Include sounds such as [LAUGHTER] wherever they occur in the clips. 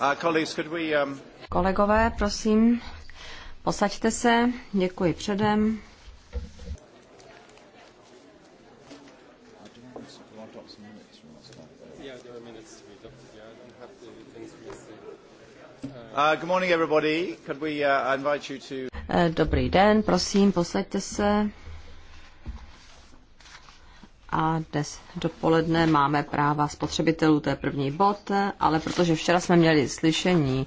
Uh, um, Kolegové, prosím, posaďte se. Děkuji předem. Dobrý den, prosím, posaďte se. A dnes dopoledne máme práva spotřebitelů, to je první bod, ale protože včera jsme měli slyšení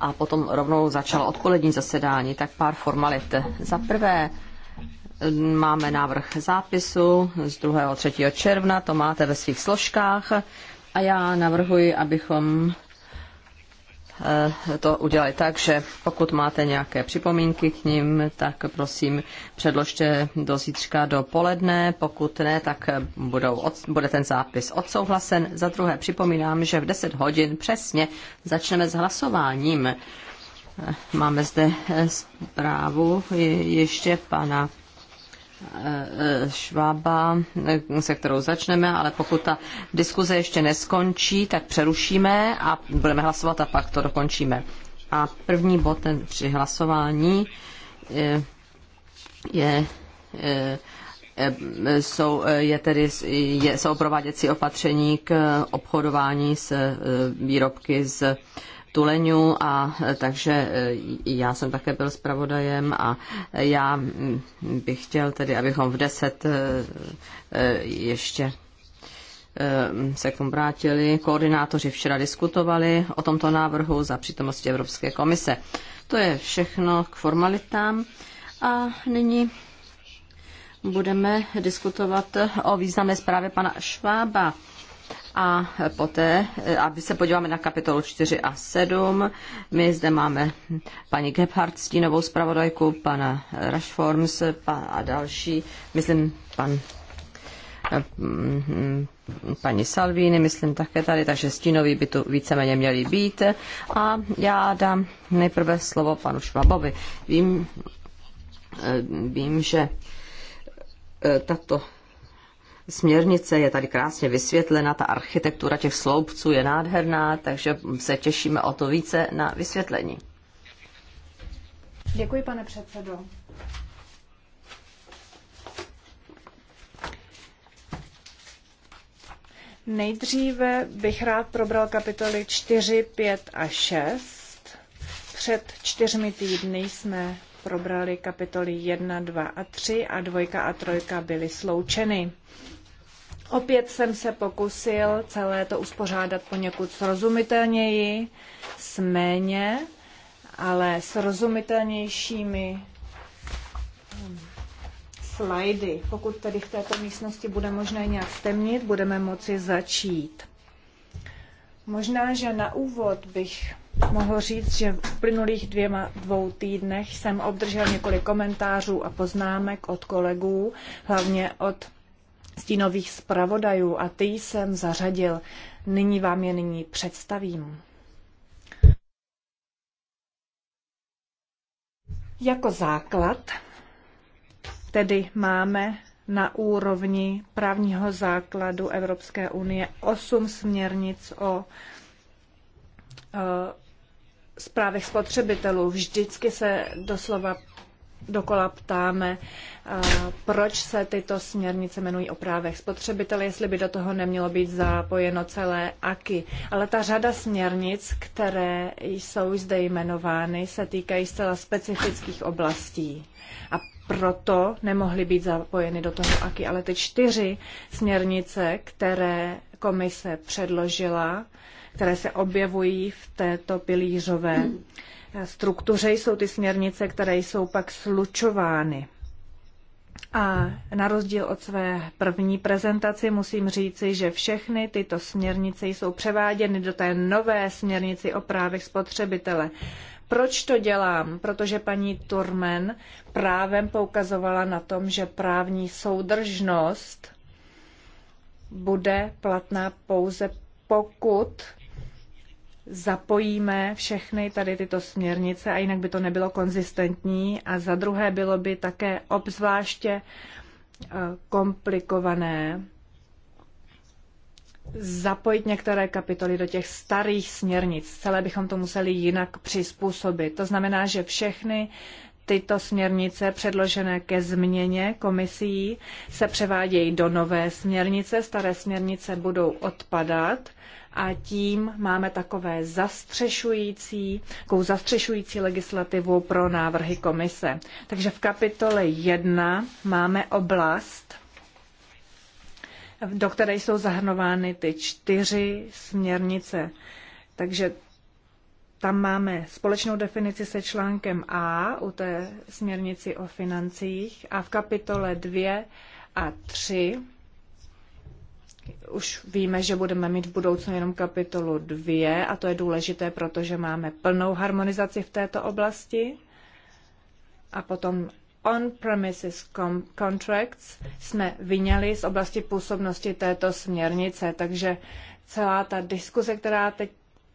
a potom rovnou začalo odpolední zasedání, tak pár formalit. Za prvé máme návrh zápisu z 2. 3. června, to máte ve svých složkách. A já navrhuji, abychom Eh, to udělali tak, že pokud máte nějaké připomínky k ním, tak prosím předložte do zítřka do poledne, pokud ne, tak budou od, bude ten zápis odsouhlasen. Za druhé připomínám, že v 10 hodin přesně začneme s hlasováním. Eh, máme zde eh, zprávu ještě pana Eh, Švába, eh, se kterou začneme, ale pokud ta diskuze ještě neskončí, tak přerušíme a budeme hlasovat a pak to dokončíme. A první bod ten při hlasování eh, je, je, je jsou, je tedy, je, jsou prováděcí opatření k obchodování s výrobky z tuleňů a e, takže e, já jsem také byl zpravodajem a e, já mm, bych chtěl tedy, abychom v 10 ještě se k tomu vrátili. Koordinátoři včera diskutovali o tomto návrhu za přítomnosti Evropské komise. To je všechno k formalitám a nyní budeme diskutovat o významné zprávě pana Švába a poté, aby se podíváme na kapitolu 4 a 7, my zde máme paní Gebhardt, stínovou zpravodajku, pana Rashforms pan a další, myslím, pan eh, paní Salvini, myslím také tady, takže stínoví by tu víceméně měli být. A já dám nejprve slovo panu Švabovi. Vím, eh, vím že eh, tato směrnice je tady krásně vysvětlena, ta architektura těch sloupců je nádherná, takže se těšíme o to více na vysvětlení. Děkuji, pane předsedo. Nejdříve bych rád probral kapitoly 4, 5 a 6. Před čtyřmi týdny jsme probrali kapitoly 1, 2 a 3 a 2 a 3 byly sloučeny. Opět jsem se pokusil celé to uspořádat poněkud srozumitelněji, s méně, ale srozumitelnějšími hm, slajdy. Pokud tedy v této místnosti bude možné nějak stemnit, budeme moci začít. Možná, že na úvod bych mohl říct, že v uplynulých dvěma, dvou týdnech jsem obdržel několik komentářů a poznámek od kolegů, hlavně od stínových zpravodajů a ty jsem zařadil. Nyní vám je nyní představím. Jako základ tedy máme na úrovni právního základu Evropské unie osm směrnic o zprávech e, spotřebitelů. Vždycky se doslova dokola ptáme, e, proč se tyto směrnice jmenují o právech spotřebitele, jestli by do toho nemělo být zapojeno celé AKY. Ale ta řada směrnic, které jsou zde jmenovány, se týkají zcela specifických oblastí. A proto nemohly být zapojeny do toho AKI, ale ty čtyři směrnice, které komise předložila, které se objevují v této pilířové struktuře, jsou ty směrnice, které jsou pak slučovány. A na rozdíl od své první prezentaci musím říci, že všechny tyto směrnice jsou převáděny do té nové směrnice o právech spotřebitele. Proč to dělám? Protože paní Turmen právem poukazovala na tom, že právní soudržnost bude platná pouze pokud zapojíme všechny tady tyto směrnice a jinak by to nebylo konzistentní a za druhé bylo by také obzvláště eh, komplikované zapojit některé kapitoly do těch starých směrnic. Celé bychom to museli jinak přizpůsobit. To znamená, že všechny tyto směrnice předložené ke změně komisí se převádějí do nové směrnice, staré směrnice budou odpadat a tím máme takové zastřešující, takovou zastřešující legislativu pro návrhy komise. Takže v kapitole 1 máme oblast, do které jsou zahrnovány ty čtyři směrnice. Takže tam máme společnou definici se článkem A u té směrnici o financích a v kapitole 2 a 3 už víme, že budeme mít v budoucnu jenom kapitolu 2 a to je důležité, protože máme plnou harmonizaci v této oblasti. A potom on-premises contracts jsme vyňali z oblasti působnosti této směrnice, takže celá ta diskuse, která teď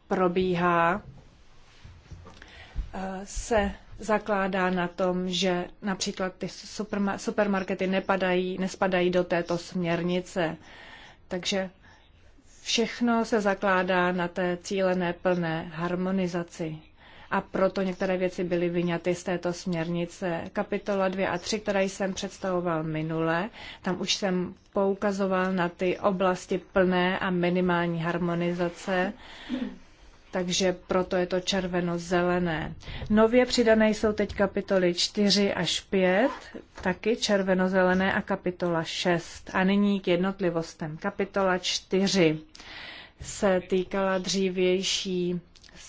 probíhá, eh, se zakládá na tom, že například ty supermarkety nepadají, nespadají do této směrnice. Takže všechno se zakládá na té cílené plné harmonizaci a proto některé věci byly vyňaty z této směrnice. Kapitola 2 a 3, které jsem představoval minule, tam už jsem poukazoval na ty oblasti plné a minimální harmonizace, takže proto je to červeno-zelené. Nově přidané jsou teď kapitoly 4 až 5, taky červeno-zelené a kapitola 6. A nyní k jednotlivostem. Kapitola 4 se týkala dřívější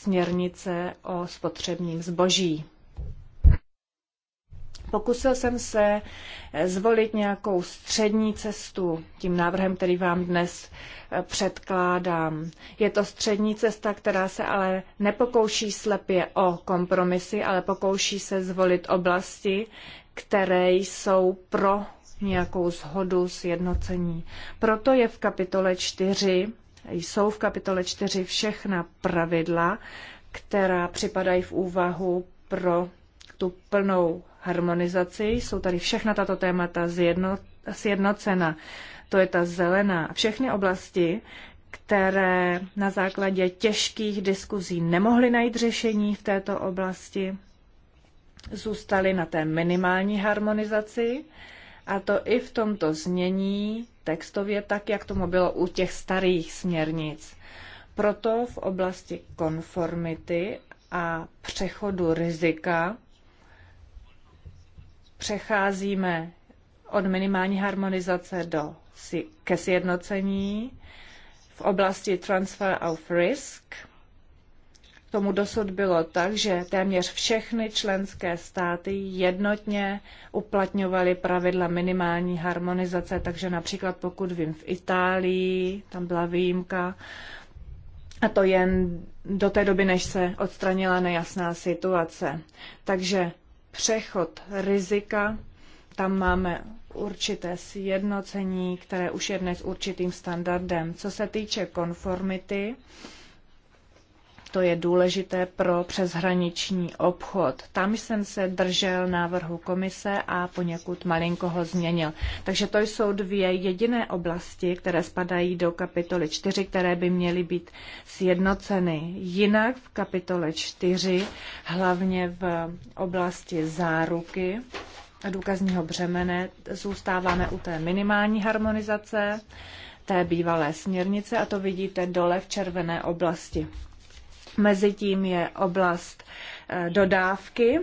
směrnice o spotřebním zboží. Pokusil jsem se zvolit nějakou střední cestu tím návrhem, který vám dnes eh, předkládám. Je to střední cesta, která se ale nepokouší slepě o kompromisy, ale pokouší se zvolit oblasti, které jsou pro nějakou shodu sjednocení. Proto je v kapitole 4 jsou v kapitole 4 všechna pravidla, která připadají v úvahu pro tu plnou harmonizaci. Jsou tady všechna tato témata zjedno, sjednocena. To je ta zelená. Všechny oblasti, které na základě těžkých diskuzí nemohly najít řešení v této oblasti, zůstaly na té minimální harmonizaci a to i v tomto znění textově, tak jak tomu bylo u těch starých směrnic. Proto v oblasti konformity a přechodu rizika přecházíme od minimální harmonizace do, ke sjednocení v oblasti transfer of risk – tomu dosud bylo tak, že téměř všechny členské státy jednotně uplatňovaly pravidla minimální harmonizace, takže například pokud vím v Itálii, tam byla výjimka, a to jen do té doby, než se odstranila nejasná situace. Takže přechod rizika, tam máme určité sjednocení, které už je dnes určitým standardem. Co se týče konformity, to je důležité pro přeshraniční obchod. Tam jsem se držel návrhu komise a poněkud malinko ho změnil. Takže to jsou dvě jediné oblasti, které spadají do kapitoly 4, které by měly být sjednoceny. Jinak v kapitole 4, hlavně v oblasti záruky, a důkazního břemene zůstáváme u té minimální harmonizace té bývalé směrnice a to vidíte dole v červené oblasti. Mezitím je oblast eh, dodávky.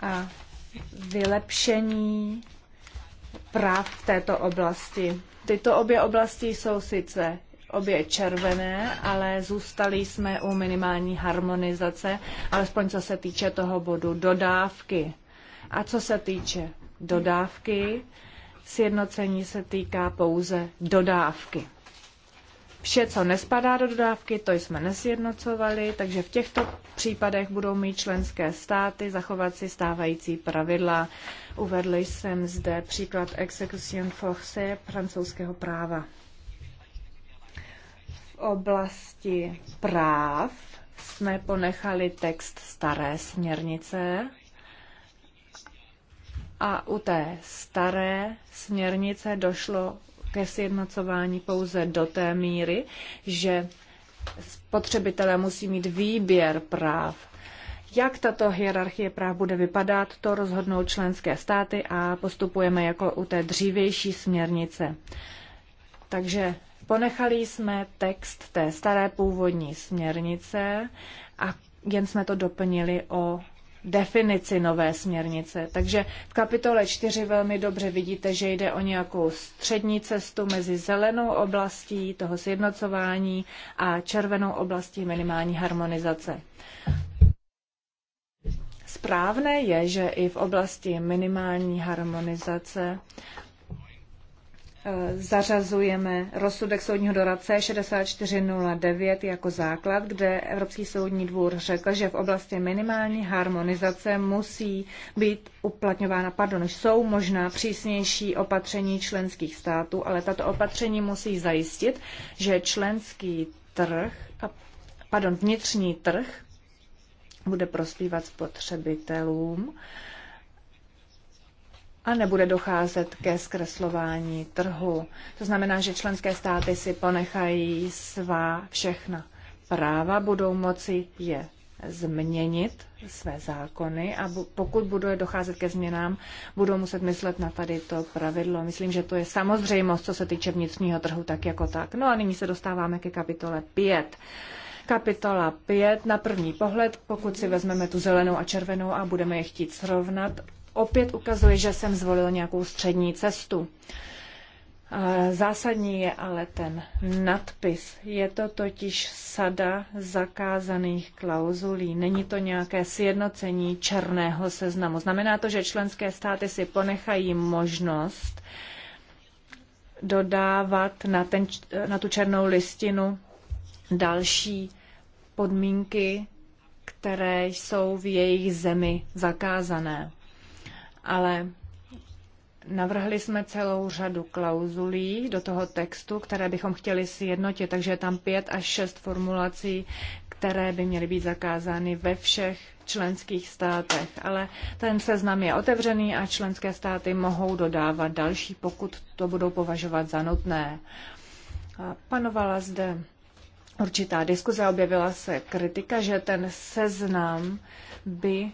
A vylepšení práv v této oblasti. Tyto obě oblasti jsou sice obě červené, ale zůstali jsme u minimální harmonizace, alespoň co se týče toho bodu dodávky. A co se týče dodávky, sjednocení se týká pouze dodávky. Vše, co nespadá do dodávky, to jsme nesjednocovali, takže v těchto případech budou mít členské státy zachovat si stávající pravidla. Uvedl jsem zde příklad execution force francouzského práva. V oblasti práv jsme ponechali text staré směrnice a u té staré směrnice došlo ke sjednocování pouze do té míry, že spotřebitelé musí mít výběr práv. Jak tato hierarchie práv bude vypadat, to rozhodnou členské státy a postupujeme jako u té dřívější směrnice. Takže ponechali jsme text té staré původní směrnice a jen jsme to doplnili o definici nové směrnice. Takže v kapitole 4 velmi dobře vidíte, že jde o nějakou střední cestu mezi zelenou oblastí toho sjednocování a červenou oblastí minimální harmonizace. Správné je, že i v oblasti minimální harmonizace Eh, zařazujeme rozsudek soudního doradce 6409 jako základ, kde Evropský soudní dvůr řekl, že v oblasti minimální harmonizace musí být uplatňována, pardon, jsou možná přísnější opatření členských států, ale tato opatření musí zajistit, že členský trh, pardon, vnitřní trh bude prospívat spotřebitelům a nebude docházet ke zkreslování trhu. To znamená, že členské státy si ponechají svá všechna práva, budou moci je změnit své zákony a pokud bude docházet ke změnám, budou muset myslet na tady to pravidlo. Myslím, že to je samozřejmost, co se týče vnitřního trhu, tak jako tak. No a nyní se dostáváme ke kapitole 5. Kapitola 5 na první pohled, pokud si vezmeme tu zelenou a červenou a budeme je chtít srovnat, opět ukazuje, že jsem zvolil nějakou střední cestu. Zásadní je ale ten nadpis. Je to totiž sada zakázaných klauzulí. Není to nějaké sjednocení černého seznamu. Znamená to, že členské státy si ponechají možnost dodávat na, ten, na tu černou listinu další podmínky, které jsou v jejich zemi zakázané ale Navrhli jsme celou řadu klauzulí do toho textu, které bychom chtěli sjednotit, takže je tam pět až šest formulací, které by měly být zakázány ve všech členských státech. Ale ten seznam je otevřený a členské státy mohou dodávat další, pokud to budou považovat za nutné. panovala zde určitá diskuze, objevila se kritika, že ten seznam by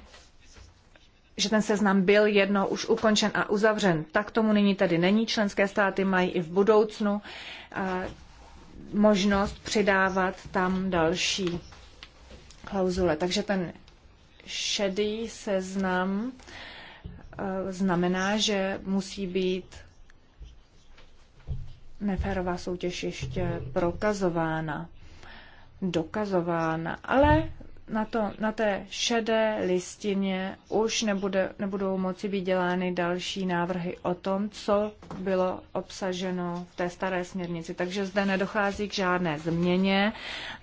že ten seznam byl jednou už ukončen a uzavřen. Tak tomu nyní tedy není. Členské státy mají i v budoucnu eh, možnost přidávat tam další klauzule. Takže ten šedý seznam eh, znamená, že musí být neférová soutěž ještě prokazována, dokazována, ale na, to, na té šedé listině už nebude, nebudou moci být dělány další návrhy o tom, co bylo obsaženo v té staré směrnici. Takže zde nedochází k žádné změně.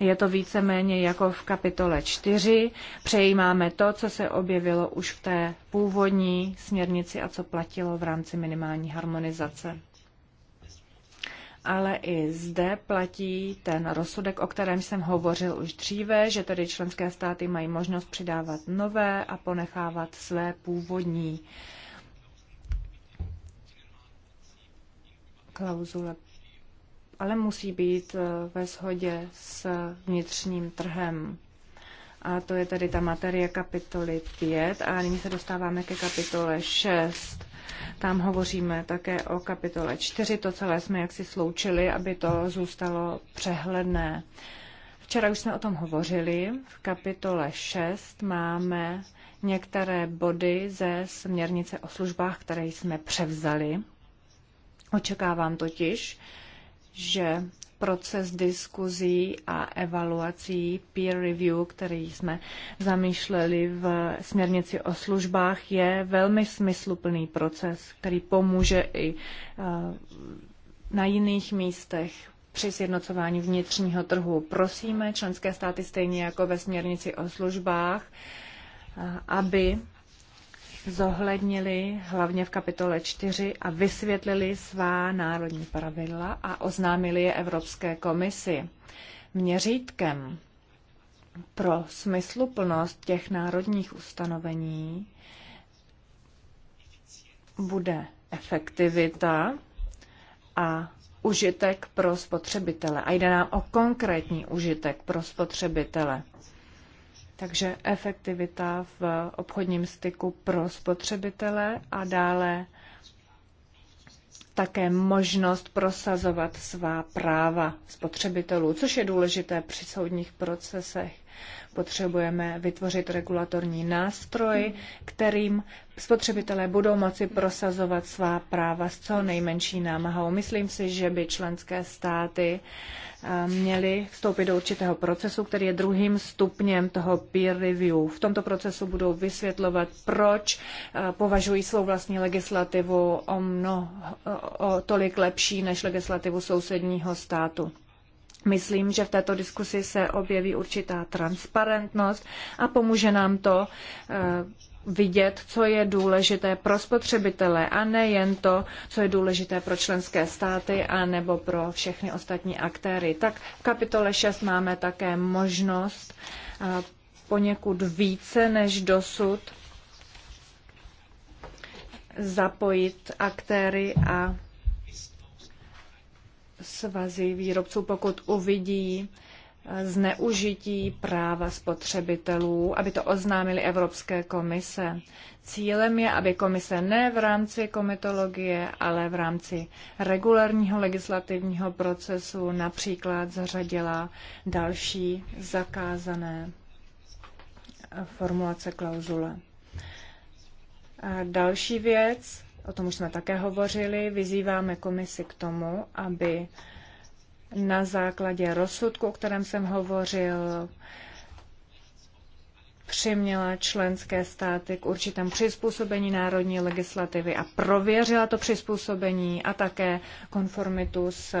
Je to víceméně jako v kapitole 4. Přejímáme to, co se objevilo už v té původní směrnici a co platilo v rámci minimální harmonizace ale i zde platí ten rozsudek, o kterém jsem hovořil už dříve, že tedy členské státy mají možnost přidávat nové a ponechávat své původní klauzule. Ale musí být eh, ve shodě s vnitřním trhem. A to je tedy ta materie kapitoly 5 a nyní se dostáváme ke kapitole 6. Tam hovoříme také o kapitole 4. To celé jsme jaksi sloučili, aby to zůstalo přehledné. Včera už jsme o tom hovořili. V kapitole 6 máme některé body ze směrnice o službách, které jsme převzali. Očekávám totiž, že proces diskuzí a evaluací peer review, který jsme zamýšleli v směrnici o službách, je velmi smysluplný proces, který pomůže i eh, na jiných místech při sjednocování vnitřního trhu. Prosíme členské státy stejně jako ve směrnici o službách, eh, aby zohlednili hlavně v kapitole 4 a vysvětlili svá národní pravidla a oznámili je Evropské komisi. Měřítkem pro smysluplnost těch národních ustanovení bude efektivita a užitek pro spotřebitele. A jde nám o konkrétní užitek pro spotřebitele. Takže efektivita v obchodním styku pro spotřebitele a dále také možnost prosazovat svá práva spotřebitelů, což je důležité při soudních procesech. Potřebujeme vytvořit regulatorní nástroj, kterým spotřebitelé budou moci prosazovat svá práva s co nejmenší námahou. Myslím si, že by členské státy eh, měli vstoupit do určitého procesu, který je druhým stupněm toho peer review. V tomto procesu budou vysvětlovat, proč eh, považují svou vlastní legislativu o, mnoho, o tolik lepší než legislativu sousedního státu. Myslím, že v této diskusi se objeví určitá transparentnost a pomůže nám to eh, vidět, co je důležité pro spotřebitele a nejen to, co je důležité pro členské státy a nebo pro všechny ostatní aktéry. Tak v kapitole 6 máme také možnost eh, poněkud více než dosud zapojit aktéry a svazy výrobců, pokud uvidí eh, zneužití práva spotřebitelů, aby to oznámili Evropské komise. Cílem je, aby komise ne v rámci komitologie, ale v rámci regulárního legislativního procesu například zařadila další zakázané eh, formulace klauzule. další věc, o tom už jsme také hovořili, vyzýváme komisi k tomu, aby na základě rozsudku, o kterém jsem hovořil, přiměla členské státy k určitému přizpůsobení národní legislativy a prověřila to přizpůsobení a také konformitu s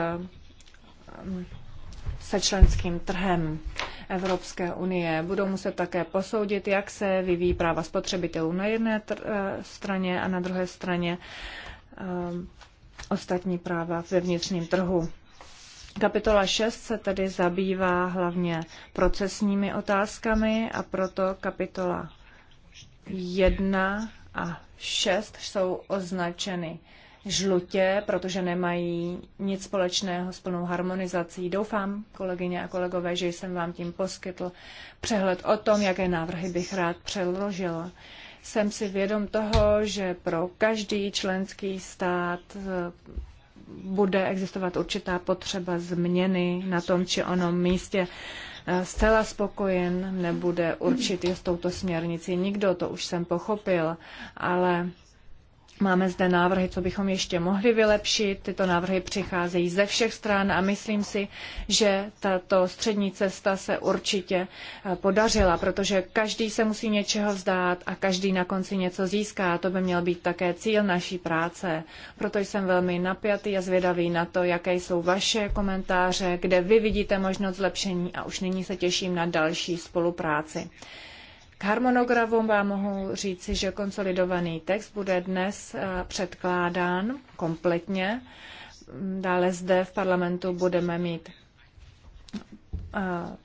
se členským trhem Evropské unie. Budou muset také posoudit, jak se vyvíjí práva spotřebitelů na jedné eh, straně a na druhé straně um, ostatní práva ve vnitřním trhu. Kapitola 6 se tedy zabývá hlavně procesními otázkami a proto kapitola 1 a 6 jsou označeny žlutě, protože nemají nic společného s plnou harmonizací. Doufám, kolegyně a kolegové, že jsem vám tím poskytl přehled o tom, jaké návrhy bych rád přeložil. Jsem si vědom toho, že pro každý členský stát eh, bude existovat určitá potřeba změny na tom či onom místě. Eh, zcela spokojen nebude určitě s touto směrnicí nikdo, to už jsem pochopil, ale Máme zde návrhy, co bychom ještě mohli vylepšit. Tyto návrhy přicházejí ze všech stran a myslím si, že tato střední cesta se určitě eh, podařila, protože každý se musí něčeho vzdát a každý na konci něco získá. To by měl být také cíl naší práce. Proto jsem velmi napjatý a zvědavý na to, jaké jsou vaše komentáře, kde vy vidíte možnost zlepšení a už nyní se těším na další spolupráci. K harmonogramu vám mohu říci, že konsolidovaný text bude dnes eh, předkládán kompletně. Dále zde v parlamentu budeme mít eh,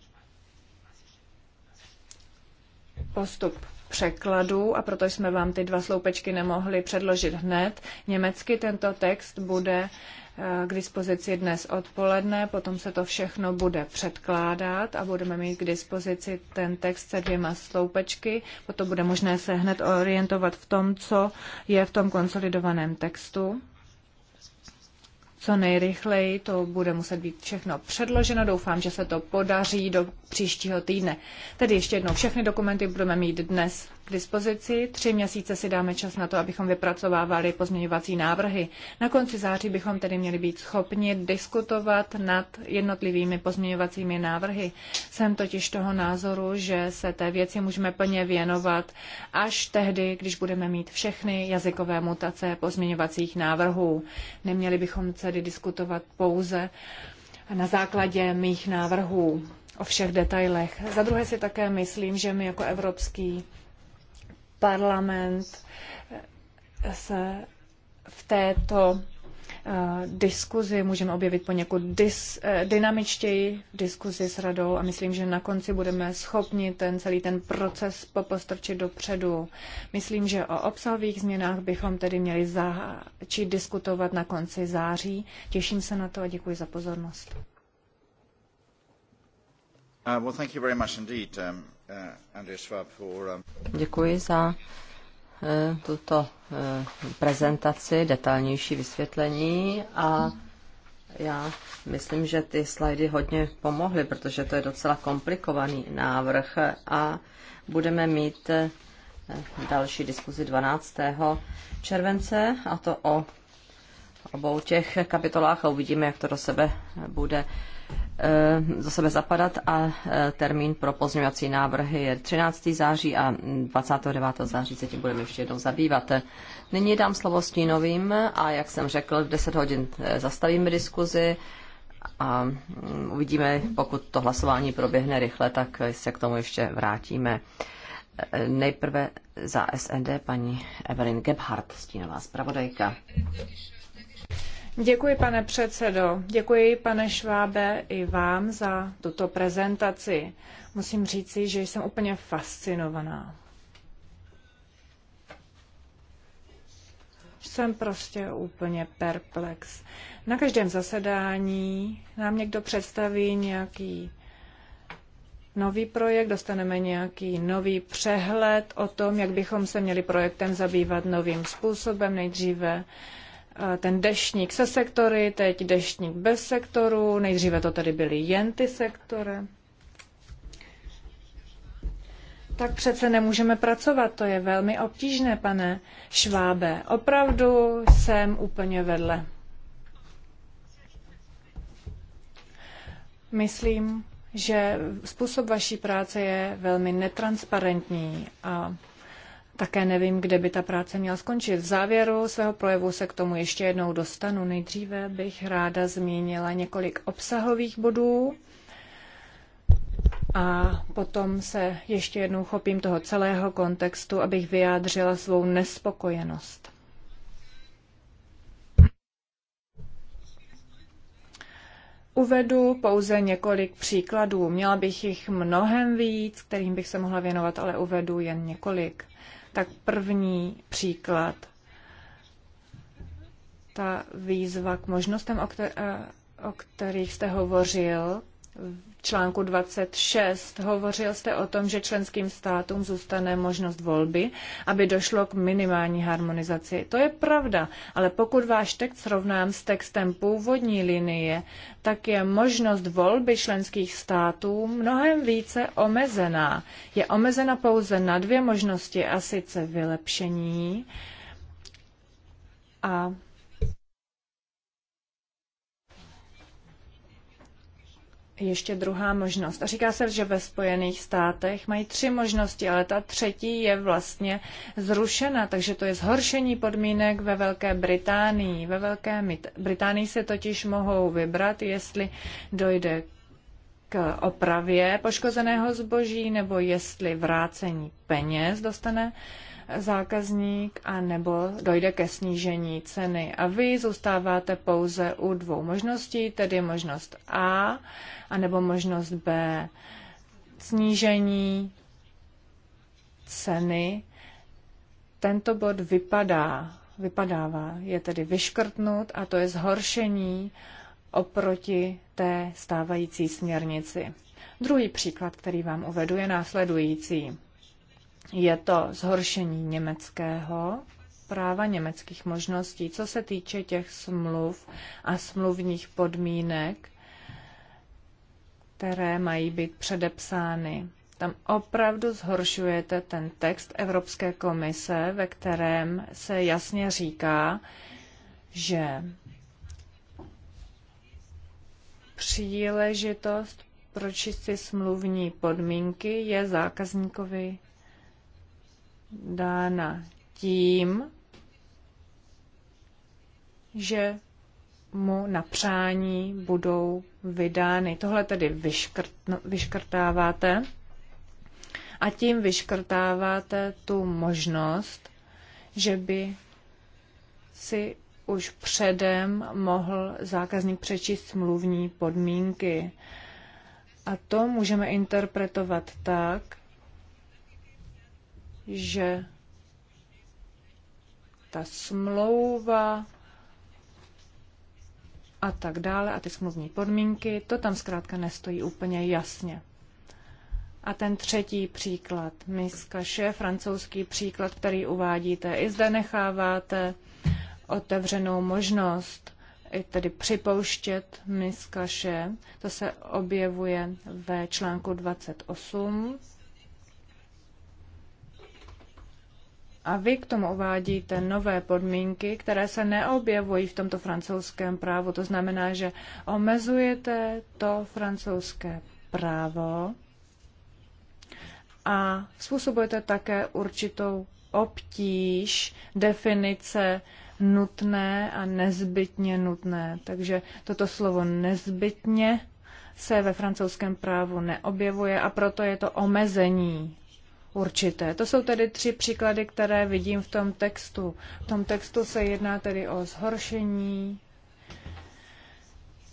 postup překladu a proto jsme vám ty dva sloupečky nemohli předložit hned. Německy tento text bude k dispozici dnes odpoledne, potom se to všechno bude předkládat a budeme mít k dispozici ten text se dvěma sloupečky, potom bude možné se hned orientovat v tom, co je v tom konsolidovaném textu co nejrychleji. To bude muset být všechno předloženo. Doufám, že se to podaří do příštího týdne. Tedy ještě jednou všechny dokumenty budeme mít dnes k dispozici. Tři měsíce si dáme čas na to, abychom vypracovávali pozměňovací návrhy. Na konci září bychom tedy měli být schopni diskutovat nad jednotlivými pozměňovacími návrhy. Jsem totiž toho názoru, že se té věci můžeme plně věnovat až tehdy, když budeme mít všechny jazykové mutace pozměňovacích návrhů. Neměli bychom tedy diskutovat pouze na základě mých návrhů o všech detailech. Za druhé si také myslím, že my jako Evropský parlament se v této eh, diskuzi můžeme objevit poněkud dis, eh, dynamičtěji diskuzi s radou a myslím, že na konci budeme schopni ten celý ten proces popostrčit dopředu. Myslím, že o obsahových změnách bychom tedy měli začít diskutovat na konci září. Těším se na to a děkuji za pozornost. Uh, well, thank you very much indeed. Um... Eh, um, Děkuji za eh, tuto eh, prezentaci, detailnější vysvětlení a já myslím, že ty slajdy hodně pomohly, protože to je docela komplikovaný návrh a budeme mít další diskuzi 12. července a to o obou těch kapitolách a uvidíme, jak to do sebe bude Eh, za sebe zapadat a eh, termín pro pozměňovací návrhy je 13. září a 29. září se tím budeme ještě jednou zabývat. Nyní dám slovo stínovým a jak jsem řekl, v 10 hodin eh, zastavíme diskuzi a mm, uvidíme, pokud to hlasování proběhne rychle, tak se k tomu ještě vrátíme. Nejprve za SND paní Evelyn Gebhardt, stínová zpravodajka. Děkuji, pane předsedo. Děkuji, pane Švábe, i vám za tuto prezentaci. Musím říci, že jsem úplně fascinovaná. Jsem prostě úplně perplex. Na každém zasedání nám někdo představí nějaký nový projekt, dostaneme nějaký nový přehled o tom, jak bychom se měli projektem zabývat novým způsobem. Nejdříve Eh, ten deštník se sektory, teď deštník bez sektoru, nejdříve to tedy byly jen ty sektory. Tak přece nemůžeme pracovat, to je velmi obtížné, pane Švábe. Opravdu jsem úplně vedle. Myslím, že způsob vaší práce je velmi netransparentní a také nevím, kde by ta práce měla skončit. V závěru svého projevu se k tomu ještě jednou dostanu. Nejdříve bych ráda zmínila několik obsahových bodů a potom se ještě jednou chopím toho celého kontextu, abych vyjádřila svou nespokojenost. Uvedu pouze několik příkladů. Měla bych jich mnohem víc, kterým bych se mohla věnovat, ale uvedu jen několik tak první příklad, ta výzva k možnostem, o, kter- o kterých jste hovořil článku 26 hovořil jste o tom, že členským státům zůstane možnost volby, aby došlo k minimální harmonizaci. To je pravda, ale pokud váš text srovnám s textem původní linie, tak je možnost volby členských států mnohem více omezená. Je omezena pouze na dvě možnosti, a sice vylepšení a ještě druhá možnost. A říká se, že ve Spojených státech mají tři možnosti, ale ta třetí je vlastně zrušena, takže to je zhoršení podmínek ve Velké Británii. Ve Velké Británii se totiž mohou vybrat, jestli dojde k opravě poškozeného zboží nebo jestli vrácení peněz dostane uh, zákazník a nebo dojde ke snížení ceny. A vy zůstáváte pouze u dvou možností, tedy možnost A a nebo možnost B. Snížení ceny. Tento bod vypadá, vypadává, je tedy vyškrtnut a to je zhoršení oproti té stávající směrnici. Druhý příklad, který vám uvedu, je následující. Je to zhoršení německého práva německých možností, co se týče těch smluv a smluvních podmínek, které mají být předepsány. Tam opravdu zhoršujete ten text Evropské komise, ve kterém se jasně říká, že příležitost pro čistě smluvní podmínky je zákazníkovi dána tím, že mu na přání budou vydány. Tohle tedy vyškrt, vyškrtáváte a tím vyškrtáváte tu možnost, že by si už předem mohl zákazník přečíst smluvní podmínky. A to můžeme interpretovat tak, že ta smlouva a tak dále a ty smluvní podmínky, to tam zkrátka nestojí úplně jasně. A ten třetí příklad, miskaše, francouzský příklad, který uvádíte, i zde necháváte otevřenou možnost i tedy připouštět miskaše. To se objevuje ve článku 28 A vy k tomu uvádíte nové podmínky, které se neobjevují v tomto francouzském právu. To znamená, že omezujete to francouzské právo a způsobujete také určitou obtíž definice nutné a nezbytně nutné. Takže toto slovo nezbytně se ve francouzském právu neobjevuje a proto je to omezení určité. To jsou tedy tři příklady, které vidím v tom textu. V tom textu se jedná tedy o zhoršení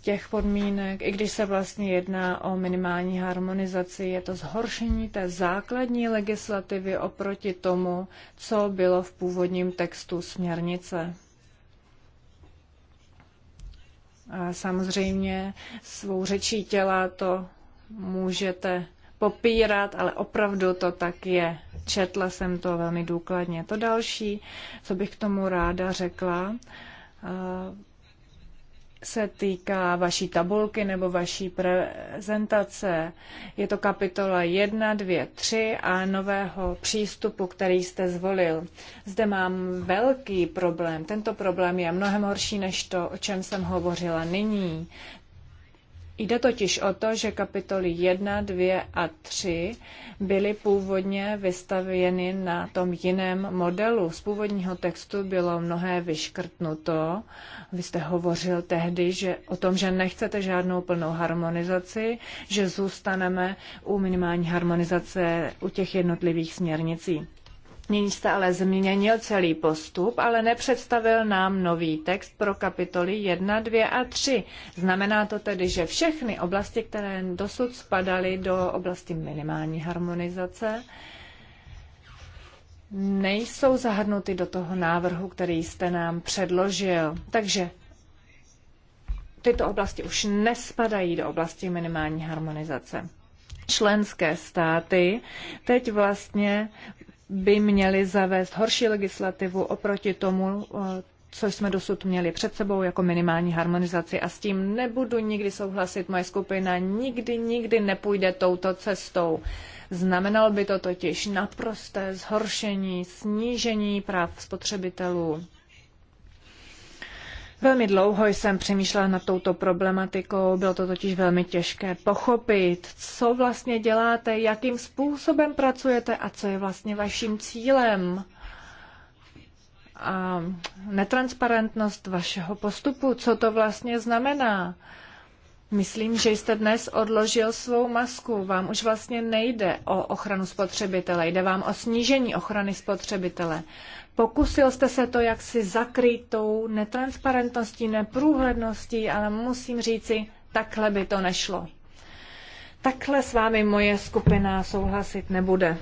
těch podmínek, i když se vlastně jedná o minimální harmonizaci, je to zhoršení té základní legislativy oproti tomu, co bylo v původním textu směrnice. A samozřejmě svou řečí těla to můžete popírat, ale opravdu to tak je. Četla jsem to velmi důkladně. To další, co bych k tomu ráda řekla, eh, se týká vaší tabulky nebo vaší prezentace. Je to kapitola 1, 2, 3 a nového přístupu, který jste zvolil. Zde mám velký problém. Tento problém je mnohem horší než to, o čem jsem hovořila nyní. Jde totiž o to, že kapitoly 1, 2 a 3 byly původně vystavěny na tom jiném modelu. Z původního textu bylo mnohé vyškrtnuto. Vy jste hovořil tehdy že, o tom, že nechcete žádnou plnou harmonizaci, že zůstaneme u minimální harmonizace u těch jednotlivých směrnicí. Nyní jste ale změnil celý postup, ale nepředstavil nám nový text pro kapitoly 1, 2 a 3. Znamená to tedy, že všechny oblasti, které dosud spadaly do oblasti minimální harmonizace, nejsou zahrnuty do toho návrhu, který jste nám předložil. Takže tyto oblasti už nespadají do oblasti minimální harmonizace. Členské státy teď vlastně by měli zavést horší legislativu oproti tomu, eh, co jsme dosud měli před sebou jako minimální harmonizaci a s tím nebudu nikdy souhlasit. Moje skupina nikdy, nikdy nepůjde touto cestou. Znamenalo by to totiž naprosté zhoršení, snížení práv spotřebitelů. Velmi dlouho jsem přemýšlela nad touto problematikou, bylo to totiž velmi těžké pochopit, co vlastně děláte, jakým způsobem pracujete a co je vlastně vaším cílem. A netransparentnost vašeho postupu, co to vlastně znamená. Myslím, že jste dnes odložil svou masku. Vám už vlastně nejde o ochranu spotřebitele, jde vám o snížení ochrany spotřebitele. Pokusil jste se to jaksi zakrýt tou netransparentností, neprůhledností, ale musím říci, takhle by to nešlo. Takhle s vámi moje skupina souhlasit nebude.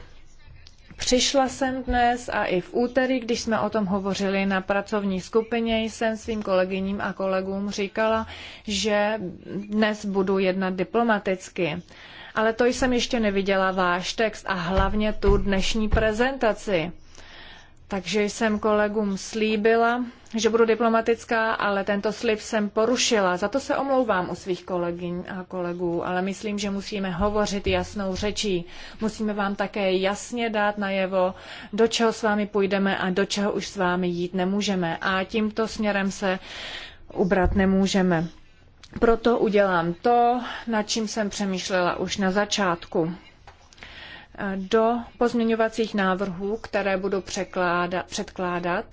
Přišla jsem dnes a i v úterý, když jsme o tom hovořili na pracovní skupině, jsem svým kolegyním a kolegům říkala, že dnes budu jednat diplomaticky. Ale to jsem ještě neviděla váš text a hlavně tu dnešní prezentaci. Takže jsem kolegům slíbila, že budu diplomatická, ale tento slib jsem porušila. Za to se omlouvám u svých kolegyň a kolegů, ale myslím, že musíme hovořit jasnou řečí. Musíme vám také jasně dát najevo, do čeho s vámi půjdeme a do čeho už s vámi jít nemůžeme. A tímto směrem se ubrat nemůžeme. Proto udělám to, nad čím jsem přemýšlela už na začátku do pozměňovacích návrhů, které budu předkládat,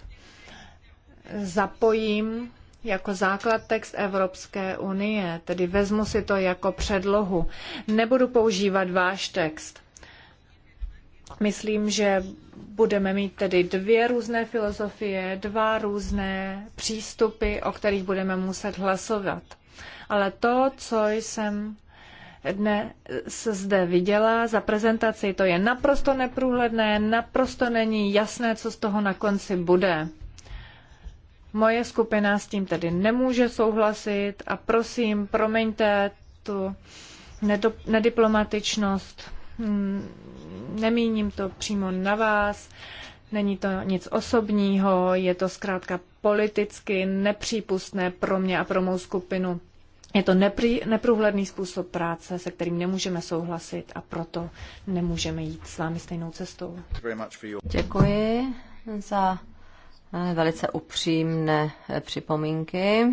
zapojím jako základ text Evropské unie, tedy vezmu si to jako předlohu. Nebudu používat váš text. Myslím, že budeme mít tedy dvě různé filozofie, dva různé přístupy, o kterých budeme muset hlasovat. Ale to, co jsem se zde viděla za prezentaci. To je naprosto neprůhledné, naprosto není jasné, co z toho na konci bude. Moje skupina s tím tedy nemůže souhlasit a prosím, promiňte tu nediplomatičnost. Hmm, nemíním to přímo na vás, není to nic osobního, je to zkrátka politicky nepřípustné pro mě a pro mou skupinu. Je to neprý, neprůhledný způsob práce, se kterým nemůžeme souhlasit a proto nemůžeme jít s vámi stejnou cestou. Děkuji za eh, velice upřímné eh, připomínky.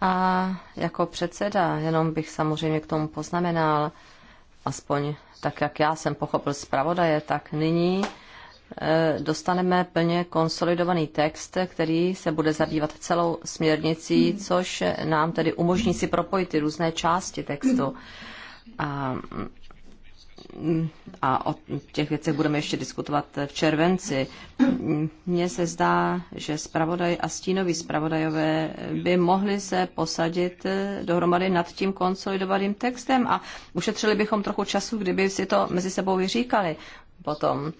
A jako předseda, jenom bych samozřejmě k tomu poznamenal, aspoň tak, jak já jsem pochopil zpravodaje, tak nyní Eh, dostaneme plně konsolidovaný text, který se bude zabývat celou směrnicí, hmm. což nám tedy umožní si propojit ty různé části textu. Hmm. A, mm, a o těch věcech budeme ještě diskutovat v červenci. Mně se zdá, že zpravodaj a stínoví zpravodajové by mohli se posadit eh, dohromady nad tím konsolidovaným textem a ušetřili bychom trochu času, kdyby si to mezi sebou vyříkali potom.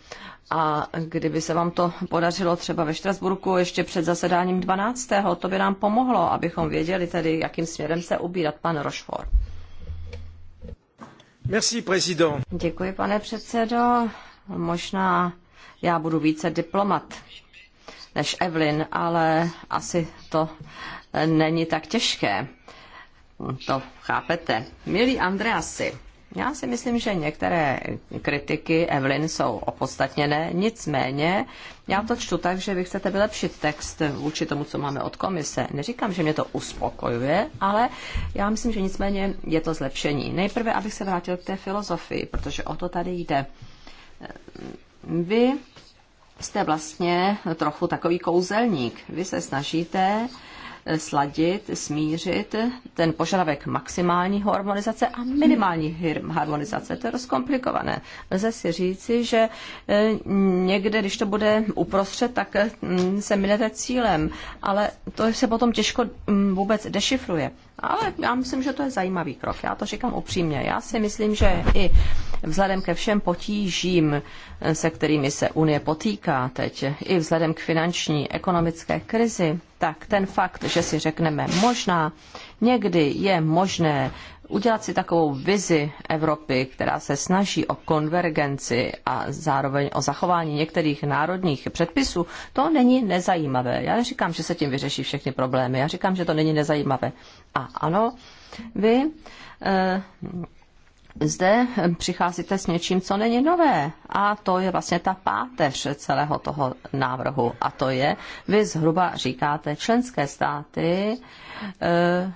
A kdyby se vám to podařilo třeba ve Štrasburku ještě před zasedáním 12. to by nám pomohlo, abychom věděli tedy, jakým směrem se ubírat pan Rochefort. Merci, président. Děkuji, pane předsedo. Možná já budu více diplomat než Evelyn, ale asi to eh, není tak těžké. To chápete. Milí Andreasi, já si myslím, že některé kritiky Evelyn jsou opodstatněné, nicméně já to čtu tak, že vy chcete vylepšit text vůči tomu, co máme od komise. Neříkám, že mě to uspokojuje, ale já myslím, že nicméně je to zlepšení. Nejprve, abych se vrátil k té filozofii, protože o to tady jde. Vy jste vlastně trochu takový kouzelník. Vy se snažíte sladit, smířit ten požadavek maximální harmonizace a minimální harmonizace. To je rozkomplikované. Lze si říci, že eh, někde, když to bude uprostřed, tak mm, se minete cílem, ale to se potom těžko mm, vůbec dešifruje. Ale já myslím, že to je zajímavý krok. Já to říkám upřímně. Já si myslím, že i vzhledem ke všem potížím, eh, se kterými se Unie potýká teď, i vzhledem k finanční ekonomické krizi, tak ten fakt, že si řekneme možná, někdy je možné udělat si takovou vizi Evropy, která se snaží o konvergenci a zároveň o zachování některých národních předpisů, to není nezajímavé. Já neříkám, že se tím vyřeší všechny problémy, já říkám, že to není nezajímavé. A ano, vy eh, zde přicházíte s něčím, co není nové. A to je vlastně ta páteř celého toho návrhu. A to je, vy zhruba říkáte, členské státy eh, eh,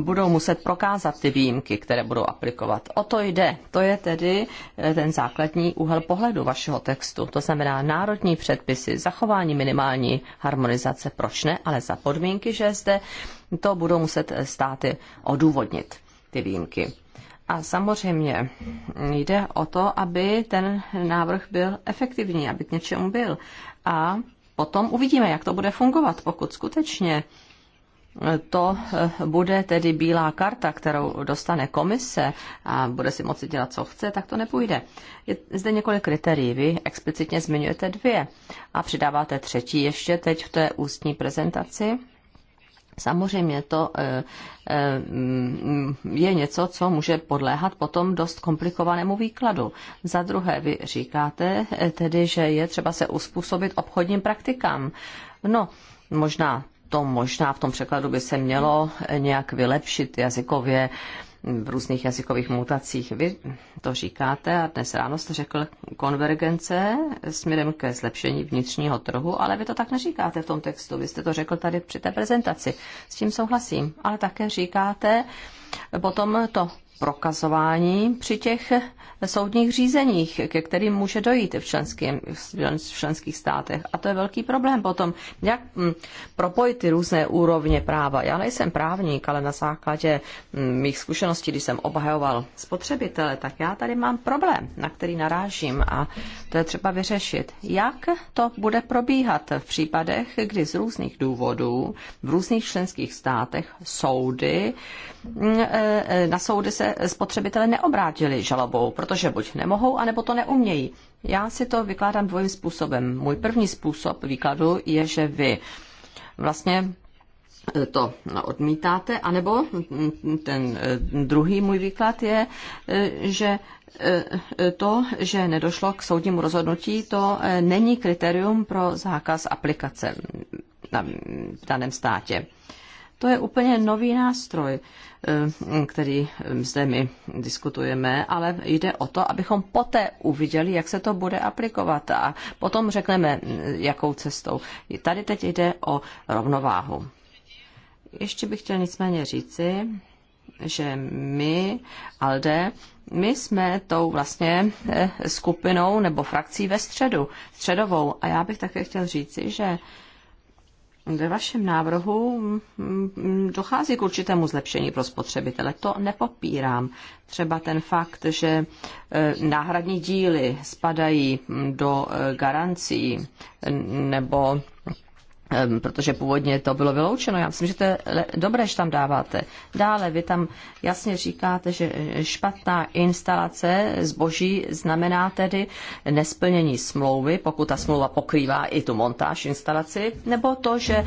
budou muset prokázat ty výjimky, které budou aplikovat. O to jde. To je tedy eh, ten základní úhel pohledu vašeho textu. To znamená národní předpisy, zachování minimální harmonizace, proč ne, ale za podmínky, že zde to budou muset státy odůvodnit ty výjimky. A samozřejmě jde o to, aby ten návrh byl efektivní, aby k něčemu byl. A potom uvidíme, jak to bude fungovat, pokud skutečně to bude tedy bílá karta, kterou dostane komise a bude si moci dělat, co chce, tak to nepůjde. Je zde několik kritérií. Vy explicitně zmiňujete dvě a přidáváte třetí ještě teď v té ústní prezentaci Samozřejmě to eh, eh, je něco, co může podléhat potom dost komplikovanému výkladu. Za druhé, vy říkáte eh, tedy, že je třeba se uspůsobit obchodním praktikám. No, možná to možná v tom překladu by se mělo nějak vylepšit jazykově v různých jazykových mutacích. Vy to říkáte a dnes ráno jste řekl konvergence směrem ke zlepšení vnitřního trhu, ale vy to tak neříkáte v tom textu. Vy jste to řekl tady při té prezentaci. S tím souhlasím. Ale také říkáte potom to prokazování při těch soudních řízeních, ke kterým může dojít v, členským, v členských státech. A to je velký problém potom, jak hm, propojit ty různé úrovně práva. Já nejsem právník, ale na základě hm, mých zkušeností, když jsem obhajoval spotřebitele, tak já tady mám problém, na který narážím a to je třeba vyřešit. Jak to bude probíhat v případech, kdy z různých důvodů v různých členských státech soudy, hm, e, e, na soudy se spotřebitele neobrátili žalobou, proto protože buď nemohou, anebo to neumějí. Já si to vykládám dvojím způsobem. Můj první způsob výkladu je, že vy vlastně eh, to no, odmítáte, anebo mm, mm, ten eh, druhý můj výklad je, eh, že to, že nedošlo k soudnímu rozhodnutí, to není kritérium pro zákaz aplikace v daném státě. To je úplně nový nástroj, eh, který eh, zde my diskutujeme, ale jde o to, abychom poté uviděli, jak se to bude aplikovat a potom řekneme, eh, jakou cestou. Tady teď jde o rovnováhu. Ještě bych chtěl nicméně říci, že my, ALDE, my jsme tou vlastně skupinou nebo frakcí ve středu, středovou. A já bych také chtěl říci, že ve vašem návrhu mm, mm, dochází k určitému zlepšení pro spotřebitele. To nepopírám. Třeba ten fakt, že e, náhradní díly spadají do e, garancí nebo protože původně to bylo vyloučeno. Já myslím, že to je dobré, že tam dáváte. Dále vy tam jasně říkáte, že špatná instalace zboží znamená tedy nesplnění smlouvy, pokud ta smlouva pokrývá i tu montáž instalaci, nebo to, že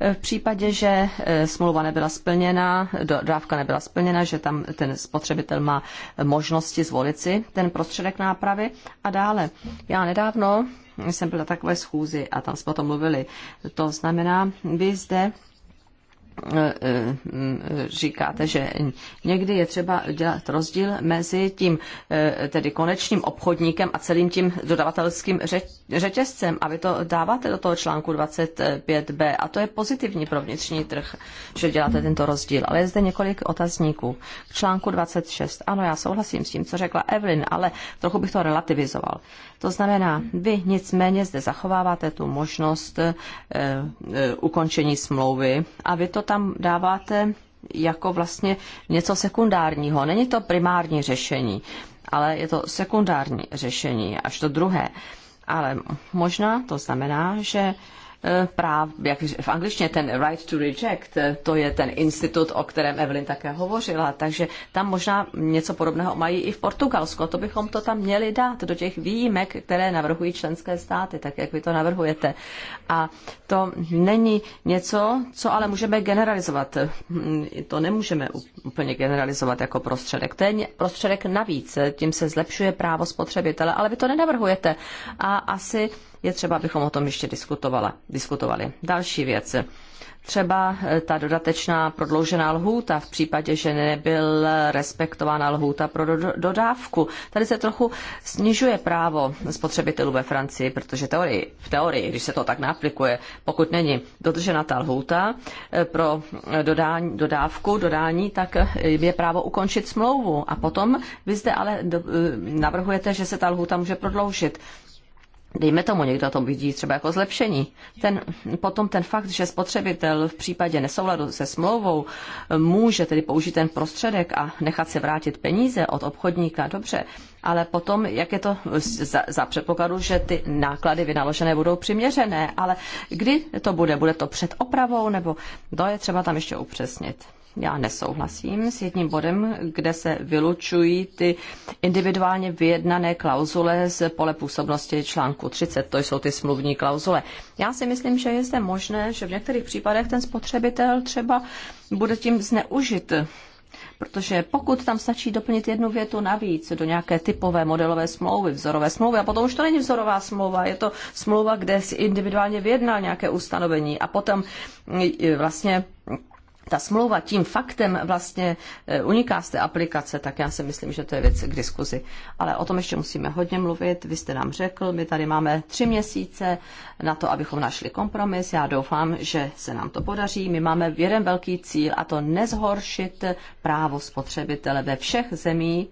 eh, v případě, že eh, smlouva nebyla splněna, dávka nebyla splněna, že tam ten spotřebitel má možnosti zvolit si ten prostředek nápravy a dále. Já nedávno jsem byl na takové schůzi a tam jsme o tom mluvili. To znamená, vy zde eh, eh, říkáte, že někdy je třeba dělat rozdíl mezi tím eh, tedy konečným obchodníkem a celým tím dodavatelským řetězcem. A vy to dáváte do toho článku 25b a to je pozitivní pro vnitřní trh, že děláte tento rozdíl. Ale je zde několik otazníků. K článku 26. Ano, já souhlasím s tím, co řekla Evelyn, ale trochu bych to relativizoval. To znamená, vy nicméně zde zachováváte tu možnost e, e, ukončení smlouvy a vy to tam dáváte jako vlastně něco sekundárního. Není to primární řešení, ale je to sekundární řešení, až to druhé. Ale možná to znamená, že Eh, práv, jak v angličtině ten right to reject, eh, to je ten institut, o kterém Evelyn také hovořila, takže tam možná něco podobného mají i v Portugalsku. To bychom to tam měli dát do těch výjimek, které navrhují členské státy, tak jak vy to navrhujete. A to není něco, co ale můžeme generalizovat. Hm, to nemůžeme úplně generalizovat jako prostředek. To je prostředek navíc, tím se zlepšuje právo spotřebitele, ale vy to nenavrhujete. A asi je třeba, abychom o tom ještě diskutovali. Další věc. Třeba eh, ta dodatečná prodloužená lhůta v případě, že nebyl respektována lhůta pro dodávku. Tady se trochu snižuje právo spotřebitelů ve Francii, protože teorii, v teorii, když se to tak naplikuje, pokud není dodržena ta lhůta eh, pro eh, dodání, dodávku, dodání, tak je právo ukončit smlouvu. A potom vy zde ale navrhujete, že se ta lhůta může prodloužit dejme tomu, někdo to vidí třeba jako zlepšení. Ten, potom ten fakt, že spotřebitel v případě nesouladu se smlouvou může tedy použít ten prostředek a nechat se vrátit peníze od obchodníka, dobře, ale potom, jak je to za, za předpokladu, že ty náklady vynaložené budou přiměřené, ale kdy to bude? Bude to před opravou nebo to je třeba tam ještě upřesnit. Já nesouhlasím s jedním bodem, kde se vylučují ty individuálně vyjednané klauzule z pole působnosti článku 30, to jsou ty smluvní klauzule. Já si myslím, že je zde možné, že v některých případech ten spotřebitel třeba bude tím zneužit Protože pokud tam stačí doplnit jednu větu navíc do nějaké typové modelové smlouvy, vzorové smlouvy, a potom už to není vzorová smlouva, je to smlouva, kde si individuálně vyjednal nějaké ustanovení a potom mm, vlastně ta smlouva tím faktem vlastně e, uniká z té aplikace, tak já si myslím, že to je věc k diskuzi. Ale o tom ještě musíme hodně mluvit. Vy jste nám řekl, my tady máme tři měsíce na to, abychom našli kompromis. Já doufám, že se nám to podaří. My máme jeden velký cíl a to nezhoršit právo spotřebitele ve všech zemích.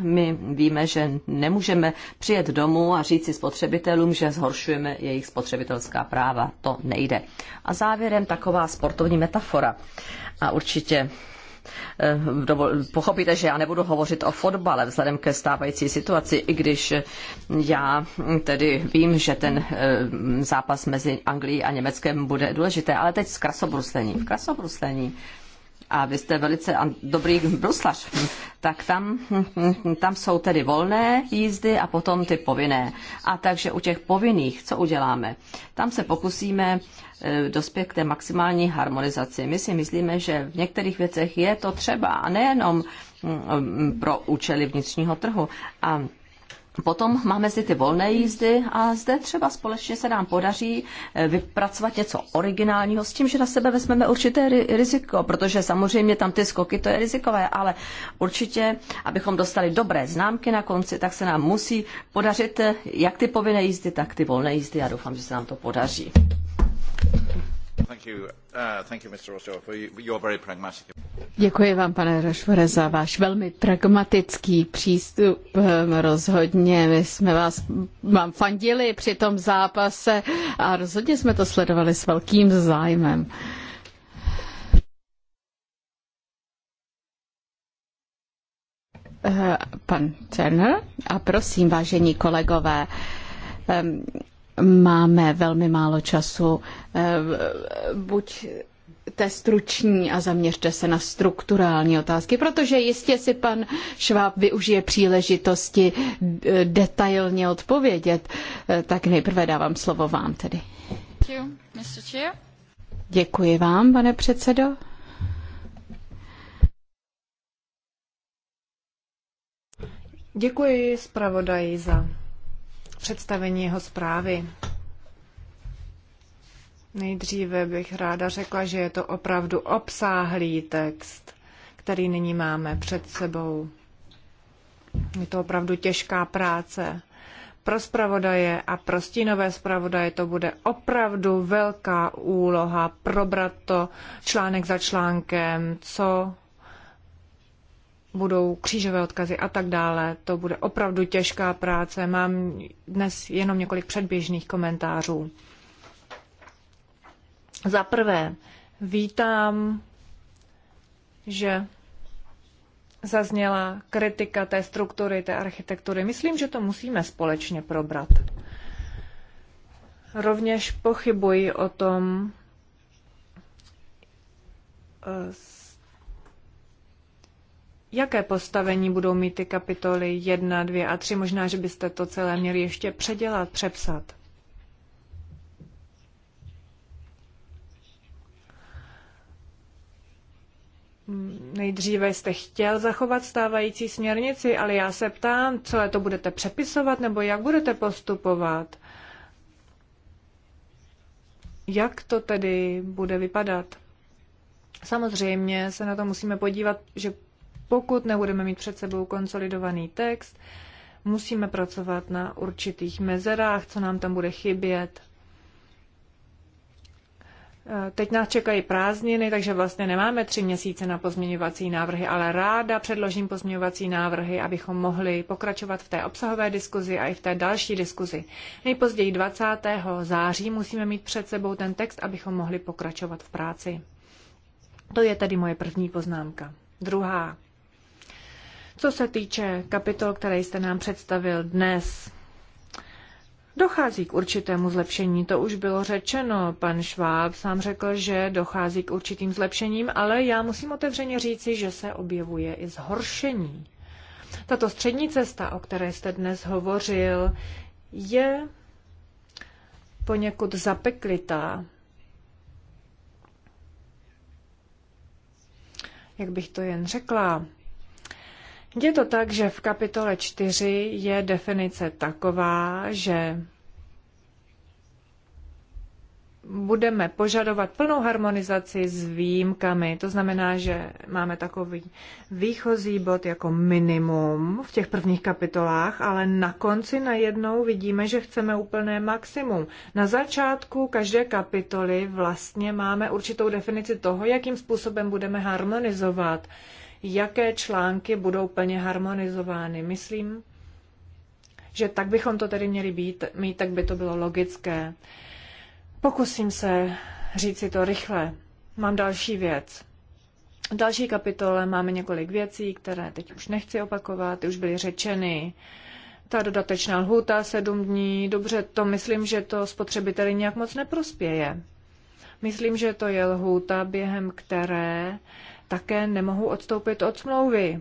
My víme, že nemůžeme přijet domů a říct si spotřebitelům, že zhoršujeme jejich spotřebitelská práva. To nejde. A závěrem taková sportovní metafora. A určitě eh, pochopíte, že já nebudu hovořit o fotbale vzhledem ke stávající situaci, i když eh, já tedy vím, že ten eh, zápas mezi Anglií a Německem bude důležité, ale teď z krasobruslení. V krasobruslení a vy jste velice dobrý bruslař, tak tam, tam jsou tedy volné jízdy a potom ty povinné. A takže u těch povinných, co uděláme? Tam se pokusíme e, dospět k té maximální harmonizaci. My si myslíme, že v některých věcech je to třeba a nejenom mm, mm, pro účely vnitřního trhu. A Potom máme zde ty volné jízdy a zde třeba společně se nám podaří eh, vypracovat něco originálního s tím, že na sebe vezmeme určité riziko, protože samozřejmě tam ty skoky to je rizikové, ale určitě, abychom dostali dobré známky na konci, tak se nám musí podařit eh, jak ty povinné jízdy, tak ty volné jízdy. Já doufám, že se nám to podaří. Uh, Děkuji vám, pane Rošvore, za váš velmi pragmatický přístup. Ehm, rozhodně my jsme vás, vám fandili při tom zápase a rozhodně jsme to sledovali s velkým zájmem. Ehm, pan Turner, a prosím, vážení kolegové, ehm, máme velmi málo času. Eh, buď té struční a zaměřte se na strukturální otázky, protože jistě si pan Šváb využije příležitosti eh, detailně odpovědět. Eh, tak nejprve dávám slovo vám tedy. Děkuji vám, pane předsedo. Děkuji zpravodaji za představení jeho zprávy. Nejdříve bych ráda řekla, že je to opravdu obsáhlý text, který nyní máme před sebou. Je to opravdu těžká práce. Pro zpravodaje a pro stínové zpravodaje to bude opravdu velká úloha probrat to článek za článkem, co budou křížové odkazy a tak dále. To bude opravdu těžká práce. Mám dnes jenom několik předběžných komentářů. Za prvé, vítám, že zazněla kritika té struktury, té architektury. Myslím, že to musíme společně probrat. Rovněž pochybuji o tom, eh, jaké postavení budou mít ty kapitoly 1, 2 a 3. Možná, že byste to celé měli ještě předělat, přepsat. Nejdříve jste chtěl zachovat stávající směrnici, ale já se ptám, co to budete přepisovat nebo jak budete postupovat? Jak to tedy bude vypadat? Samozřejmě se na to musíme podívat, že pokud nebudeme mít před sebou konsolidovaný text, musíme pracovat na určitých mezerách, co nám tam bude chybět. Eh, teď nás čekají prázdniny, takže vlastně nemáme tři měsíce na pozměňovací návrhy, ale ráda předložím pozměňovací návrhy, abychom mohli pokračovat v té obsahové diskuzi a i v té další diskuzi. Nejpozději 20. září musíme mít před sebou ten text, abychom mohli pokračovat v práci. To je tedy moje první poznámka. Druhá. Co se týče kapitol, které jste nám představil dnes, Dochází k určitému zlepšení, to už bylo řečeno. Pan Šváb sám řekl, že dochází k určitým zlepšením, ale já musím otevřeně říci, že se objevuje i zhoršení. Tato střední cesta, o které jste dnes hovořil, je poněkud zapeklitá. Jak bych to jen řekla? Je to tak, že v kapitole 4 je definice taková, že budeme požadovat plnou harmonizaci s výjimkami. To znamená, že máme takový výchozí bod jako minimum v těch prvních kapitolách, ale na konci najednou vidíme, že chceme úplné maximum. Na začátku každé kapitoly vlastně máme určitou definici toho, jakým způsobem budeme harmonizovat jaké články budou plně harmonizovány. Myslím, že tak bychom to tedy měli být, mít, tak by to bylo logické. Pokusím se říct si to rychle. Mám další věc. V další kapitole máme několik věcí, které teď už nechci opakovat, už byly řečeny. Ta dodatečná lhůta sedm dní, dobře, to myslím, že to spotřebiteli nějak moc neprospěje. Myslím, že to je lhůta, během které také nemohu odstoupit od smlouvy.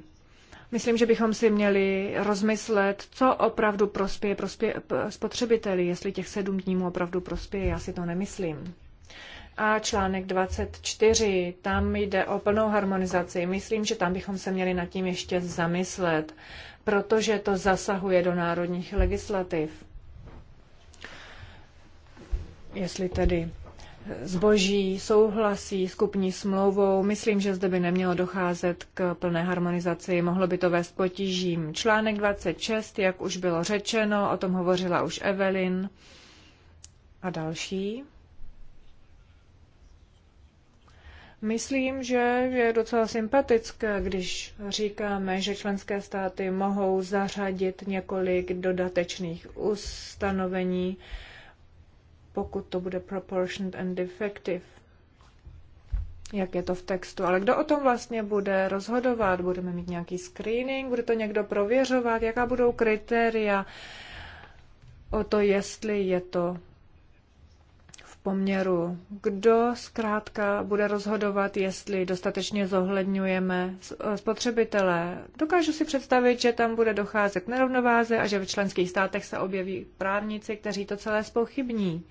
Myslím, že bychom si měli rozmyslet, co opravdu prospěje, prospěje spotřebiteli, jestli těch sedm dní mu opravdu prospěje, já si to nemyslím. A článek 24, tam jde o plnou harmonizaci. Myslím, že tam bychom se měli nad tím ještě zamyslet, protože to zasahuje do národních legislativ. Jestli tedy zboží souhlasí s kupní smlouvou. Myslím, že zde by nemělo docházet k plné harmonizaci, mohlo by to vést potížím. Článek 26, jak už bylo řečeno, o tom hovořila už Evelyn a další. Myslím, že je docela sympatické, když říkáme, že členské státy mohou zařadit několik dodatečných ustanovení pokud to bude proportioned and defective, jak je to v textu. Ale kdo o tom vlastně bude rozhodovat? Budeme mít nějaký screening? Bude to někdo prověřovat? Jaká budou kritéria o to, jestli je to Poměru, Kdo zkrátka bude rozhodovat, jestli dostatečně zohledňujeme spotřebitele? Dokážu si představit, že tam bude docházet k nerovnováze a že v členských státech se objeví právníci, kteří to celé spochybní.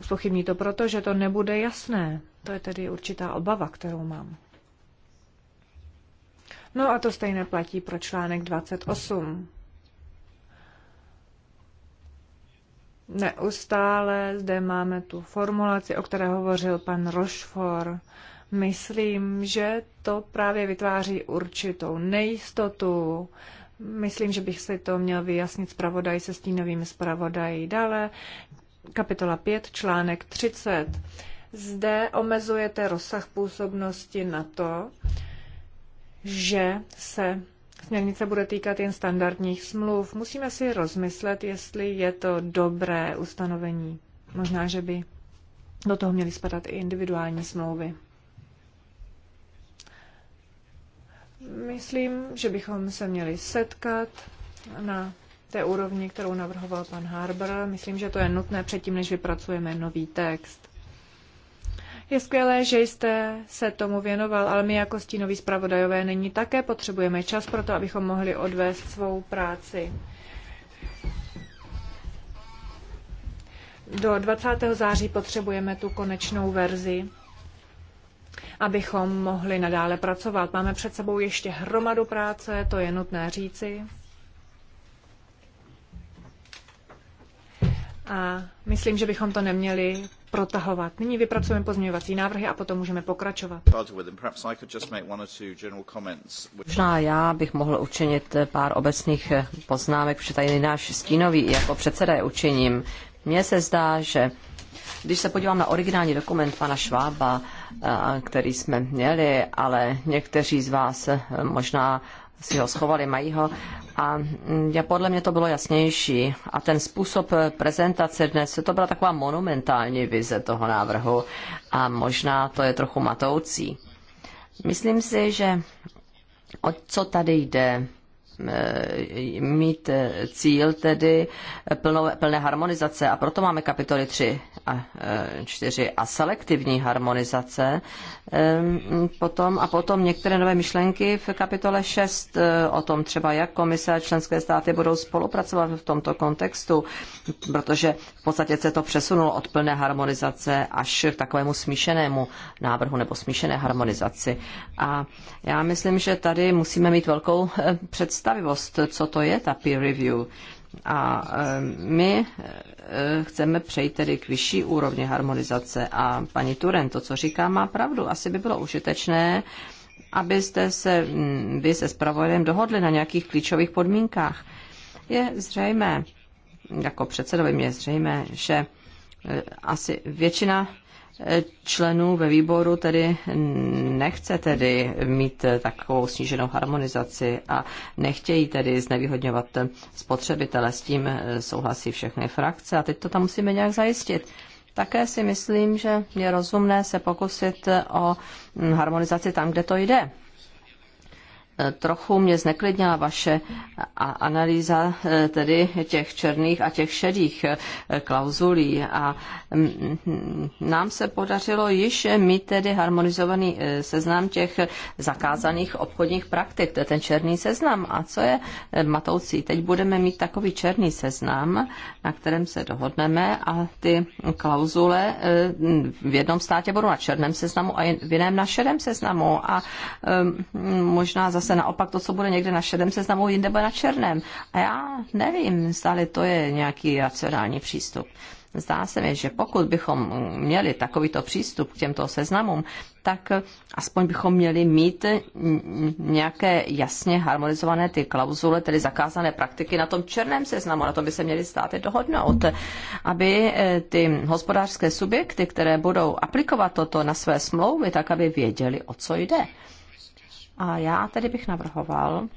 Spochybní to proto, že to nebude jasné. To je tedy určitá obava, kterou mám. No a to stejné platí pro článek 28. Neustále zde máme tu formulaci, o které hovořil pan Rochefort. Myslím, že to právě vytváří určitou nejistotu. Myslím, že bych si to měl vyjasnit zpravodaj se stínovým zpravodají. Dále kapitola 5, článek 30. Zde omezujete rozsah působnosti na to, že se směrnice bude týkat jen standardních smluv. Musíme si rozmyslet, jestli je to dobré ustanovení. Možná, že by do toho měly spadat i individuální smlouvy. Myslím, že bychom se měli setkat na té úrovni, kterou navrhoval pan Harbour. Myslím, že to je nutné předtím, než vypracujeme nový text. Je skvělé, že jste se tomu věnoval, ale my jako stínoví zpravodajové není také potřebujeme čas pro to, abychom mohli odvést svou práci. Do 20. září potřebujeme tu konečnou verzi, abychom mohli nadále pracovat. Máme před sebou ještě hromadu práce, to je nutné říci. A myslím, že bychom to neměli protahovat. Nyní vypracujeme pozměňovací návrhy a potom můžeme pokračovat. Možná já bych mohl učinit pár obecných poznámek, protože tady náš stínový jako předseda je učiním. Mně se zdá, že když se podívám na originální dokument pana Švába, který jsme měli, ale někteří z vás možná si ho schovali, mají ho. A mm, podle mě to bylo jasnější. A ten způsob eh, prezentace dnes, to byla taková monumentální vize toho návrhu a možná to je trochu matoucí. Myslím si, že o co tady jde, Eh, mít cíl tedy plnou, plné harmonizace a proto máme kapitoly 3 a 4 eh, a selektivní harmonizace eh, potom a potom některé nové myšlenky v kapitole 6 o tom třeba, jak komise a členské státy budou spolupracovat v tomto kontextu, protože v podstatě se to přesunulo od plné harmonizace až k takovému smíšenému návrhu nebo smíšené harmonizaci. A já myslím, že tady musíme mít velkou představu představivost, co to je ta peer review. A eh, my eh, chceme přejít tedy k vyšší úrovni harmonizace. A paní Turen, to, co říká, má pravdu. Asi by bylo užitečné, abyste se mm, vy se zpravodajem dohodli na nějakých klíčových podmínkách. Je zřejmé, jako předsedovi mě je zřejmé, že eh, asi většina členů ve výboru tedy nechce tedy mít takovou sníženou harmonizaci a nechtějí tedy znevýhodňovat spotřebitele. S tím eh, souhlasí všechny frakce a teď to tam musíme nějak zajistit. Také si myslím, že je rozumné se pokusit o hm, harmonizaci tam, kde to jde. Eh, trochu mě zneklidnila vaše analýza eh, tedy těch černých a těch šedých eh, klauzulí a mm, mm, nám se podařilo již mít tedy harmonizovaný seznam těch zakázaných obchodních praktik, to je ten černý seznam. A co je matoucí? Teď budeme mít takový černý seznam, na kterém se dohodneme a ty klauzule v jednom státě budou na černém seznamu a v jiném na šedém seznamu a možná zase zase naopak to, co bude někde na šedém seznamu, jinde bude na černém. A já nevím, zdali to je nějaký racionální přístup. Zdá se mi, že pokud bychom měli takovýto přístup k těmto seznamům, tak aspoň bychom měli mít nějaké jasně harmonizované ty klauzule, tedy zakázané praktiky na tom černém seznamu, na tom by se měly státy dohodnout, aby eh, ty hospodářské subjekty, které budou aplikovat toto na své smlouvy, tak aby věděli, o co jde. A já tedy bych navrhoval,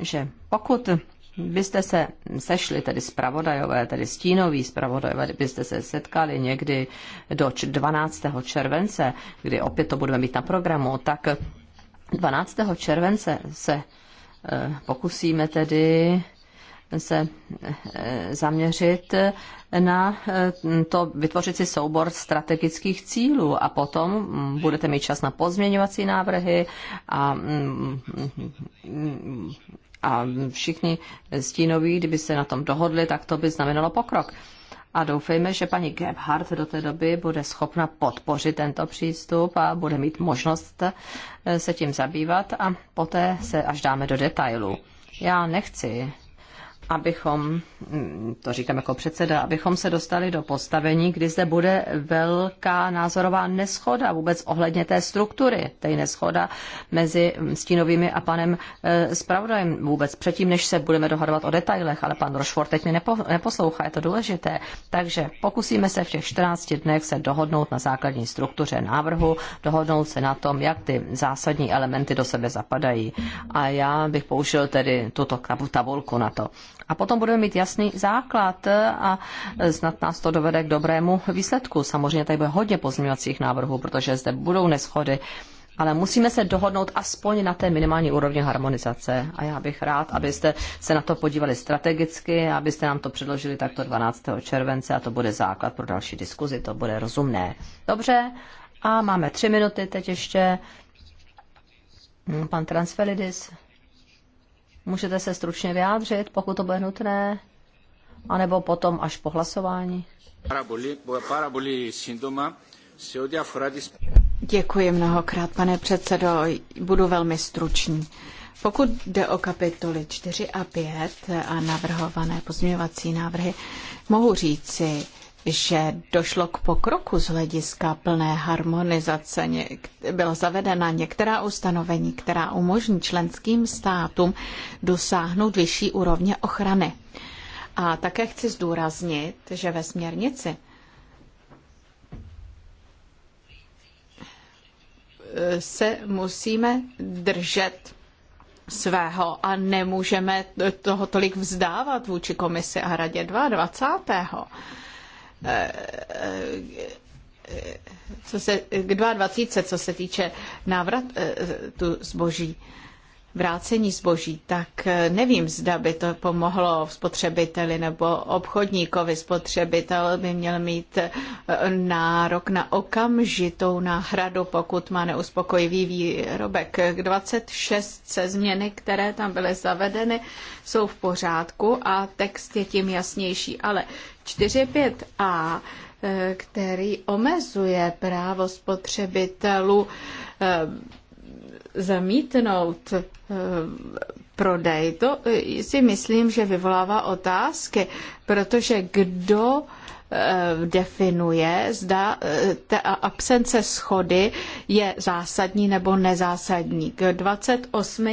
že pokud byste se sešli, tedy zpravodajové, tedy stínoví zpravodajové, byste se setkali někdy do 12. července, kdy opět to budeme mít na programu, tak 12. července se eh, pokusíme tedy se eh, zaměřit eh, na eh, to vytvořit si soubor strategických cílů a potom mm, budete mít čas na pozměňovací návrhy a mm, a všichni stínoví, kdyby se na tom dohodli, tak to by znamenalo pokrok. A doufejme, že paní Gebhardt do té doby bude schopna podpořit tento přístup a bude mít možnost se tím zabývat a poté se až dáme do detailů. Já nechci abychom, to říkám jako předseda, abychom se dostali do postavení, kdy zde bude velká názorová neschoda vůbec ohledně té struktury, té neschoda mezi Stínovými a panem Spravodajem eh, vůbec předtím, než se budeme dohadovat o detailech, ale pan Rošford teď mě nepo, neposlouchá, je to důležité. Takže pokusíme se v těch 14 dnech se dohodnout na základní struktuře návrhu, dohodnout se na tom, jak ty zásadní elementy do sebe zapadají. A já bych použil tedy tuto tabulku na to. A potom budeme mít jasný základ a snad nás to dovede k dobrému výsledku. Samozřejmě tady bude hodně pozměňovacích návrhů, protože zde budou neschody. Ale musíme se dohodnout aspoň na té minimální úrovni harmonizace. A já bych rád, abyste se na to podívali strategicky, abyste nám to předložili takto 12. července a to bude základ pro další diskuzi, to bude rozumné. Dobře, a máme tři minuty teď ještě. Pan Transfelidis. Můžete se stručně vyjádřit, pokud to bude nutné, anebo potom až po hlasování. Děkuji mnohokrát, pane předsedo. Budu velmi stručný. Pokud jde o kapitoly 4 a 5 a navrhované pozměňovací návrhy, mohu říci, že došlo k pokroku z hlediska plné harmonizace. Byla zavedena některá ustanovení, která umožní členským státům dosáhnout vyšší úrovně ochrany. A také chci zdůraznit, že ve směrnici se musíme držet svého a nemůžeme toho tolik vzdávat vůči komisi a radě 22 co se, k 22, co se týče návrat eh, tu zboží, vrácení zboží, tak eh, nevím, zda by to pomohlo spotřebiteli nebo obchodníkovi. Spotřebitel by měl mít eh, nárok na okamžitou náhradu, pokud má neuspokojivý výrobek. K 26 se změny, které tam byly zavedeny, jsou v pořádku a text je tím jasnější, ale 4.5a, eh, který omezuje právo spotřebitelů eh, zamítnout eh, prodej, to si myslím, že vyvolává otázky, protože kdo definuje, zda ta absence schody je zásadní nebo nezásadní. K 28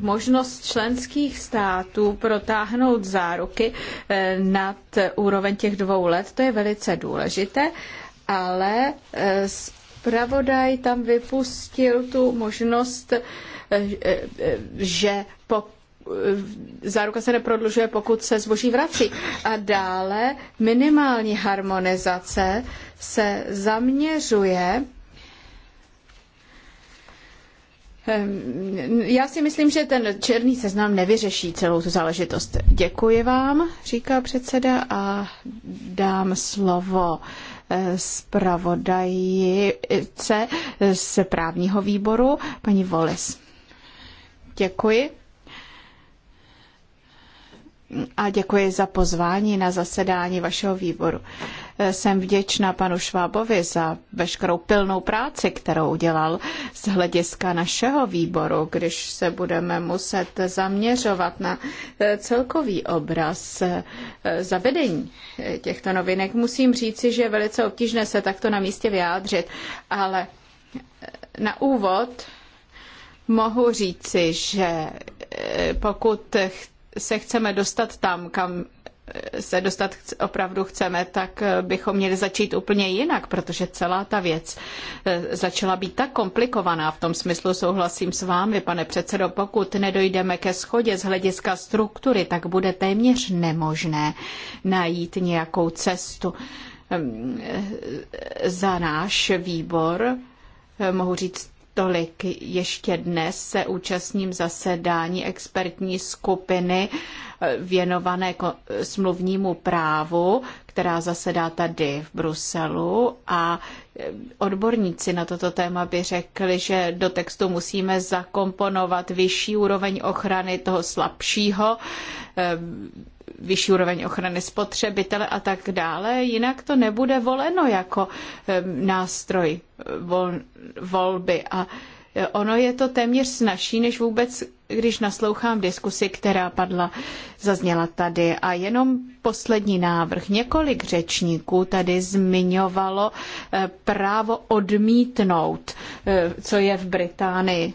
možnost členských států protáhnout záruky eh, nad úroveň těch dvou let, to je velice důležité, ale eh, zpravodaj tam vypustil tu možnost, eh, že po záruka se neprodlužuje, pokud se zboží vrací. A dále minimální harmonizace se zaměřuje Ehm, já si myslím, že ten černý seznam nevyřeší celou tu záležitost. Děkuji vám, říká předseda a dám slovo eh, zpravodajice eh, z právního výboru, paní Volis. Děkuji. A děkuji za pozvání na zasedání vašeho výboru. Jsem vděčná panu Švábovi za veškerou pilnou práci, kterou udělal z hlediska našeho výboru, když se budeme muset zaměřovat na eh, celkový obraz eh, zavedení eh, těchto novinek. Musím říci, že je velice obtížné se takto na místě vyjádřit, ale na úvod mohu říci, že pokud se chceme dostat tam, kam se dostat opravdu chceme, tak eh, bychom měli začít úplně jinak, protože celá ta věc eh, začala být tak komplikovaná. V tom smyslu souhlasím s vámi, pane předsedo, pokud nedojdeme ke schodě z hlediska struktury, tak bude téměř nemožné najít nějakou cestu. Ehm, eh, za náš výbor mohu říct Tolik ještě dnes se účastním zasedání expertní skupiny eh, věnované smluvnímu právu, která zasedá tady v Bruselu a eh, odborníci na toto téma by řekli, že do textu musíme zakomponovat vyšší úroveň ochrany toho slabšího, eh, vyšší úroveň ochrany spotřebitele a tak dále, jinak to nebude voleno jako nástroj volby. A e, ono je to téměř snažší, než vůbec, když naslouchám diskusi, která padla, zazněla tady. A jenom poslední návrh. Několik řečníků tady zmiňovalo e, právo odmítnout, e, co je v Británii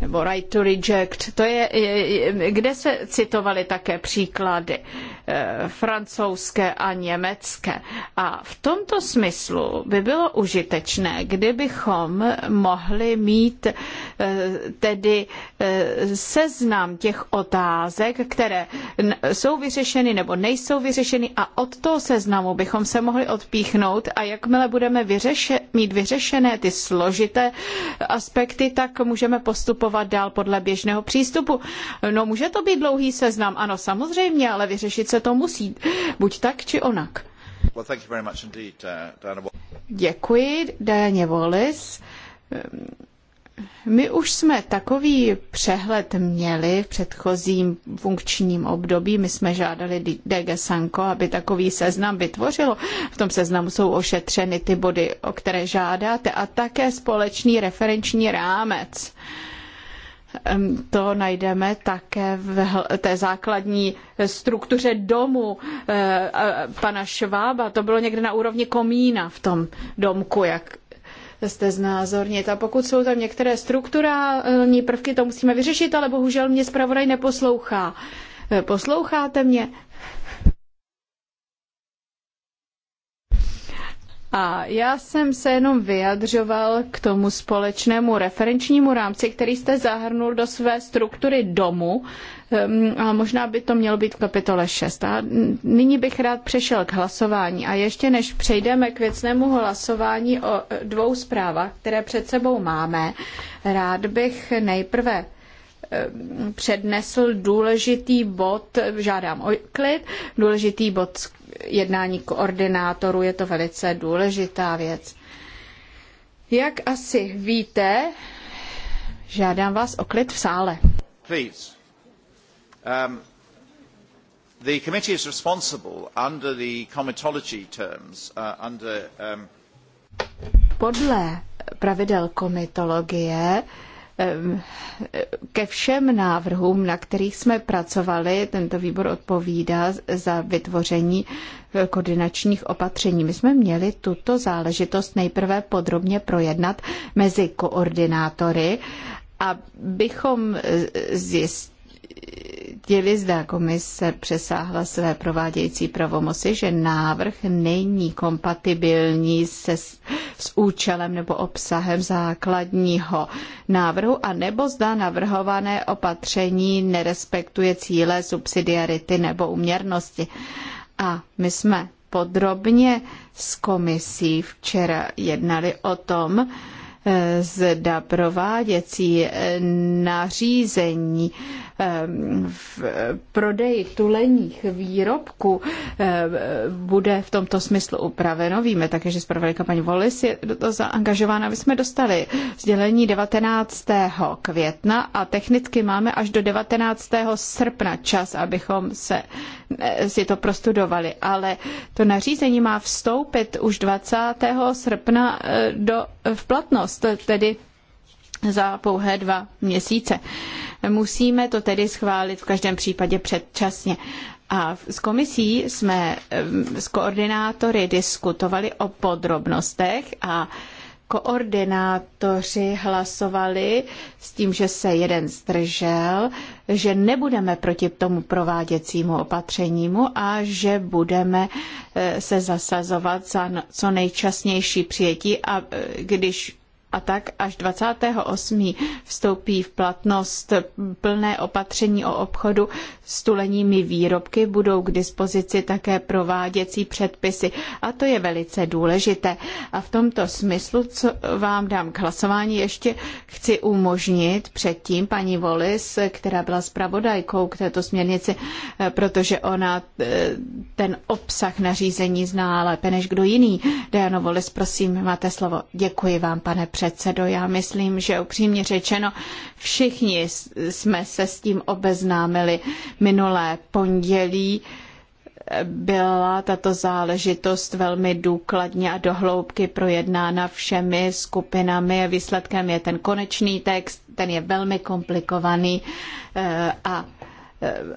nebo right to reject, to je, kde se citovaly také příklady eh, francouzské a německé. A v tomto smyslu by bylo užitečné, kdybychom mohli mít Eh, tedy eh, seznam těch otázek, které jsou vyřešeny nebo nejsou vyřešeny a od toho seznamu bychom se mohli odpíchnout a jakmile budeme vyřeše, mít vyřešené ty složité aspekty, tak můžeme postupovat dál podle běžného přístupu. No může to být dlouhý seznam, ano samozřejmě, ale vyřešit se to musí, buď tak či onak. Uh, Děkuji, Daně Wallis. My už jsme takový přehled měli v předchozím funkčním období. My jsme žádali DG Sanko, aby takový seznam vytvořilo. V tom seznamu jsou ošetřeny ty body, o které žádáte, a také společný referenční rámec. To najdeme také v té základní struktuře domu eh, pana Švába. To bylo někde na úrovni komína v tom domku, jak jste znázornit. A pokud jsou tam některé strukturální prvky, to musíme vyřešit, ale bohužel mě zpravodaj neposlouchá. Eh, Posloucháte mě? A já jsem se jenom vyjadřoval k tomu společnému referenčnímu rámci, který jste zahrnul do své struktury domu, Ehm, a možná by to mělo být v kapitole 6. A nyní bych rád přešel k hlasování. A ještě než přejdeme k věcnému hlasování o e, dvou zprávách, které před sebou máme, rád bych nejprve ehm, přednesl důležitý bod, žádám o klid, důležitý bod jednání koordinátorů, je to velice důležitá věc. Jak asi víte, žádám vás o klid v sále. Please. Um, the committee is responsible under the comitology terms, uh, under... Um... Podle pravidel komitologie um, ke všem návrhům, na kterých jsme pracovali, tento výbor odpovídá za vytvoření eh, koordinačních opatření. My jsme měli tuto záležitost nejprve podrobně projednat mezi koordinátory, abychom eh, zjistili, zjistili, komise přesáhla své provádějící pravomoci, že návrh není kompatibilní se, s účelem nebo obsahem základního návrhu, a nebo zda navrhované opatření nerespektuje cíle subsidiarity nebo uměrnosti. A my jsme podrobně s komisí včera jednali o tom, eh, zda prováděcí eh, nařízení v prodeji tuleních výrobků bude v tomto smyslu upraveno. Víme také, že zpravodajka paní Volis je do toho zaangažována. My jsme dostali sdělení 19. května a technicky máme až do 19. srpna čas, abychom se, e, si to prostudovali. Ale to nařízení má vstoupit už 20. srpna e, do, v platnost, tedy za pouhé dva měsíce. Musíme to tedy schválit v každém případě předčasně. A s komisí jsme eh, s koordinátory diskutovali o podrobnostech a koordinátoři hlasovali s tím, že se jeden zdržel, že nebudeme proti tomu prováděcímu opatřenímu a že budeme eh, se zasazovat za co nejčasnější přijetí a eh, když a tak až 28. vstoupí v platnost plné opatření o obchodu s tulenými výrobky, budou k dispozici také prováděcí předpisy a to je velice důležité. A v tomto smyslu, co vám dám k hlasování, ještě chci umožnit předtím paní Volis, která byla zpravodajkou k této směrnici, protože ona eh, ten obsah nařízení zná lépe než kdo jiný. Dejano Volis, prosím, máte slovo. Děkuji vám, pane předsedo předsedo. Já myslím, že upřímně řečeno, všichni jsme se s tím obeznámili minulé pondělí eh, byla tato záležitost velmi důkladně a dohloubky projednána všemi skupinami a výsledkem je ten konečný text, ten je velmi komplikovaný eh, a eh,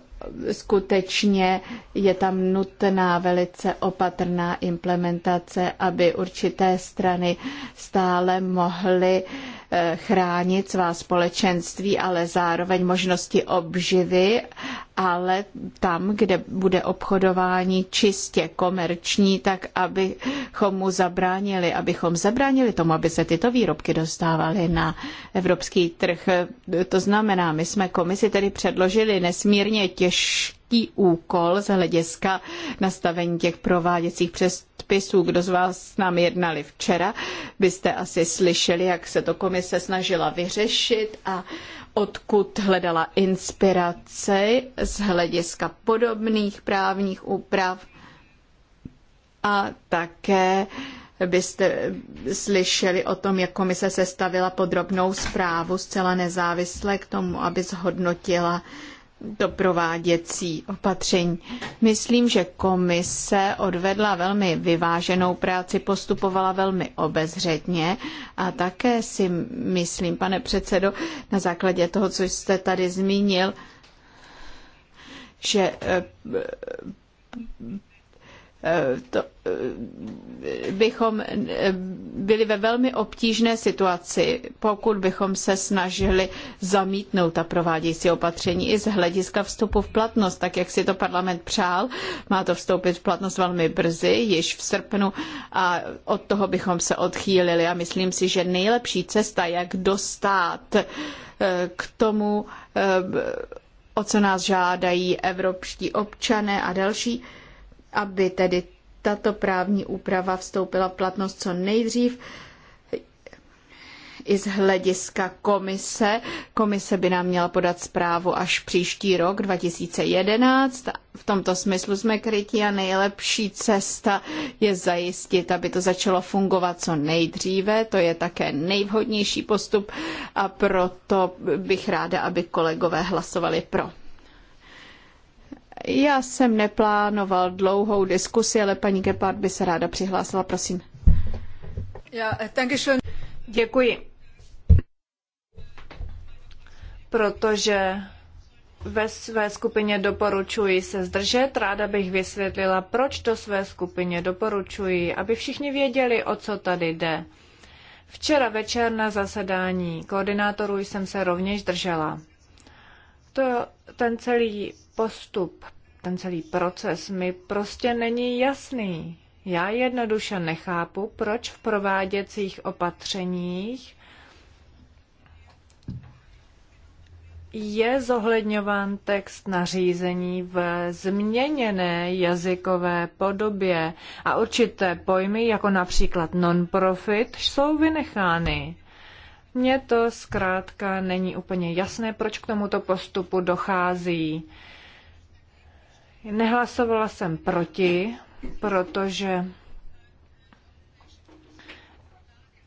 skutečně je tam nutná velice opatrná implementace, aby určité strany stále mohly eh, chránit svá společenství, ale zároveň možnosti obživy, ale tam, kde bude obchodování čistě komerční, tak abychom mu zabránili, abychom zabránili tomu, aby se tyto výrobky dostávaly na evropský trh. To znamená, my jsme komisi tedy předložili nesmírně těžké těžký úkol z hlediska nastavení těch prováděcích předpisů. Kdo z vás s námi jednali včera, byste asi slyšeli, jak se to komise snažila vyřešit a odkud hledala inspiraci z hlediska podobných právních úprav a také byste slyšeli o tom, jak komise sestavila podrobnou zprávu zcela nezávisle k tomu, aby zhodnotila to prováděcí opatření. Myslím, že komise odvedla velmi vyváženou práci, postupovala velmi obezřetně a také si myslím, pane předsedo, na základě toho, co jste tady zmínil, že eh, Eh, to, eh, bychom eh, byli ve velmi obtížné situaci, pokud bychom se snažili zamítnout ta provádějící opatření i z hlediska vstupu v platnost, tak jak si to parlament přál. Má to vstoupit v platnost velmi brzy, již v srpnu a od toho bychom se odchýlili a myslím si, že nejlepší cesta, jak dostat k tomu, o co nás žádají evropští občané a další, aby tedy tato právní úprava vstoupila v platnost co nejdřív i z hlediska komise. Komise by nám měla podat zprávu až příští rok 2011. V tomto smyslu jsme krytí a nejlepší cesta je zajistit, aby to začalo fungovat co nejdříve. To je také nejvhodnější postup a proto bych ráda, aby kolegové hlasovali pro. Já jsem neplánoval dlouhou diskusi, ale paní Gepard by se ráda přihlásila, prosím. Já, eh, Děkuji. Protože ve své skupině doporučuji se zdržet. Ráda bych vysvětlila, proč to své skupině doporučuji, aby všichni věděli, o co tady jde. Včera večer na zasedání koordinátorů jsem se rovněž držela to, ten celý postup, ten celý proces mi prostě není jasný. Já jednoduše nechápu, proč v prováděcích opatřeních je zohledňován text nařízení v změněné jazykové podobě a určité pojmy, jako například non-profit, jsou vynechány. Mně to zkrátka není úplně jasné, proč k tomuto postupu dochází. Nehlasovala jsem proti, protože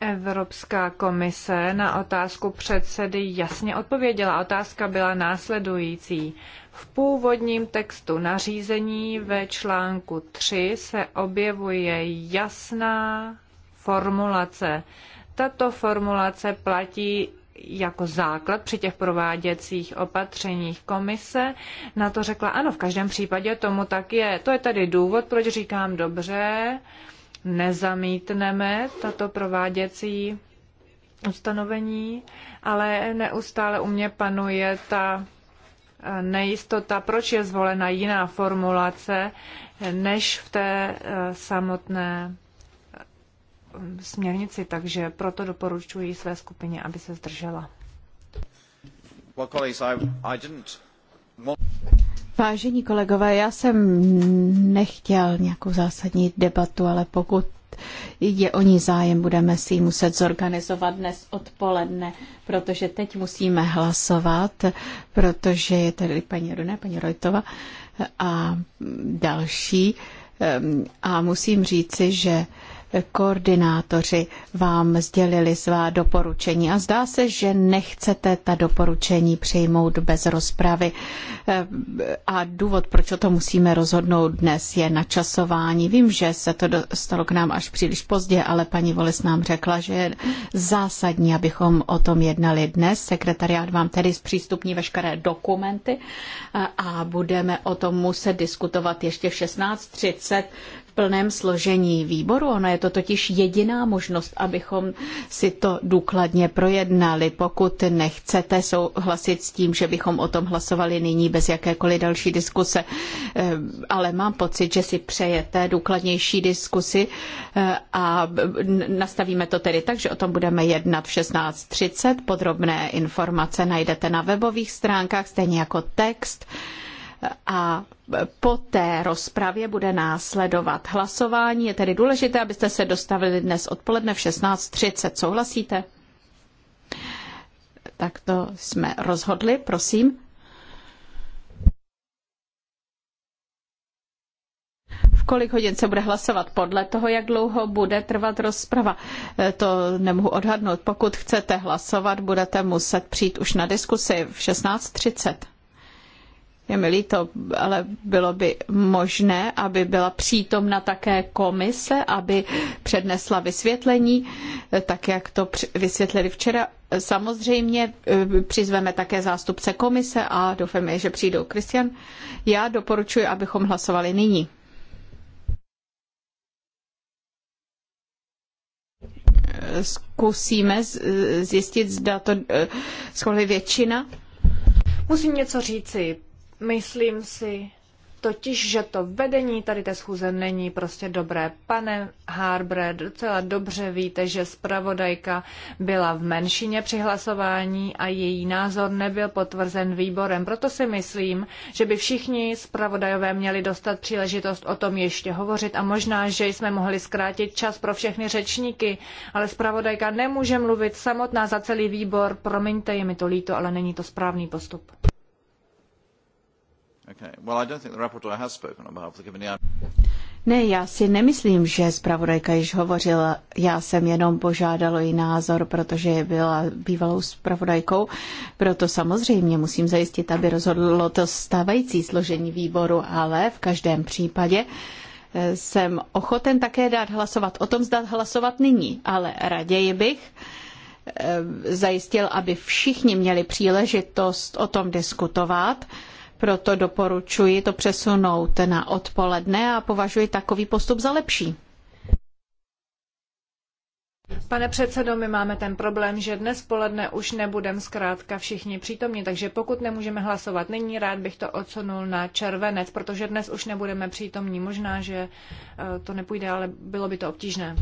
Evropská komise na otázku předsedy jasně odpověděla. Otázka byla následující. V původním textu nařízení ve článku 3 se objevuje jasná formulace, tato formulace platí jako základ při těch prováděcích opatřeních komise. Na to řekla, ano, v každém případě tomu tak je. To je tady důvod, proč říkám dobře, nezamítneme tato prováděcí ustanovení, ale neustále u mě panuje ta eh, nejistota, proč je zvolena jiná formulace, než v té eh, samotné směrnici, takže proto doporučuji své skupině, aby se zdržela. Vážení kolegové, já jsem nechtěl nějakou zásadní debatu, ale pokud je o ní zájem, budeme si ji muset zorganizovat dnes odpoledne, protože teď musíme hlasovat, protože je tady paní Rune, paní Rojtova a další. Ehm, a musím říci, že koordinátoři vám sdělili svá doporučení a zdá se, že nechcete ta doporučení přijmout bez rozpravy. Eh, a důvod, proč o to musíme rozhodnout dnes, je načasování. Vím, že se to dostalo k nám až příliš pozdě, ale paní Volis nám řekla, že je zásadní, abychom o tom jednali dnes. Sekretariát vám tedy zpřístupní veškeré dokumenty eh, a budeme o tom muset diskutovat ještě v 16.30 plném složení výboru. Ona je to totiž jediná možnost, abychom si to důkladně projednali. Pokud nechcete souhlasit s tím, že bychom o tom hlasovali nyní bez jakékoliv další diskuse, eh, ale mám pocit, že si přejete důkladnější diskusi eh, a nastavíme to tedy tak, že o tom budeme jednat v 16.30. Podrobné informace najdete na webových stránkách, stejně jako text a po té rozpravě bude následovat hlasování. Je tedy důležité, abyste se dostavili dnes odpoledne v 16.30. Souhlasíte? Tak to jsme rozhodli, prosím. V kolik hodin se bude hlasovat podle toho, jak dlouho bude trvat rozprava. E, to nemohu odhadnout. Pokud chcete hlasovat, budete muset přijít už na diskusi v 16.30. Je mi líto, ale bylo by možné, aby byla přítomna také komise, aby přednesla vysvětlení, tak jak to vysvětlili včera. Samozřejmě eh, přizveme také zástupce komise a doufáme, že přijdou. Kristian, já doporučuji, abychom hlasovali nyní. Zkusíme zjistit, zda to eh, schválí většina. Musím něco říci. Myslím si totiž, že to vedení tady té schůze není prostě dobré. Pane Harbre, docela dobře víte, že zpravodajka byla v menšině při hlasování a její názor nebyl potvrzen výborem. Proto si myslím, že by všichni zpravodajové měli dostat příležitost o tom ještě hovořit a možná, že jsme mohli zkrátit čas pro všechny řečníky, ale zpravodajka nemůže mluvit samotná za celý výbor. Promiňte, je mi to líto, ale není to správný postup. Ne, já si nemyslím, že zpravodajka již hovořila. Já jsem jenom požádala její názor, protože byla bývalou zpravodajkou. Proto samozřejmě musím zajistit, aby rozhodlo to stávající složení výboru, ale v každém případě eh, jsem ochoten také dát hlasovat o tom, zda hlasovat nyní, ale raději bych eh, zajistil, aby všichni měli příležitost o tom diskutovat proto doporučuji to přesunout na odpoledne a považuji takový postup za lepší. Pane předsedo, my máme ten problém, že dnes poledne už nebudeme zkrátka všichni přítomni, takže pokud nemůžeme hlasovat nyní, rád bych to odsunul na červenec, protože dnes už nebudeme přítomní. Možná, že eh, to nepůjde, ale bylo by to obtížné.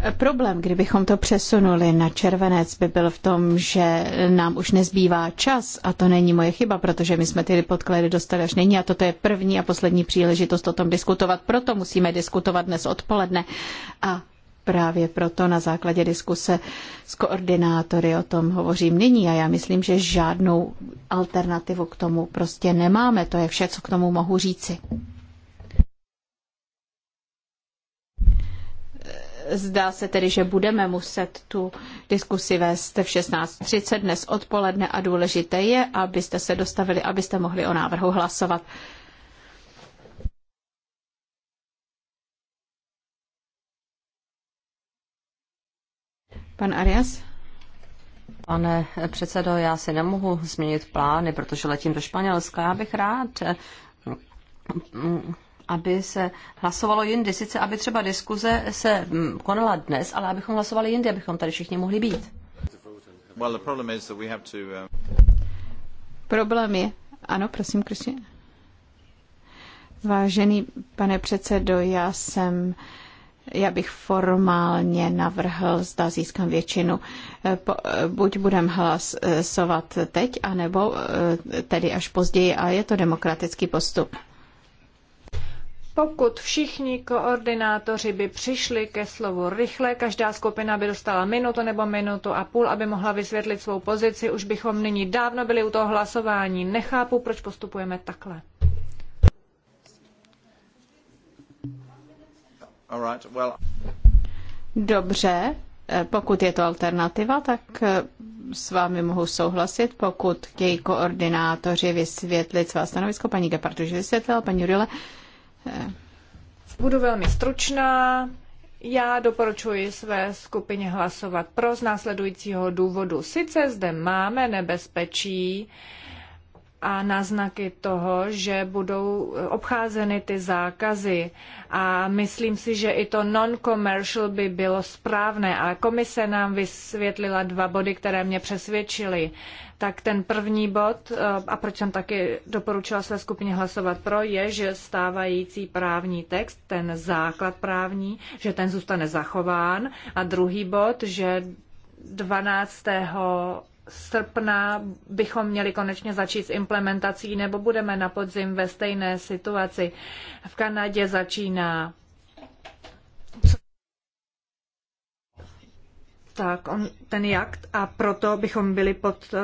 Eh, problém, kdybychom to přesunuli na červenec, by byl v tom, že nám už nezbývá čas a to není moje chyba, protože my jsme ty podklady dostali až nyní a toto je první a poslední příležitost o tom diskutovat. Proto musíme diskutovat dnes odpoledne. A právě proto na základě diskuse s koordinátory o tom hovořím nyní a já myslím, že žádnou alternativu k tomu prostě nemáme. To je vše, co k tomu mohu říci. Zdá se tedy, že budeme muset tu diskusi vést v 16.30 dnes odpoledne a důležité je, abyste se dostavili, abyste mohli o návrhu hlasovat. Pan Arias? Pane předsedo, já si nemohu změnit plány, protože letím do Španělska. Já bych rád, aby se hlasovalo jindy. Sice, aby třeba diskuze se mm, konala dnes, ale abychom hlasovali jindy, abychom tady všichni mohli být. Uh, Problém je, ano, prosím, Kristě. Vážený pane předsedo, já jsem uh, já bych formálně navrhl, zda získám většinu. Eh, eh, buď budem hlasovat teď, anebo eh, tedy až později a je to demokratický postup. Pokud všichni koordinátoři by přišli ke slovu rychle, každá skupina by dostala minutu nebo minutu a půl, aby mohla vysvětlit svou pozici, už bychom nyní dávno byli u toho hlasování. Nechápu, proč postupujeme takhle. Dobře, eh, pokud je to alternativa, tak eh, s vámi mohu souhlasit, pokud chtějí koordinátoři vysvětlit svá stanovisko. Paní Gepard už vysvětlila, paní Jurile. Eh. Budu velmi stručná. Já doporučuji své skupině hlasovat pro z následujícího důvodu. Sice zde máme nebezpečí, a náznaky toho, že budou obcházeny ty zákazy. A myslím si, že i to non-commercial by bylo správné. A komise nám vysvětlila dva body, které mě přesvědčily. Tak ten první bod, eh, a proč jsem taky doporučila své skupině hlasovat pro, je, že stávající právní text, ten základ právní, že ten zůstane zachován. A druhý bod, že 12 srpna bychom měli konečně začít s implementací, nebo budeme na podzim ve stejné situaci. V Kanadě začíná tak on, ten jakt a proto bychom byli pod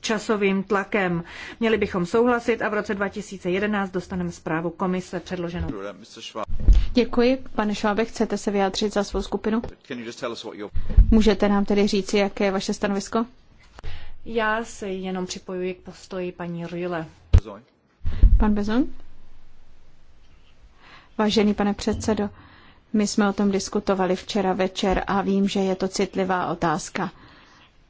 časovým tlakem. Měli bychom souhlasit a v roce 2011 dostaneme zprávu komise předloženou. Děkuji. Pane Švábe, chcete se vyjádřit za svou skupinu? Můžete nám tedy říci, jaké je vaše stanovisko? Já se jenom připojuji k postoji paní Rujle. Pan Bezon? Vážený pane předsedo, my jsme o tom diskutovali včera večer a vím, že je to citlivá otázka,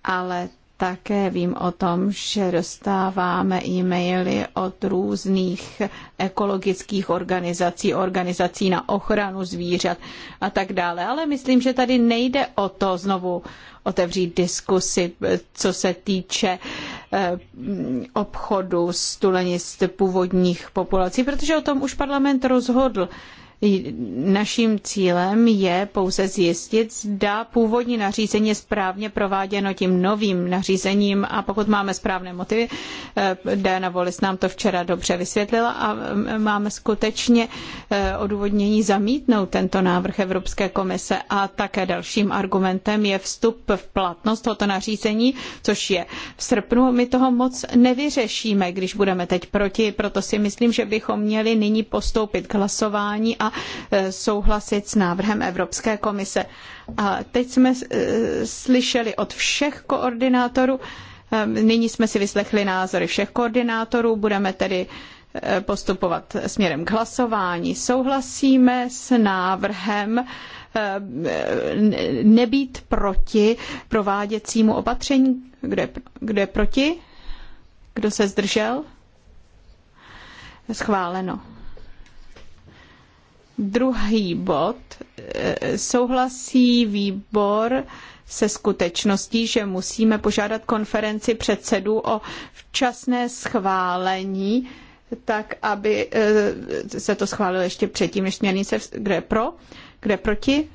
ale také vím o tom, že dostáváme e-maily od různých ekologických organizací, organizací na ochranu zvířat a tak dále. Ale myslím, že tady nejde o to znovu otevřít diskusy, co se týče eh, obchodu s z původních populací, protože o tom už parlament rozhodl. Naším cílem je pouze zjistit, zda původní nařízení je správně prováděno tím novým nařízením a pokud máme správné motivy, eh, Diana Wallis nám to včera dobře vysvětlila a eh, máme skutečně eh, odůvodnění zamítnout tento návrh Evropské komise a také dalším argumentem je vstup v platnost tohoto nařízení, což je v srpnu. My toho moc nevyřešíme, když budeme teď proti, proto si myslím, že bychom měli nyní postoupit k hlasování a e, souhlasit s návrhem Evropské komise. A teď jsme e, slyšeli od všech koordinátorů, e, nyní jsme si vyslechli názory všech koordinátorů, budeme tedy postupovat směrem k hlasování. Souhlasíme s návrhem nebýt proti prováděcímu opatření. kdo kde proti? Kdo se zdržel? Schváleno. Druhý bod. E, souhlasí výbor se skutečností, že musíme požádat konferenci předsedů o včasné schválení, tak aby e, se to schválilo ještě předtím, než směrnice, je pro, je proti,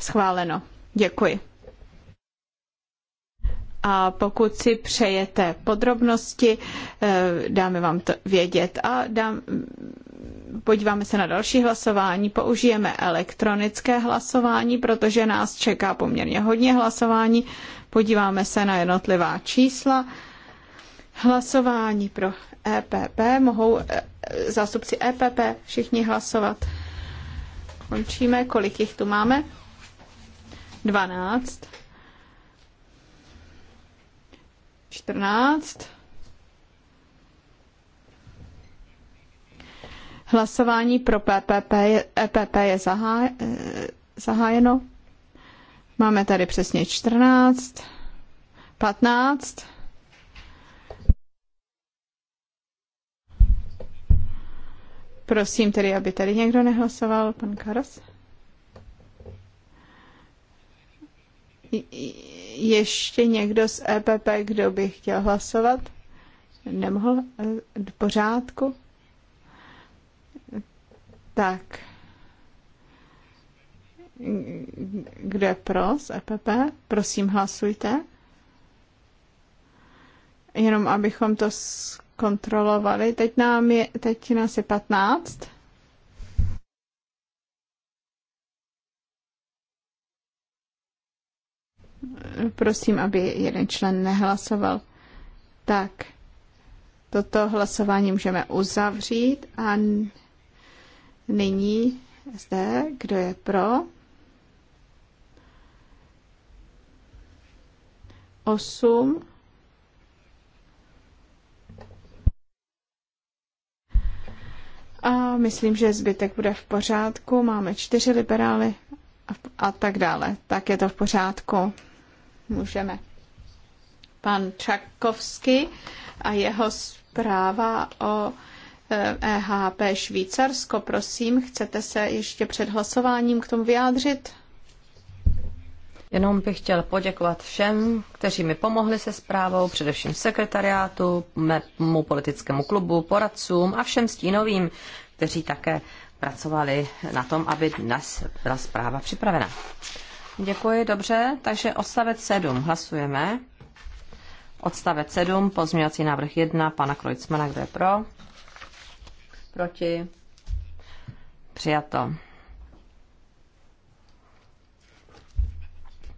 schváleno. Děkuji a pokud si přejete podrobnosti, eh, dáme vám to vědět a dám, podíváme se na další hlasování. Použijeme elektronické hlasování, protože nás čeká poměrně hodně hlasování. Podíváme se na jednotlivá čísla. Hlasování pro EPP. Mohou eh, zástupci EPP všichni hlasovat. Končíme. Kolik jich tu máme? 12. 14. Hlasování pro PPP je, EPP je zahá, zahájeno. Máme tady přesně 14, 15. Prosím tedy, aby tady někdo nehlasoval, pan Karas ještě někdo z EPP, kdo by chtěl hlasovat? Nemohl? Eh, v pořádku? Tak. Kdo je pro z EPP? Prosím, hlasujte. Jenom abychom to zkontrolovali. Teď, nám je, teď nás je 15. prosím, aby jeden člen nehlasoval. Tak, toto hlasování můžeme uzavřít a nyní zde, kdo je pro? Osm. A myslím, že zbytek bude v pořádku. Máme čtyři liberály a tak dále. Tak je to v pořádku můžeme. Pan Čakovsky a jeho zpráva o EHP e Švýcarsko. Prosím, chcete se ještě před hlasováním k tomu vyjádřit? Jenom bych chtěl poděkovat všem, kteří mi pomohli se zprávou, především sekretariátu, mému politickému klubu, poradcům a všem stínovým, kteří také pracovali na tom, aby dnes byla zpráva připravena. Děkuji, dobře. Takže odstavec 7 hlasujeme. Odstavec 7, pozměňovací návrh 1, pana Krojcmana, kdo je pro? Proti? Přijato.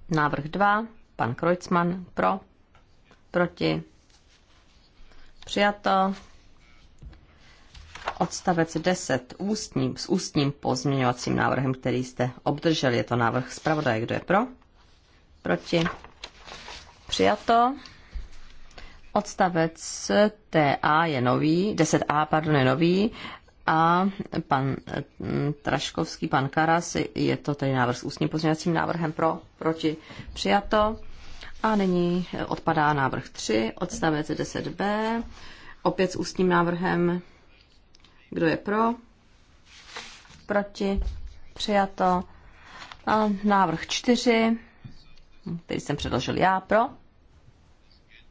Návrh 2, pan Krojcman, pro? Proti? Přijato. Odstavec 10 ústním, s ústním pozměňovacím návrhem, který jste obdrželi. Je to návrh zpravodaje. Kdo je pro? Proti? Přijato. Odstavec TA je nový, 10A, pardon, je nový a pan mm, Traškovský, pan Karas, je to tedy návrh s ústním pozměňovacím návrhem pro, proti, přijato. A nyní odpadá návrh 3, odstavec 10b, opět s ústním návrhem kdo je pro? Proti? Přijato. A návrh čtyři, který jsem předložil já, pro?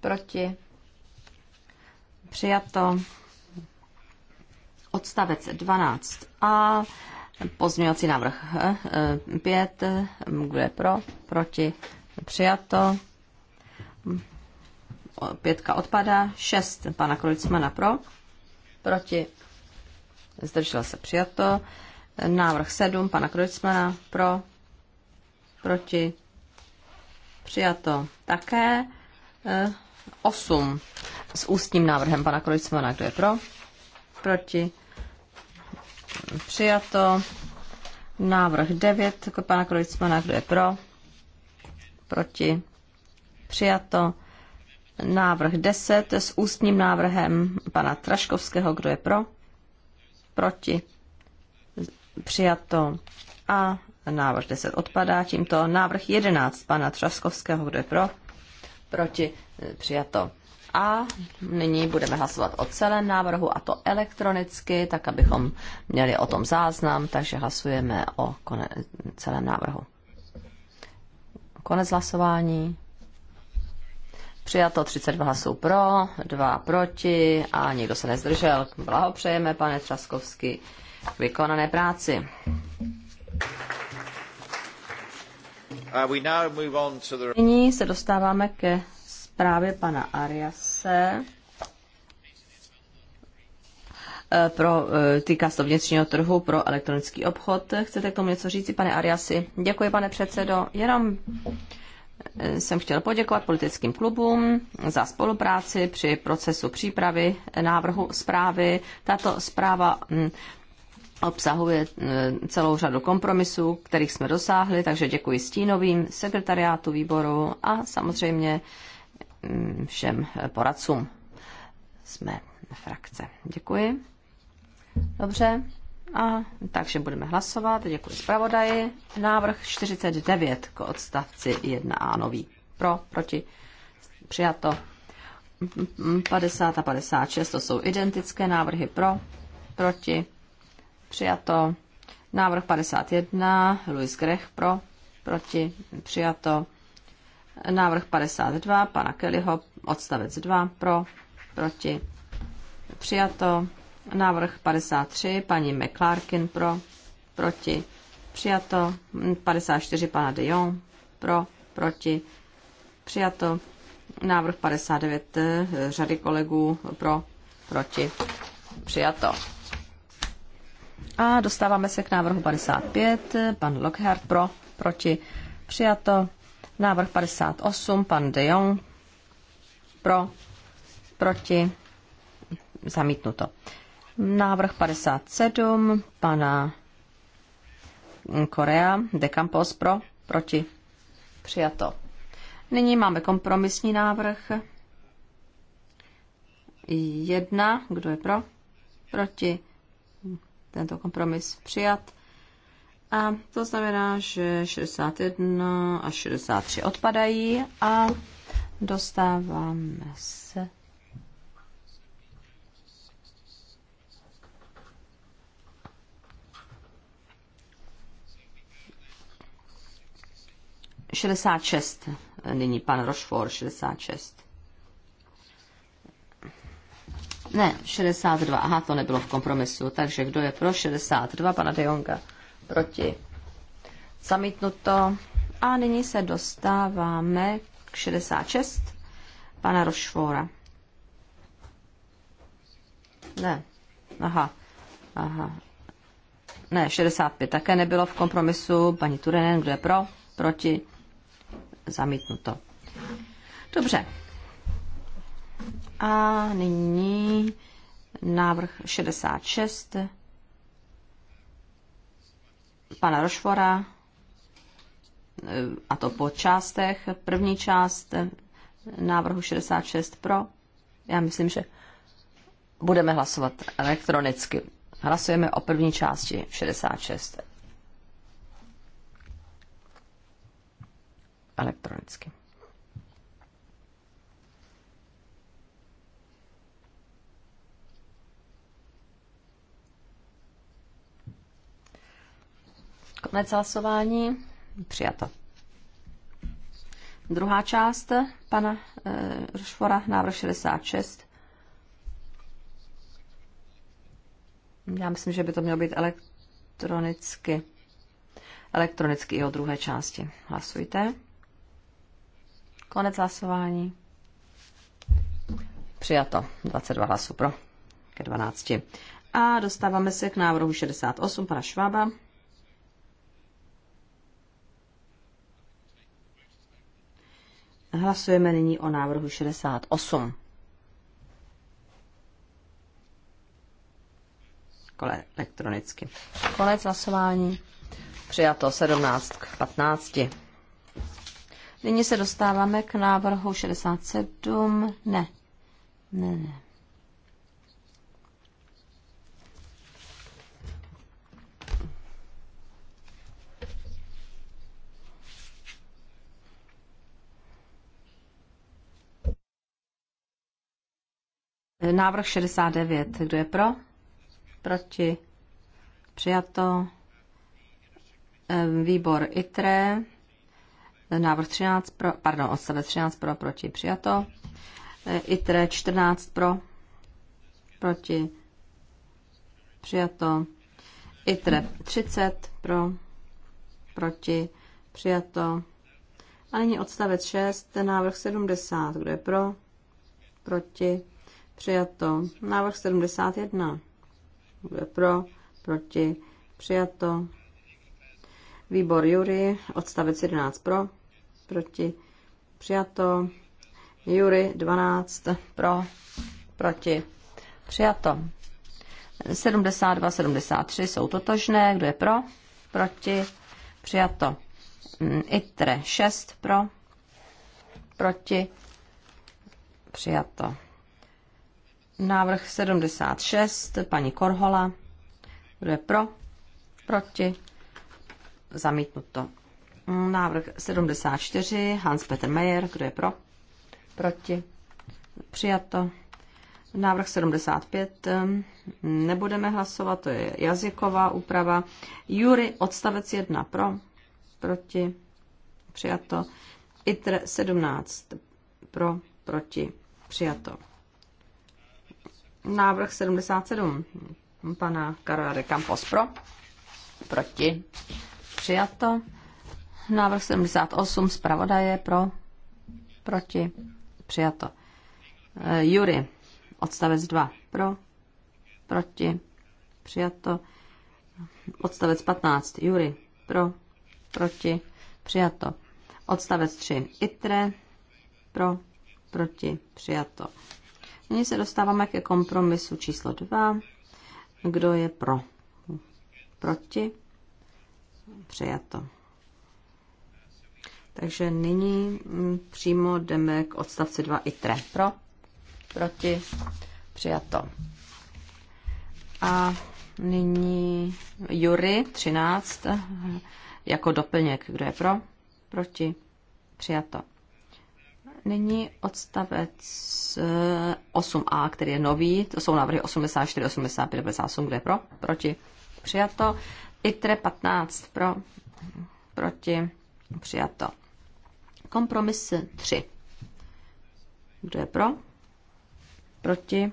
Proti? Přijato. Odstavec 12a. Pozměňovací návrh 5. Eh, kdo je pro? Proti? Přijato. Pětka odpada. 6. Pana Krojcmana pro? Proti? zdržel se přijato. Návrh 7 pana Krojcmana pro, proti, přijato také. 8 eh, s ústním návrhem pana Krojcmana, kdo je pro, proti, přijato. Návrh 9 pana Krojcmana, kdo je pro, proti, přijato. Návrh 10 s ústním návrhem pana Traškovského, kdo je pro, proti, přijato a návrh 10 odpadá, tímto návrh 11 pana Třaskovského, kdo je pro, proti, přijato. A nyní budeme hlasovat o celém návrhu, a to elektronicky, tak abychom měli o tom záznam, takže hlasujeme o kone- celém návrhu. Konec hlasování. Přijato 32 hlasů pro, 2 proti a nikdo se nezdržel. Blahopřejeme, pane Třaskovský, k vykonané práci. Uh, Nyní se dostáváme ke zprávě pana Ariase. Eh, pro, eh, týká se vnitřního trhu pro elektronický obchod. Chcete k tomu něco říci, pane Ariasi? Děkuji, pane předsedo. Jenom jsem chtěl poděkovat politickým klubům za spolupráci při procesu přípravy návrhu zprávy. Tato zpráva mm, obsahuje mm, celou řadu kompromisů, kterých jsme dosáhli, takže děkuji stínovým, sekretariátu výboru a samozřejmě mm, všem poradcům. Jsme frakce. Děkuji. Dobře. A, takže budeme hlasovat. Děkuji zpravodaji. Návrh 49 k odstavci 1a nový. Pro, proti, přijato. 50 a 56 to jsou identické návrhy pro, proti, přijato. Návrh 51, Luis Grech pro, proti, přijato. Návrh 52, pana Kellyho, odstavec 2 pro, proti, přijato. Návrh 53, paní McClarkin pro, proti, přijato. 54, pana de Jong pro, proti, přijato. Návrh 59 eh, řady kolegů pro, proti, přijato. A dostáváme se k návrhu 55, eh, pan Lockhart pro, proti, přijato. Návrh 58, pan de Jong pro, proti, zamítnuto. Návrh 57 pana Korea de Campos pro, proti, přijato. Nyní máme kompromisní návrh. Jedna, kdo je pro, proti, tento kompromis přijat. A to znamená, že 61 a 63 odpadají a dostáváme se 66. Nyní pan Rochefort, 66. Ne, 62. Aha, to nebylo v kompromisu. Takže kdo je pro 62 pana De Jonga? Proti. Zamítnuto. A nyní se dostáváme k 66 pana Rochefora. Ne. Aha. Aha. Ne, 65 také nebylo v kompromisu. Paní Turenen, kdo je pro? Proti zamítnuto. Dobře. A nyní návrh 66 pana Rošvora, eh, a to po částech. První část návrhu 66 pro. Já myslím, že budeme hlasovat elektronicky. Hlasujeme o první části 66. elektronicky. Konec hlasování. Přijato. Druhá část pana e, Rošfora, návrh 66. Já myslím, že by to mělo být elektronicky. Elektronicky i o druhé části. Hlasujte. Konec hlasování. Přijato. 22 hlasů pro ke 12. A dostáváme se k návrhu 68 pana Švába. Hlasujeme nyní o návrhu 68. Kole elektronicky. Konec hlasování. Přijato 17 k 15. Nyní se dostáváme k návrhu 67. Ne. Ne, ne. Návrh 69. Kdo je pro? Proti? Přijato. Ehm, výbor ITRE Návrh 13 pro, pardon, odstavec 13 pro, proti přijato. ITRE 14 pro, proti přijato. ITRE 30 pro, proti přijato. A nyní odstavec 6, návrh 70, kdo je pro, proti přijato. Návrh 71, kdo je pro, proti přijato. Výbor Jury, odstavec 11 pro, proti, přijato. Jury 12 pro, proti, přijato. 72, 73 jsou totožné, kdo je pro, proti, přijato. Mm, ITRE 6 pro, proti, přijato. Návrh 76, paní Korhola, kdo je pro, proti, Zamítnuto. Návrh 74, Hans-Peter Mayer, kdo je pro? Proti? Přijato. Návrh 75 nebudeme hlasovat, to je jazyková úprava. Jury odstavec 1 pro, proti, přijato. ITR 17 pro, proti, přijato. Návrh 77 pana Karla de Campos pro, proti, přijato. Návrh 78 zpravodaje pro, proti, přijato. E, Jury, odstavec 2 pro, proti, přijato. Odstavec 15, Jury, pro, proti, přijato. Odstavec 3, ITRE, pro, proti, přijato. Nyní se dostáváme ke kompromisu číslo 2. Kdo je pro? Proti? přejato. Takže nyní mm, přímo jdeme k odstavci 2 i 3. Pro, proti, přijato. A nyní Jury 13 jako doplněk. Kdo je pro, proti, přijato. Nyní odstavec 8a, eh, který je nový. To jsou návrhy 84, 85, 98. Kdo je pro, proti, přijato. ITRE 15 pro, proti, přijato. Kompromis 3. Kdo je pro? Proti?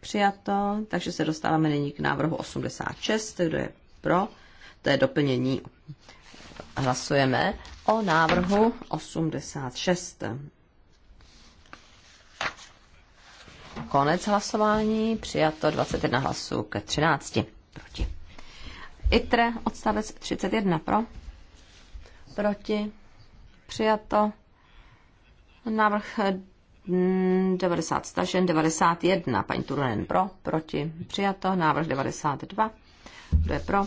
Přijato. Takže se dostáváme nyní k návrhu 86. Kdo je pro? To je doplnění. Hlasujeme o návrhu 86. Konec hlasování. Přijato 21 hlasů ke 13. Proti. ITRE odstavec 31 pro, proti, přijato, návrh 90 mm, stažen, 91 paní Turunen pro, proti, přijato, návrh 92, kdo je pro,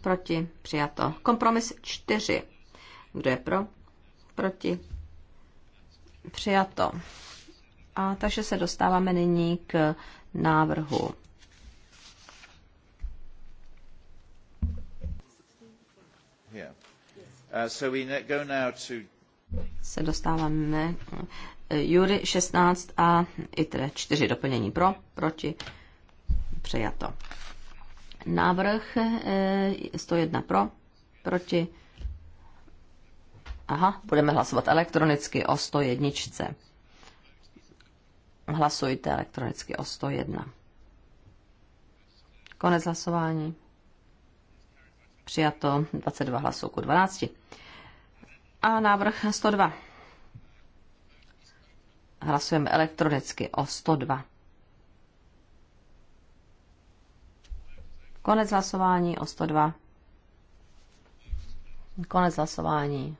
proti, přijato, kompromis 4, kdo je pro, proti, přijato. A takže se dostáváme nyní k návrhu Uh, so we go now to... Se dostáváme eh, Jury 16 a ITRE 4 doplnění pro, proti, přejato. Návrh 101 eh, pro, proti, aha, budeme hlasovat elektronicky o 101. Hlasujte elektronicky o 101. Konec hlasování. Přijato 22 hlasů ku 12. A návrh 102. Hlasujeme elektronicky o 102. Konec hlasování o 102. Konec hlasování.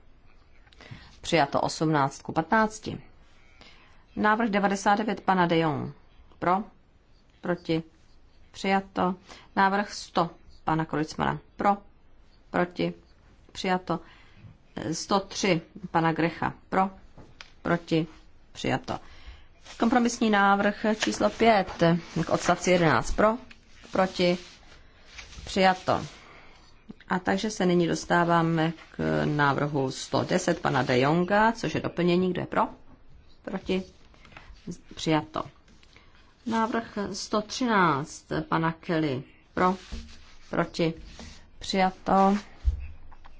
Přijato 18 ku 15. Návrh 99 pana De Jong. Pro? Proti? Přijato. Návrh 100 pana Kolicmana. Pro? proti, přijato. 103 pana Grecha pro, proti, přijato. Kompromisní návrh číslo 5 k odstavci 11 pro, proti, přijato. A takže se nyní dostáváme k návrhu 110 pana De Jonga, což je doplnění, kdo je pro, proti, přijato. Návrh 113 pana Kelly pro, proti, Přijato.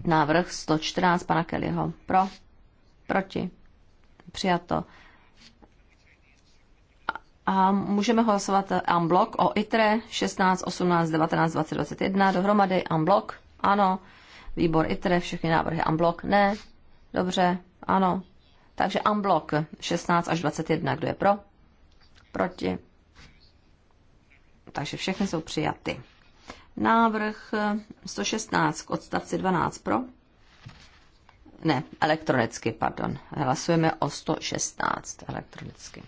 Návrh 114 pana Kellyho. Pro. Proti. Přijato. A můžeme hlasovat unblock o ITRE 16, 18, 19, 20, 21 dohromady unblock. Ano. Výbor ITRE, všechny návrhy unblock. Ne. Dobře. Ano. Takže unblock 16 až 21. Kdo je pro? Proti. Takže všechny jsou přijaty. Návrh 116 eh, k odstavci 12 pro. Ne, elektronicky, pardon. Hlasujeme o 116 elektronicky.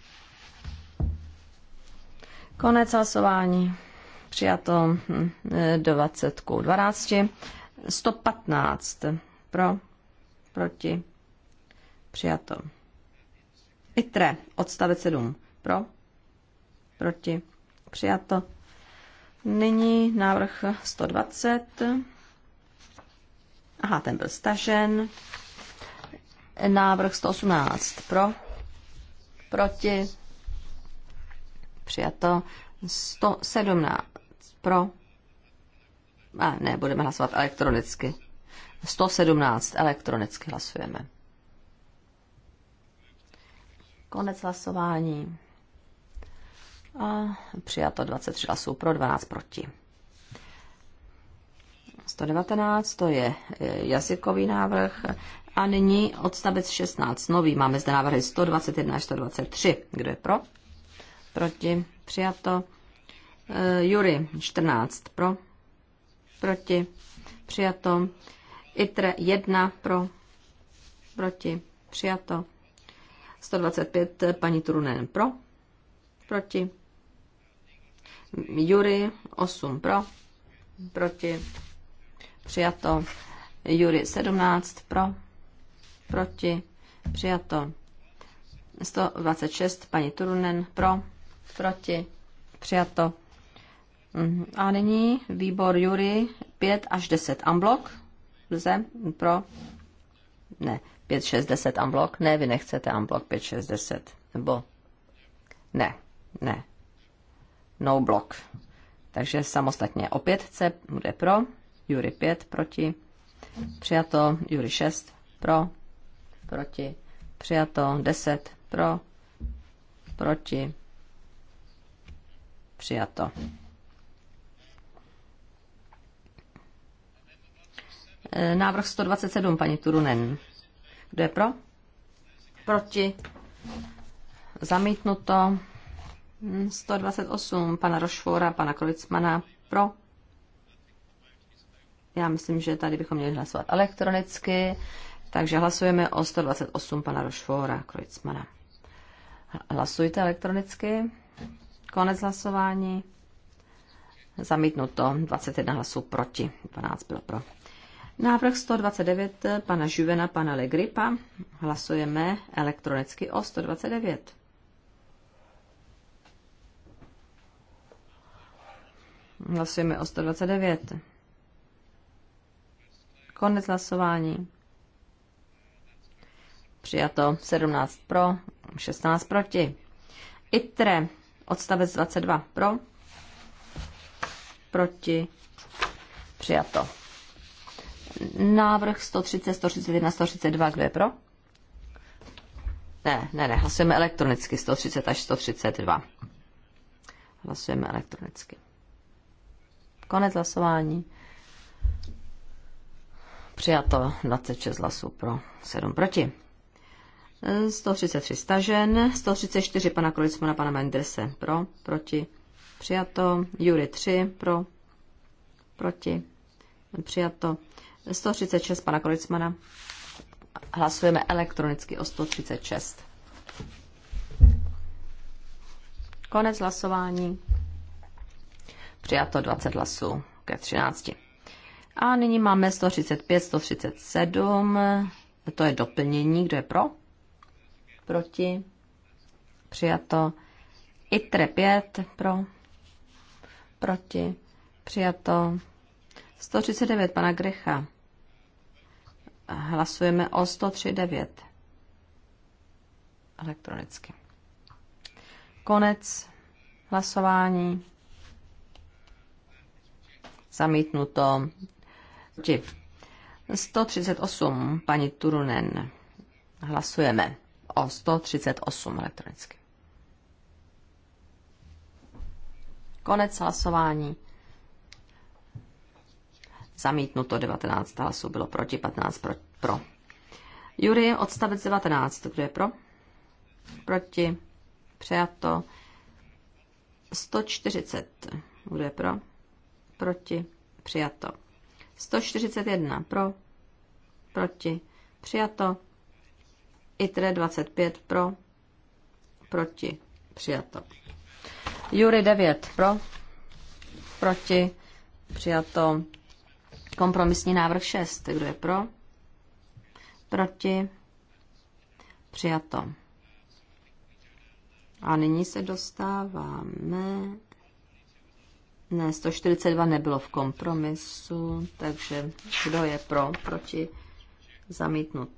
Konec hlasování. Přijato 20 k 12. 115 pro, proti, přijato. ITRE, odstavec 7 pro, proti, přijato. Nyní návrh 120. Aha, ten byl stažen. Návrh 118 pro, proti, přijato 117 pro, a ne, budeme hlasovat elektronicky. 117 elektronicky hlasujeme. Konec hlasování. A přijato 23 hlasů pro, 12 proti. 119, to je e, jazykový návrh. A nyní odstavec 16, nový. Máme zde návrhy 121 a 123. Kdo je pro? Proti. Přijato. E, Jury 14 pro. Proti. Přijato. ITRE 1 pro. Proti. Přijato. 125 paní Turunen pro. Proti. Jury 8 pro, proti, přijato. Jury 17 pro, proti, přijato. 126 paní Turunen pro, proti, přijato. Mm, a nyní výbor Jury 5 až 10 amblok. Lze pro? Ne, 5, 6, 10 amblok. Ne, vy nechcete amblok 5, 6, 10. Nebo? Ne, ne, no block. Takže samostatně o pětce bude pro, Jury 5 proti, přijato, Jury 6 pro, proti, přijato, 10 pro, proti, přijato. E, návrh 127, paní Turunen. Kdo je pro? Proti. Zamítnuto. 128 hm, pana Rošfora, pana Kolicmana pro. Já myslím, že tady bychom měli hlasovat elektronicky, takže hlasujeme o 128 pana Rošfora, Kolicmana. Hlasujte elektronicky. Konec hlasování. Zamítnuto 21 hlasů proti, 12 bylo pro. Návrh 129 pana Žuvena, pana Legripa. Hlasujeme elektronicky o 129. Hlasujeme o 129. Konec hlasování. Přijato 17 pro, 16 proti. ITRE, odstavec 22 pro, proti, přijato. Návrh 130, 131, 132, kdo je pro? Ne, ne, ne, hlasujeme elektronicky 130 až 132. Hlasujeme elektronicky. Konec hlasování. Přijato 26 hlasů pro, 7 proti. 133 stažen, 134 pana Krolicmana, pana Menderse pro, proti. Přijato, Jury 3 pro, proti. Přijato, 136 pana Krolicmana. Hlasujeme elektronicky o 136. Konec hlasování. Přijato 20 hlasů ke 13. A nyní máme 135, 137, to je doplnění, kdo je pro? Proti? Přijato. ITRE 5 pro? Proti? Přijato. 139 pana Grecha. Hlasujeme o 139 elektronicky. Konec hlasování zamítnuto. Dživ. 138, paní Turunen. Hlasujeme o 138 elektronicky. Konec hlasování. Zamítnuto 19 hlasů bylo proti, 15 pro. pro. Jury, odstavec 19. Kdo je pro? Proti. Přijato. 140. Kdo je pro? proti, přijato. 141 pro, proti, přijato. ITRE 25 pro, proti, přijato. Jury 9 pro, proti, přijato. Kompromisní návrh 6, kdo je pro, proti, přijato. A nyní se dostáváme ne, 142 nebylo v kompromisu, takže kdo je pro, proti,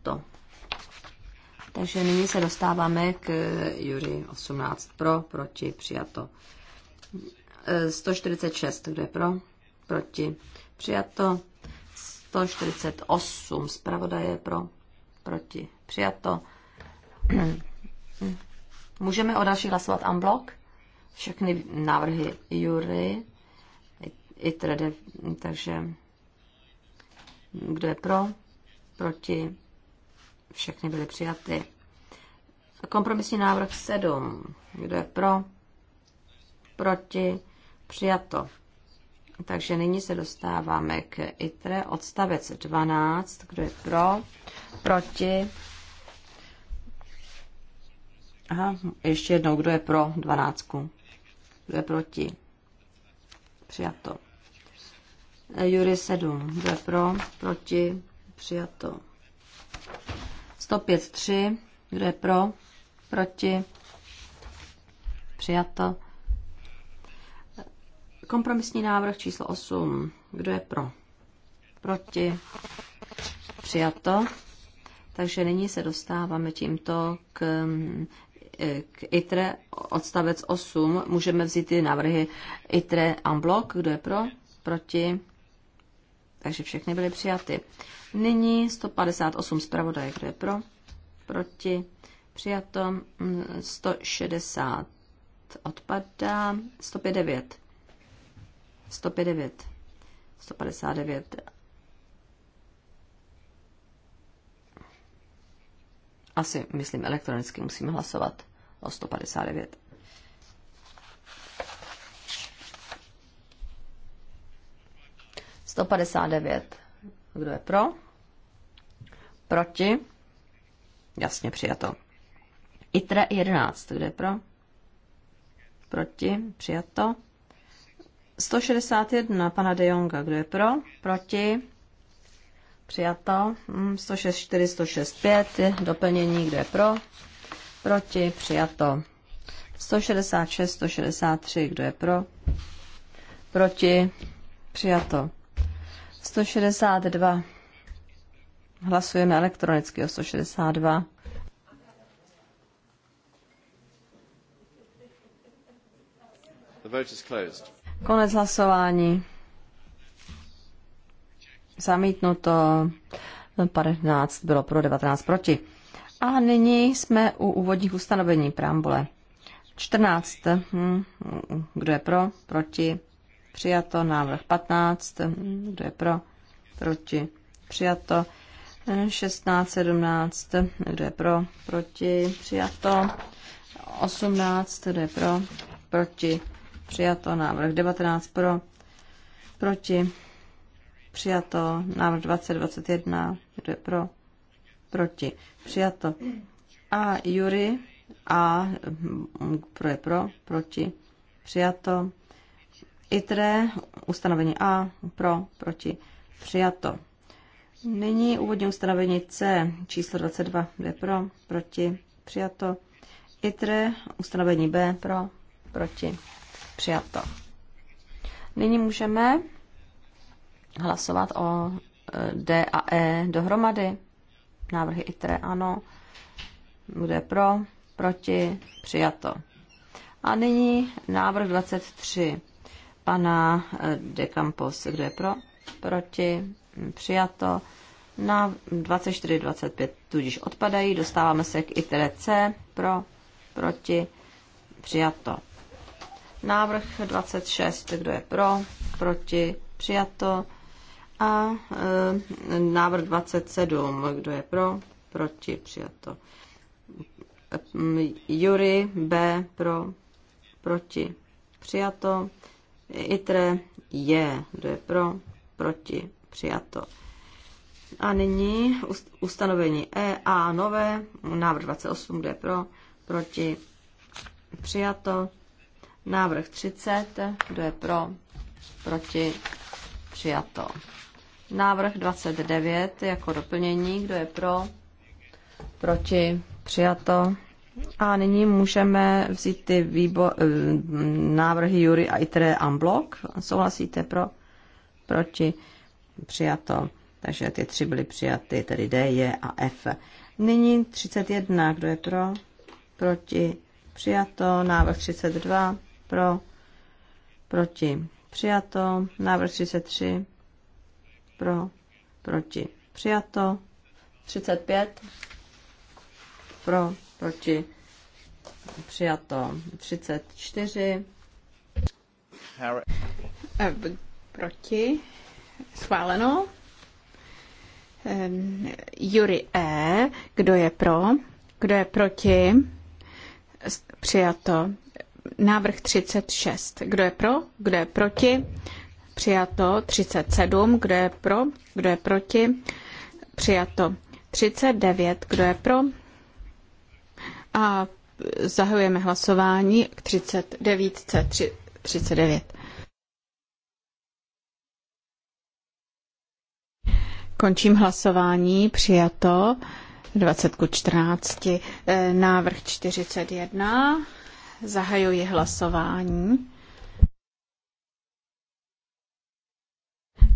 to. Takže nyní se dostáváme k Jury 18 pro, proti, přijato. 146, e, kdo je pro, proti, přijato. 148, zpravodaje pro, proti, přijato. Můžeme o další hlasovat unblock? Všechny návrhy Jury ITRE, takže kdo je pro, proti, všechny byly přijaty. Kompromisní návrh 7, kdo je pro, proti, přijato. Takže nyní se dostáváme k ITRE, odstavec 12, kdo je pro, proti. Aha, ještě jednou, kdo je pro 12, kdo je proti. Přijato. Jury 7. Kdo je pro? Proti? Přijato. 105.3. Kdo je pro? Proti? Přijato. Kompromisní návrh číslo 8. Kdo je pro? Proti? Přijato. Takže nyní se dostáváme tímto k, k ITRE odstavec 8. Můžeme vzít ty návrhy ITRE en bloc. Kdo je pro? Proti? Takže všechny byly přijaty. Nyní 158 zpravodajek, kdo je pro, proti, přijato 160 mm, odpadá, 159, 159, 159 asi, myslím, elektronicky musíme hlasovat o 159. 159. Kdo je pro? Proti? Jasně přijato. ITRE 11. Kdo je pro? Proti? Přijato. 161 pana De Jonga. Kdo je pro? Proti? Přijato. 164, hm, 165. Doplnění. Kdo je pro? Proti? Přijato. 166, 163. Kdo je pro? Proti? Přijato. 162. Hlasujeme elektronicky o 162. The vote is closed. Konec hlasování. Zamítnuto 15 bylo pro 19 proti. A nyní jsme u úvodních ustanovení preambule. 14. Hm, kdo je pro? Proti? Přijato. Návrh 15. Kdo je pro? Proti. Přijato. 16, 17. Kdo je pro? Proti. Přijato. 18. Kdo je pro? Proti. Přijato. Návrh 19. Pro. Proti. Přijato. Návrh 20, 21. Kdo je pro? Proti. Přijato. A Jury. A pro je pro. Proti. Přijato. ITRE, ustanovení A, pro, proti, přijato. Nyní úvodní ustanovení C, číslo 22, je pro, proti, přijato. ITRE, ustanovení B, pro, proti, přijato. Nyní můžeme hlasovat o e, D a E dohromady. Návrhy ITRE ano, bude pro, proti, přijato. A nyní návrh 23 pana eh, De Campos, kdo je pro, proti, přijato. Na 24, 25 tudíž odpadají, dostáváme se k itere C, pro, proti, přijato. Návrh 26, kdo je pro, proti, přijato. A e, návrh 27, kdo je pro, proti, přijato. Jury B pro, proti, přijato. ITRE je, kdo je pro, proti, přijato. A nyní ustanovení E a nové, návrh 28, kdo je pro, proti, přijato. Návrh 30, kdo je pro, proti, přijato. Návrh 29 jako doplnění, kdo je pro, proti, přijato. A nyní můžeme vzít ty výbo- eh, návrhy Jury a Itre Amblok. Souhlasíte pro? Proti? Přijato. Takže ty tři byly přijaty, tedy D, J e a F. Nyní 31. Kdo je pro? Proti? Přijato. Návrh 32. Pro? Proti? Přijato. Návrh 33. Pro? Proti? Přijato. 35. Pro? proti, přijato 34. Eh, proti, schváleno. Ehm, Jury E, kdo je pro, kdo je proti, přijato. Návrh 36, kdo je pro, kdo je proti, přijato 37, kdo je pro, kdo je proti, přijato 39, kdo je pro, a zahajujeme hlasování k 39 39. Končím hlasování, přijato 20 k 14. Návrh 41. Zahajuji hlasování.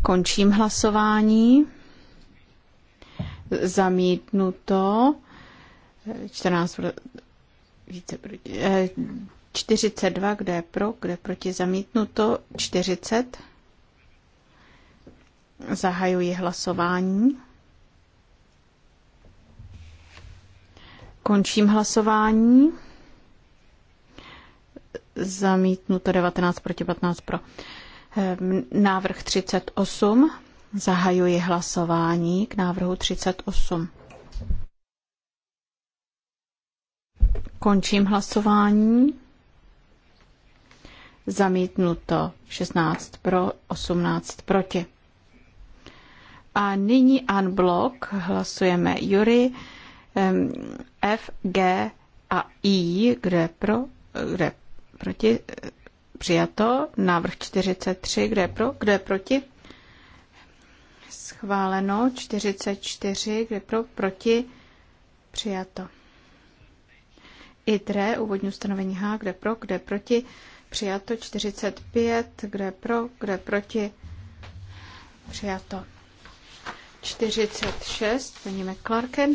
Končím hlasování. Zamítnuto. 14 více proti, 42, eh, kde je pro, kde je proti zamítnuto, 40. Zahajuji hlasování. Končím hlasování. Zamítnuto 19 proti 15 pro. Ehm, návrh 38. Zahajuji hlasování k návrhu 38. Končím hlasování. Zamítnuto 16 pro, 18 proti. A nyní unblock hlasujeme Jury, F, G a I, kde pro, kde proti, přijato. Návrh 43, kde pro, kde proti. Schváleno 44, kde pro, proti, přijato tre, úvodní ustanovení H, kde pro, kde proti, přijato 45, kde pro, kde proti, přijato 46, paní McClarken,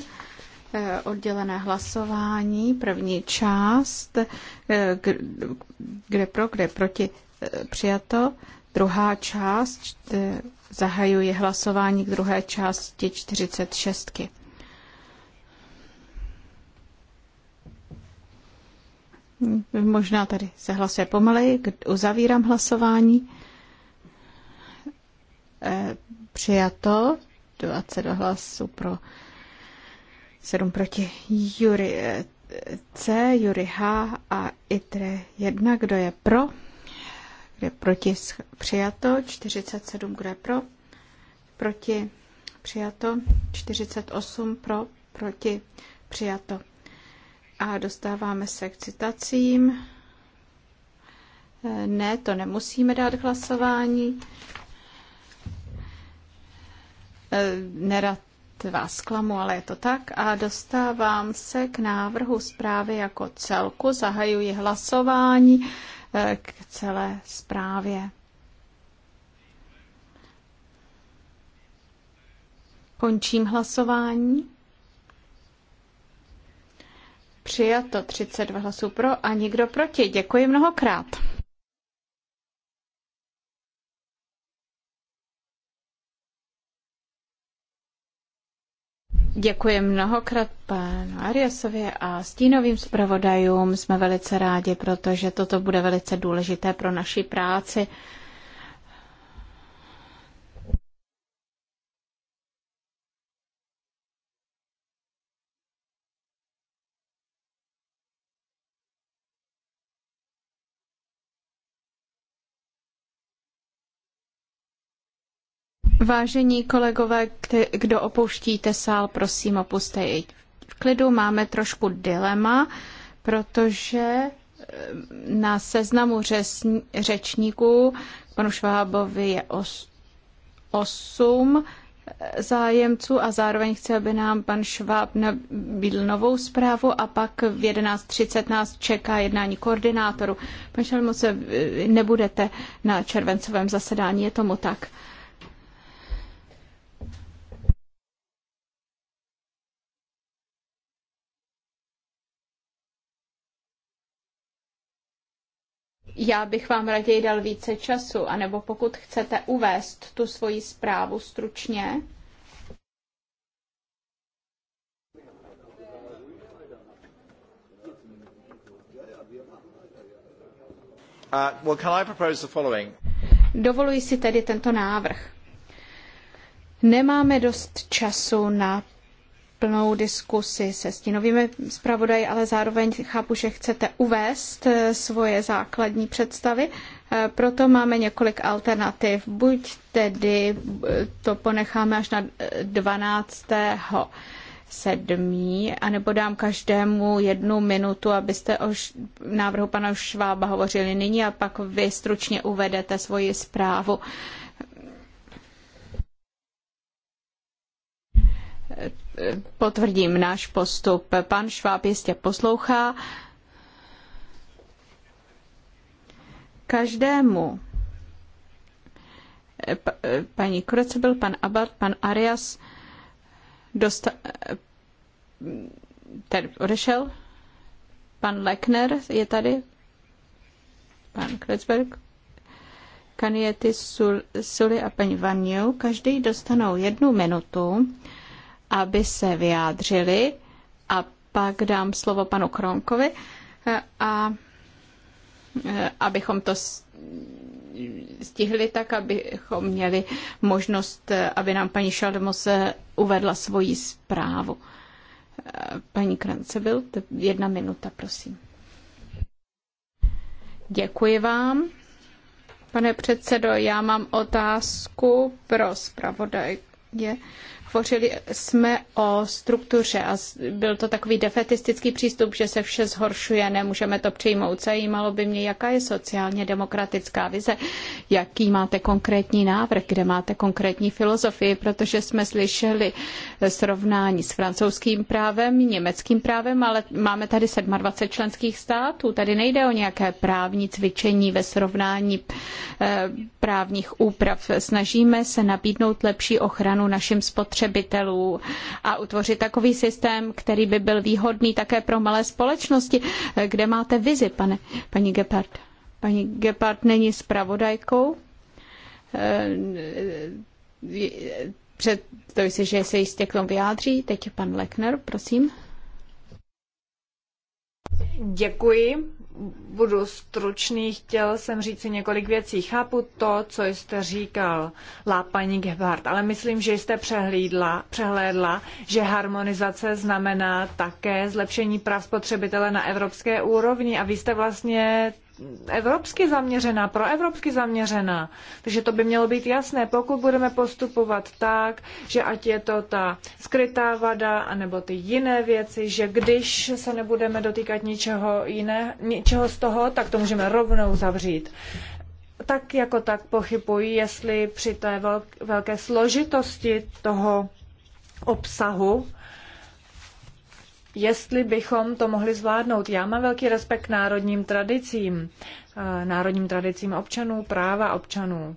eh, oddělené hlasování, první část, eh, kde pro, kde proti, eh, přijato, druhá část, zahajuje hlasování k druhé části 46. Možná tady se hlasuje pomaleji. Uzavírám hlasování. Eh, přijato. 22 hlasů pro 7 proti Jury eh, C, Jury H a ITRE 1. Kdo je pro? Kdo je proti? Přijato. 47. Kdo je pro? Proti? Přijato. 48 pro? Proti? Přijato. A dostáváme se k citacím. Eh, ne, to nemusíme dát k hlasování. Eh, nerad vás klamu, ale je to tak. A dostávám se k návrhu zprávy jako celku. Zahajuji hlasování eh, k celé zprávě. Končím hlasování. Přijato 32 hlasů pro a nikdo proti. Děkuji mnohokrát. Děkuji mnohokrát panu Ariasovi a stínovým zpravodajům. Jsme velice rádi, protože toto bude velice důležité pro naši práci. Vážení kolegové, kdo opouštíte sál, prosím, opuste jej v klidu. Máme trošku dilema, protože eh, na seznamu řečníků panu Švábovi je os, osm eh, zájemců a zároveň chci, aby nám pan Šváb nabídl novou zprávu a pak v 11.30 nás čeká jednání koordinátoru. Pan se eh, nebudete na červencovém zasedání, je tomu tak? Já bych vám raději dal více času, anebo pokud chcete uvést tu svoji zprávu stručně. Uh, well, can I propose the following? Dovoluji si tedy tento návrh. Nemáme dost času na plnou diskusi se stínovými zpravodaji, ale zároveň chápu, že chcete uvést eh, svoje základní představy. Eh, proto máme několik alternativ. Buď tedy eh, to ponecháme až na 12. 7. anebo dám každému jednu minutu, abyste o návrhu pana Švába hovořili nyní a pak vy stručně uvedete svoji zprávu potvrdím náš postup. Pan Šváb jistě poslouchá. Každému eh, eh, paní Kurecebel, pan Abad, pan Arias dosta, eh, ten odešel. Pan Lechner je tady. Pan Kretzberg. Kaniety Sul, Suli a paní Vanju. Každý dostanou jednu minutu aby se vyjádřili a pak dám slovo panu Kronkovi eh, a eh, abychom to stihli tak, abychom měli možnost, eh, aby nám paní Šaldemos uvedla svoji zprávu. Paní Krancebil, jedna minuta, prosím. Děkuji vám. Pane předsedo, já mám otázku pro zpravodajku je Hovořili jsme o struktuře a byl to takový defetistický přístup, že se vše zhoršuje, nemůžeme to přijmout. Zajímalo by mě, jaká je sociálně demokratická vize, jaký máte konkrétní návrh, kde máte konkrétní filozofii, protože jsme slyšeli srovnání s francouzským právem, německým právem, ale máme tady 27 členských států. Tady nejde o nějaké právní cvičení ve srovnání eh, právních úprav. Snažíme se nabídnout lepší ochranu našim spotřebitelům spotřebitelů a utvořit takový systém, který by byl výhodný také pro malé společnosti. Kde máte vizi, pane, paní Gepard? Paní Gepard není zpravodajkou. To si, že se jistě k tomu vyjádří. Teď je pan Lekner, prosím. Děkuji budu stručný, chtěl jsem říct několik věcí. Chápu to, co jste říkal, lá paní Gebhardt, ale myslím, že jste přehlídla, přehlédla, že harmonizace znamená také zlepšení práv spotřebitele na evropské úrovni a vy jste vlastně evropsky zaměřená, proevropsky zaměřená. Takže to by mělo být jasné, pokud budeme postupovat tak, že ať je to ta skrytá vada, anebo ty jiné věci, že když se nebudeme dotýkat ničeho, jiné, ničeho z toho, tak to můžeme rovnou zavřít tak jako tak pochybuji, jestli při té velké složitosti toho obsahu jestli bychom to mohli zvládnout. Já mám velký respekt k národním tradicím, národním tradicím občanů, práva občanů.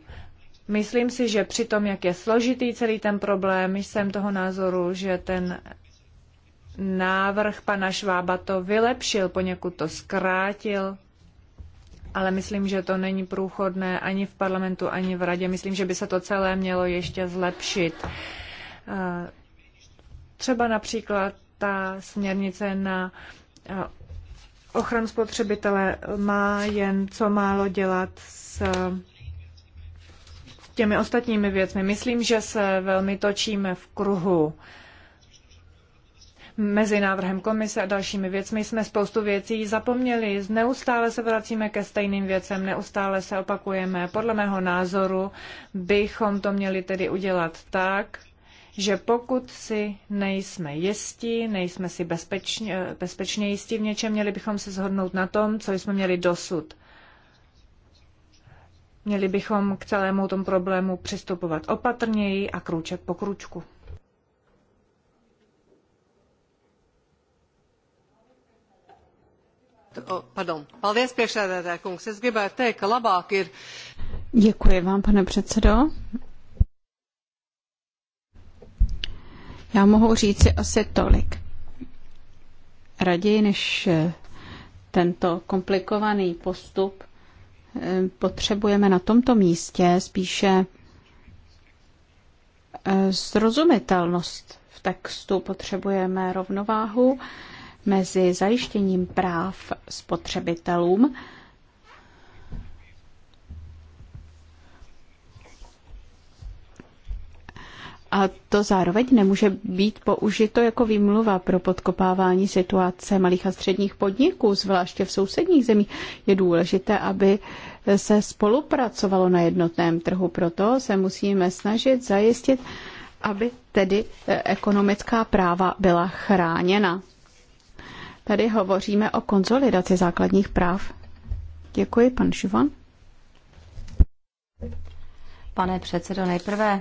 Myslím si, že při tom, jak je složitý celý ten problém, jsem toho názoru, že ten návrh pana Švába to vylepšil, poněkud to zkrátil, ale myslím, že to není průchodné ani v parlamentu, ani v radě. Myslím, že by se to celé mělo ještě zlepšit. Třeba například ta směrnice na eh, ochranu spotřebitele má jen co málo dělat s těmi ostatními věcmi. Myslím, že se velmi točíme v kruhu mezi návrhem komise a dalšími věcmi jsme spoustu věcí zapomněli. Neustále se vracíme ke stejným věcem, neustále se opakujeme. Podle mého názoru bychom to měli tedy udělat tak, že pokud si nejsme jistí, nejsme si bezpečně, bezpečně jistí v něčem, měli bychom se shodnout na tom, co jsme měli dosud. Měli bychom k celému tomu problému přistupovat opatrněji a krůček po krůčku. Děkuji vám, pane předsedo. Já mohu říci asi tolik. Raději než eh, tento komplikovaný postup eh, potřebujeme na tomto místě spíše eh, srozumitelnost v textu, potřebujeme rovnováhu mezi zajištěním práv spotřebitelům A to zároveň nemůže být použito jako výmluva pro podkopávání situace malých a středních podniků, zvláště v sousedních zemích. Je důležité, aby se spolupracovalo na jednotném trhu. Proto se musíme snažit zajistit, aby tedy eh, ekonomická práva byla chráněna. Tady hovoříme o konsolidaci základních práv. Děkuji, pan Šivan. Pane předsedo, nejprve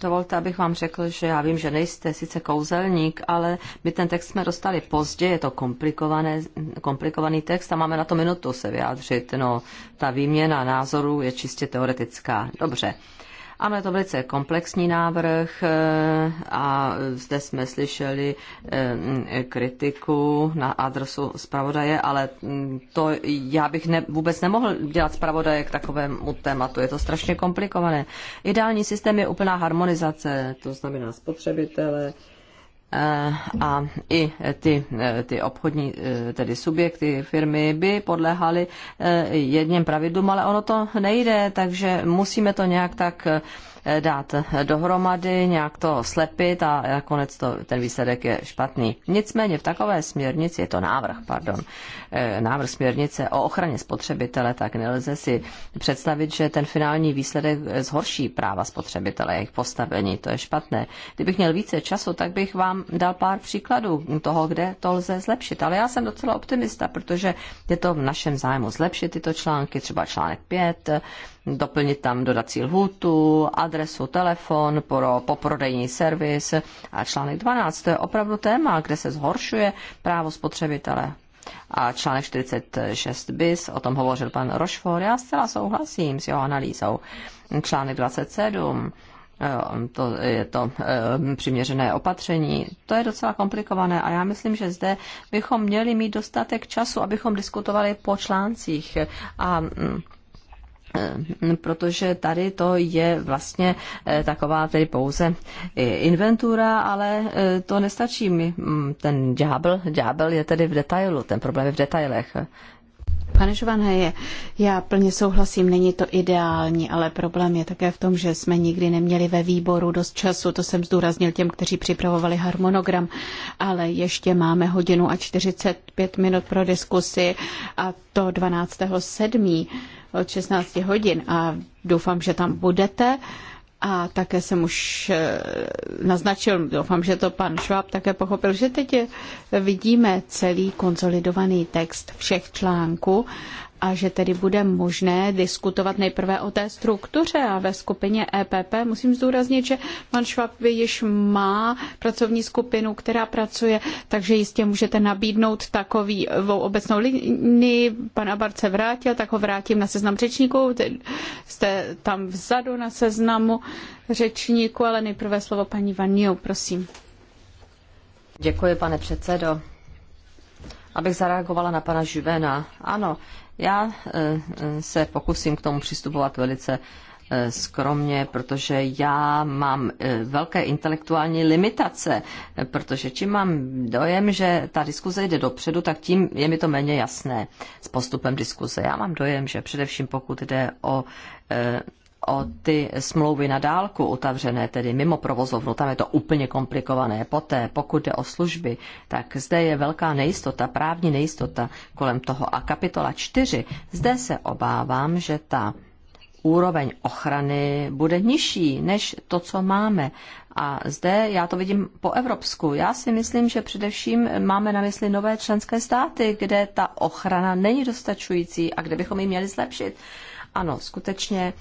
Dovolte, abych vám řekl, že já vím, že nejste sice kouzelník, ale my ten text jsme dostali pozdě, je to komplikované, komplikovaný text a máme na to minutu se vyjádřit. No, ta výměna názorů je čistě teoretická. Dobře ale to velice komplexní návrh eh, a zde jsme slyšeli eh, kritiku na adresu zpravodaje, ale mm, to já bych ne, vůbec nemohl dělat zpravodaje k takovému tématu. Je to strašně komplikované. Ideální systém je úplná harmonizace, to znamená spotřebitele, Eh, a i ty, eh, ty obchodní eh, tedy subjekty, firmy by podléhaly jedním pravidlům, ale ono to nejde, takže musíme to nějak tak dát dohromady, nějak to slepit a nakonec to, ten výsledek je špatný. Nicméně v takové směrnici, je to návrh, pardon, eh, návrh směrnice o ochraně spotřebitele, tak nelze si představit, že ten finální výsledek zhorší práva spotřebitele, jejich postavení, to je špatné. Kdybych měl více času, tak bych vám dal pár příkladů toho, kde to lze zlepšit. Ale já jsem docela optimista, protože je to v našem zájmu zlepšit tyto články, třeba článek 5, doplnit tam dodací lhůtu, adresu, telefon pro poprodejní servis. A článek 12 to je opravdu téma, kde se zhoršuje právo spotřebitele. A článek 46 bis, o tom hovořil pan Rošfor, já zcela souhlasím s jeho analýzou. Článek 27, eh, to je to eh, přiměřené opatření. To je docela komplikované a já myslím, že zde bychom měli mít dostatek času, abychom diskutovali po článcích a mm, Eh, protože tady to je vlastně eh, taková tedy pouze eh, inventura, ale to nestačí. Mi. Mm, ten ďábel, ďábel je tedy v detailu, ten problém je v detailech. Pane Žovanheje, já plně souhlasím, není to ideální, ale problém je také v tom, že jsme nikdy neměli ve výboru dost času, to jsem zdůraznil těm, kteří připravovali harmonogram, ale ještě máme hodinu a 45 minut pro diskusi a to 12. 7 od 16 hodin a doufám, že tam budete. A také jsem už eh, naznačil, doufám, že to pan Šváb také pochopil, že teď vidíme celý konsolidovaný text všech článků a že tedy bude možné diskutovat nejprve o té struktuře a ve skupině EPP musím zdůraznit, že pan Švab již má pracovní skupinu, která pracuje, takže jistě můžete nabídnout takový obecnou linii. Pan Abart se vrátil, tak ho vrátím na seznam řečníků. Jste tam vzadu na seznamu řečníků, ale nejprve slovo paní Vaniu, prosím. Děkuji, pane předsedo. Abych zareagovala na pana Živena. Ano, já eh, eh, se pokusím k tomu přistupovat velice eh, skromně, protože já mám velké intelektuální limitace, protože čím mám dojem, že ta diskuze jde dopředu, tak tím je mi to méně jasné s postupem diskuze. Já mám dojem, že především pokud jde o o ty smlouvy na dálku utavřené, tedy mimo provozovnu, tam je to úplně komplikované. Poté, pokud jde o služby, tak zde je velká nejistota, právní nejistota kolem toho. A kapitola 4, zde se obávám, že ta úroveň ochrany bude nižší než to, co máme. A zde já to vidím po Evropsku. Já si myslím, že především máme na mysli nové členské státy, kde ta ochrana není dostačující a kde bychom ji měli zlepšit ano, skutečně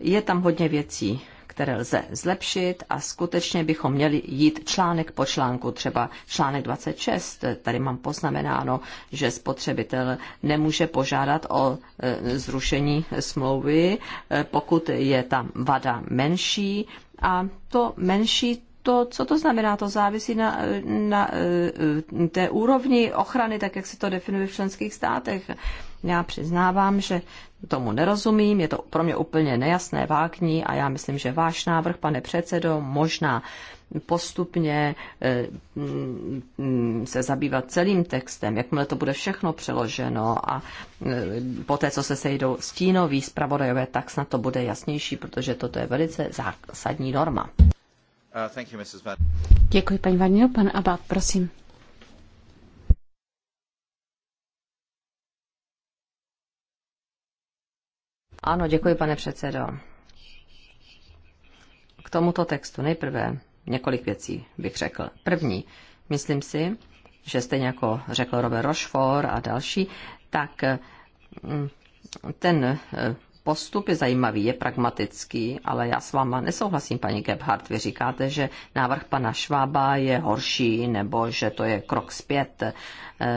je tam hodně věcí, které lze zlepšit a skutečně bychom měli jít článek po článku, třeba článek 26. Tady mám poznamenáno, že spotřebitel nemůže požádat o e, zrušení smlouvy, e, pokud je tam vada menší a to menší to, co to znamená? To závisí na, na eh, té úrovni ochrany, tak jak se to definuje v členských státech. Já přiznávám, že tomu nerozumím, je to pro mě úplně nejasné, vákní a já myslím, že váš návrh, pane předsedo, možná postupně eh, mm, se zabývat celým textem, jakmile to bude všechno přeloženo a eh, poté, co se sejdou stínoví zpravodajové, tak snad to bude jasnější, protože toto je velice zásadní norma. Uh, děkuji, paní Vanil. Pan Abad, prosím. Ano, děkuji, pane předsedo. K tomuto textu nejprve několik věcí bych řekl. První, myslím si, že stejně jako řekl Robert Rochefort a další, tak mm, ten eh, postup je zajímavý, je pragmatický, ale já s váma nesouhlasím, paní Gebhardt. Vy říkáte, že návrh pana Švába je horší nebo že to je krok zpět eh,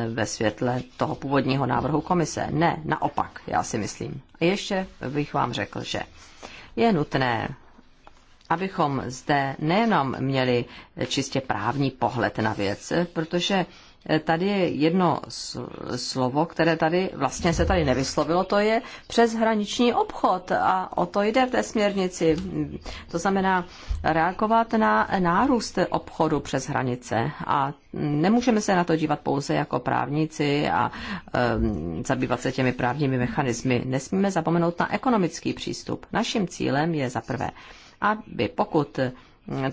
ve světle toho původního návrhu komise. Ne, naopak, já si myslím. A ještě bych vám řekl, že je nutné abychom zde nejenom měli čistě právní pohled na věc, protože Eh, tady je jedno slovo, které tady vlastně se tady nevyslovilo, to je přeshraniční obchod a o to jde v té směrnici. To znamená reagovat na nárůst obchodu přes hranice a nemůžeme se na to dívat pouze jako právníci a um, zabývat se těmi právními mechanismy. Nesmíme zapomenout na ekonomický přístup. Naším cílem je za prvé, aby pokud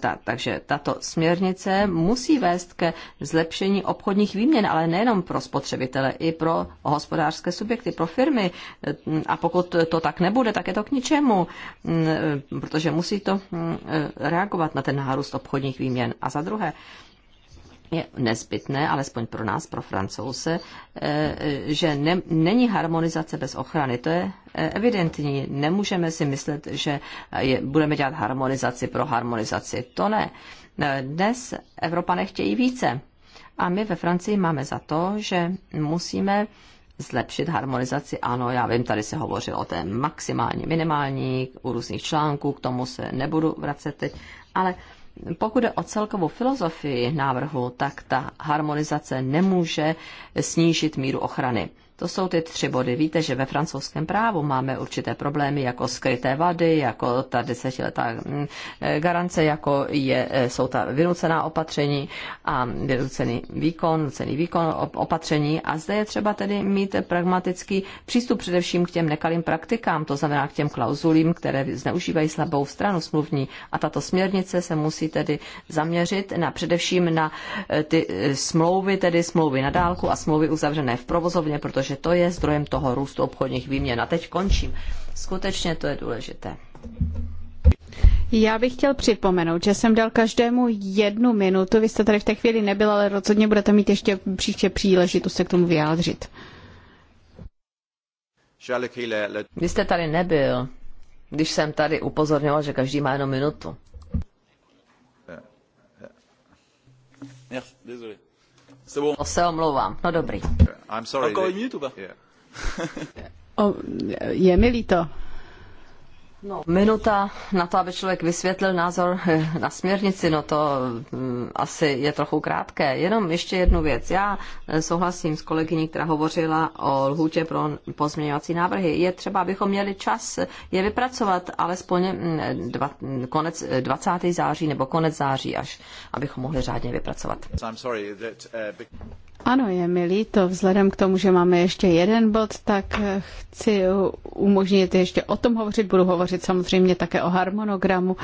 ta, takže tato směrnice musí vést ke zlepšení obchodních výměn, ale nejenom pro spotřebitele, i pro hospodářské subjekty, pro firmy. A pokud to tak nebude, tak je to k ničemu, mm, protože musí to mm, reagovat na ten nárůst obchodních výměn. A za druhé, je nezbytné, alespoň pro nás, pro francouze, eh, že ne, není harmonizace bez ochrany. To je eh, evidentní. Nemůžeme si myslet, že je, budeme dělat harmonizaci pro harmonizaci. To ne. Eh, dnes Evropané nechtějí více. A my ve Francii máme za to, že musíme zlepšit harmonizaci. Ano, já vím, tady se hovořilo o té maximální, minimální, u různých článků, k tomu se nebudu vracet teď, ale pokud je o celkovou filozofii návrhu, tak ta harmonizace nemůže snížit míru ochrany. To jsou ty tři body. Víte, že ve francouzském právu máme určité problémy jako skryté vady, jako ta desetiletá mm, eh, garance, jako je, eh, jsou ta vynucená opatření a vynucený výkon, vynucený výkon opatření. A zde je třeba tedy mít pragmatický přístup především k těm nekalým praktikám, to znamená k těm klauzulím, které zneužívají slabou stranu smluvní. A tato směrnice se musí tedy zaměřit na především na eh, ty smlouvy, tedy smlouvy na dálku a smlouvy uzavřené v provozovně, protože protože to je zdrojem toho růstu obchodních výměn. A teď končím. Skutečně to je důležité. Já bych chtěl připomenout, že jsem dal každému jednu minutu. Vy jste tady v té chvíli nebyl, ale rozhodně budete mít ještě příště příležitost se k tomu vyjádřit. Vy jste tady nebyl, když jsem tady upozorňoval, že každý má jenom minutu. Yeah. So, to se omlouvám. No dobrý. I'm sorry. I'm calling you, Tuba. Yeah. [LAUGHS] o, je mi líto. No, minuta na to, aby člověk vysvětlil názor eh, na směrnici, no to mm, asi je trochu krátké. Jenom ještě jednu věc. Já eh, souhlasím s kolegyní, která hovořila o lhůtě pro pozměňovací návrhy. Je třeba, abychom měli čas je vypracovat alespoň mm, dva, mm, konec 20. Eh, září nebo konec září, až abychom mohli řádně vypracovat. Ano, je mi líto, vzhledem k tomu, že máme ještě jeden bod, tak chci umožnit ještě o tom hovořit. Budu hovořit samozřejmě také o harmonogramu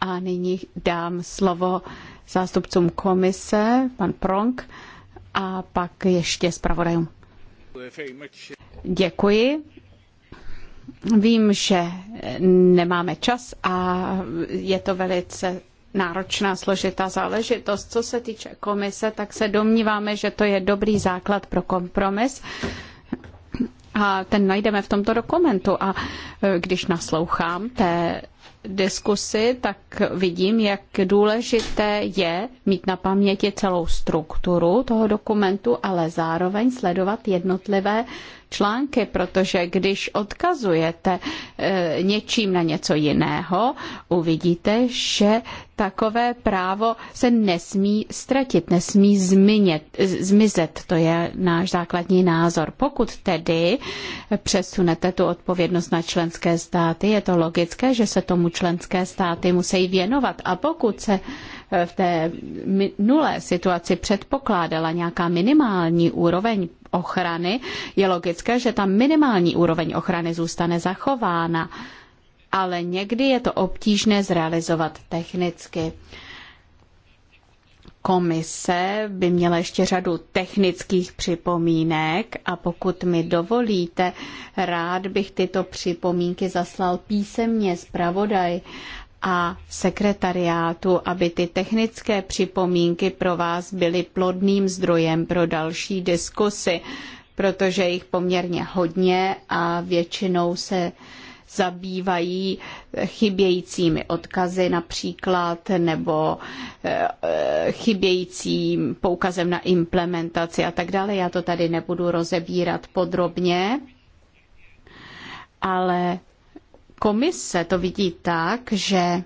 a nyní dám slovo zástupcům komise, pan Prong, a pak ještě zpravodajům. Děkuji. Vím, že nemáme čas a je to velice náročná, složitá záležitost. Co se týče komise, tak se domníváme, že to je dobrý základ pro kompromis. A ten najdeme v tomto dokumentu. A e, když naslouchám té diskusi, tak vidím, jak důležité je mít na paměti celou strukturu toho dokumentu, ale zároveň sledovat jednotlivé články, protože když odkazujete eh, něčím na něco jiného, uvidíte, že takové právo se nesmí ztratit, nesmí zminět, zmizet. To je náš základní názor. Pokud tedy přesunete tu odpovědnost na členské státy, je to logické, že se tomu členské státy musí věnovat. A pokud se Eh, v té minulé situaci předpokládala nějaká minimální úroveň ochrany, je logické, že ta minimální úroveň ochrany zůstane zachována, ale někdy je to obtížné zrealizovat technicky komise by měla ještě řadu technických připomínek a pokud mi dovolíte, rád bych tyto připomínky zaslal písemně zpravodaj, a sekretariátu, aby ty technické připomínky pro vás byly plodným zdrojem pro další diskusy, protože jich poměrně hodně a většinou se zabývají chybějícími odkazy například nebo eh, chybějícím poukazem na implementaci a tak dále. Já to tady nebudu rozebírat podrobně, ale komise to vidí tak, že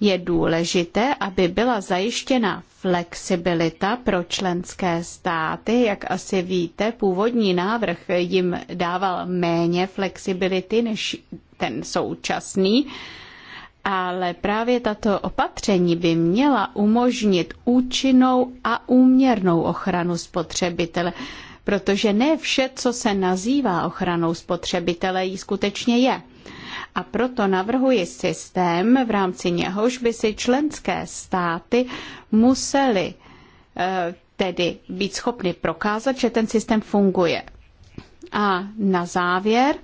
je důležité, aby byla zajištěna flexibilita pro členské státy. Jak asi víte, původní návrh jim dával méně flexibility než ten současný, ale právě tato opatření by měla umožnit účinnou a úměrnou ochranu spotřebitele protože ne vše, co se nazývá ochranou spotřebitele, jí skutečně je. A proto navrhuji systém, v rámci něhož by si členské státy musely eh, tedy být schopny prokázat, že ten systém funguje. A na závěr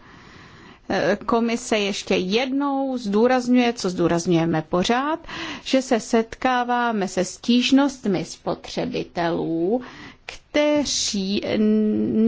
eh, komise ještě jednou zdůrazňuje, co zdůrazňujeme pořád, že se setkáváme se stížnostmi spotřebitelů, kteří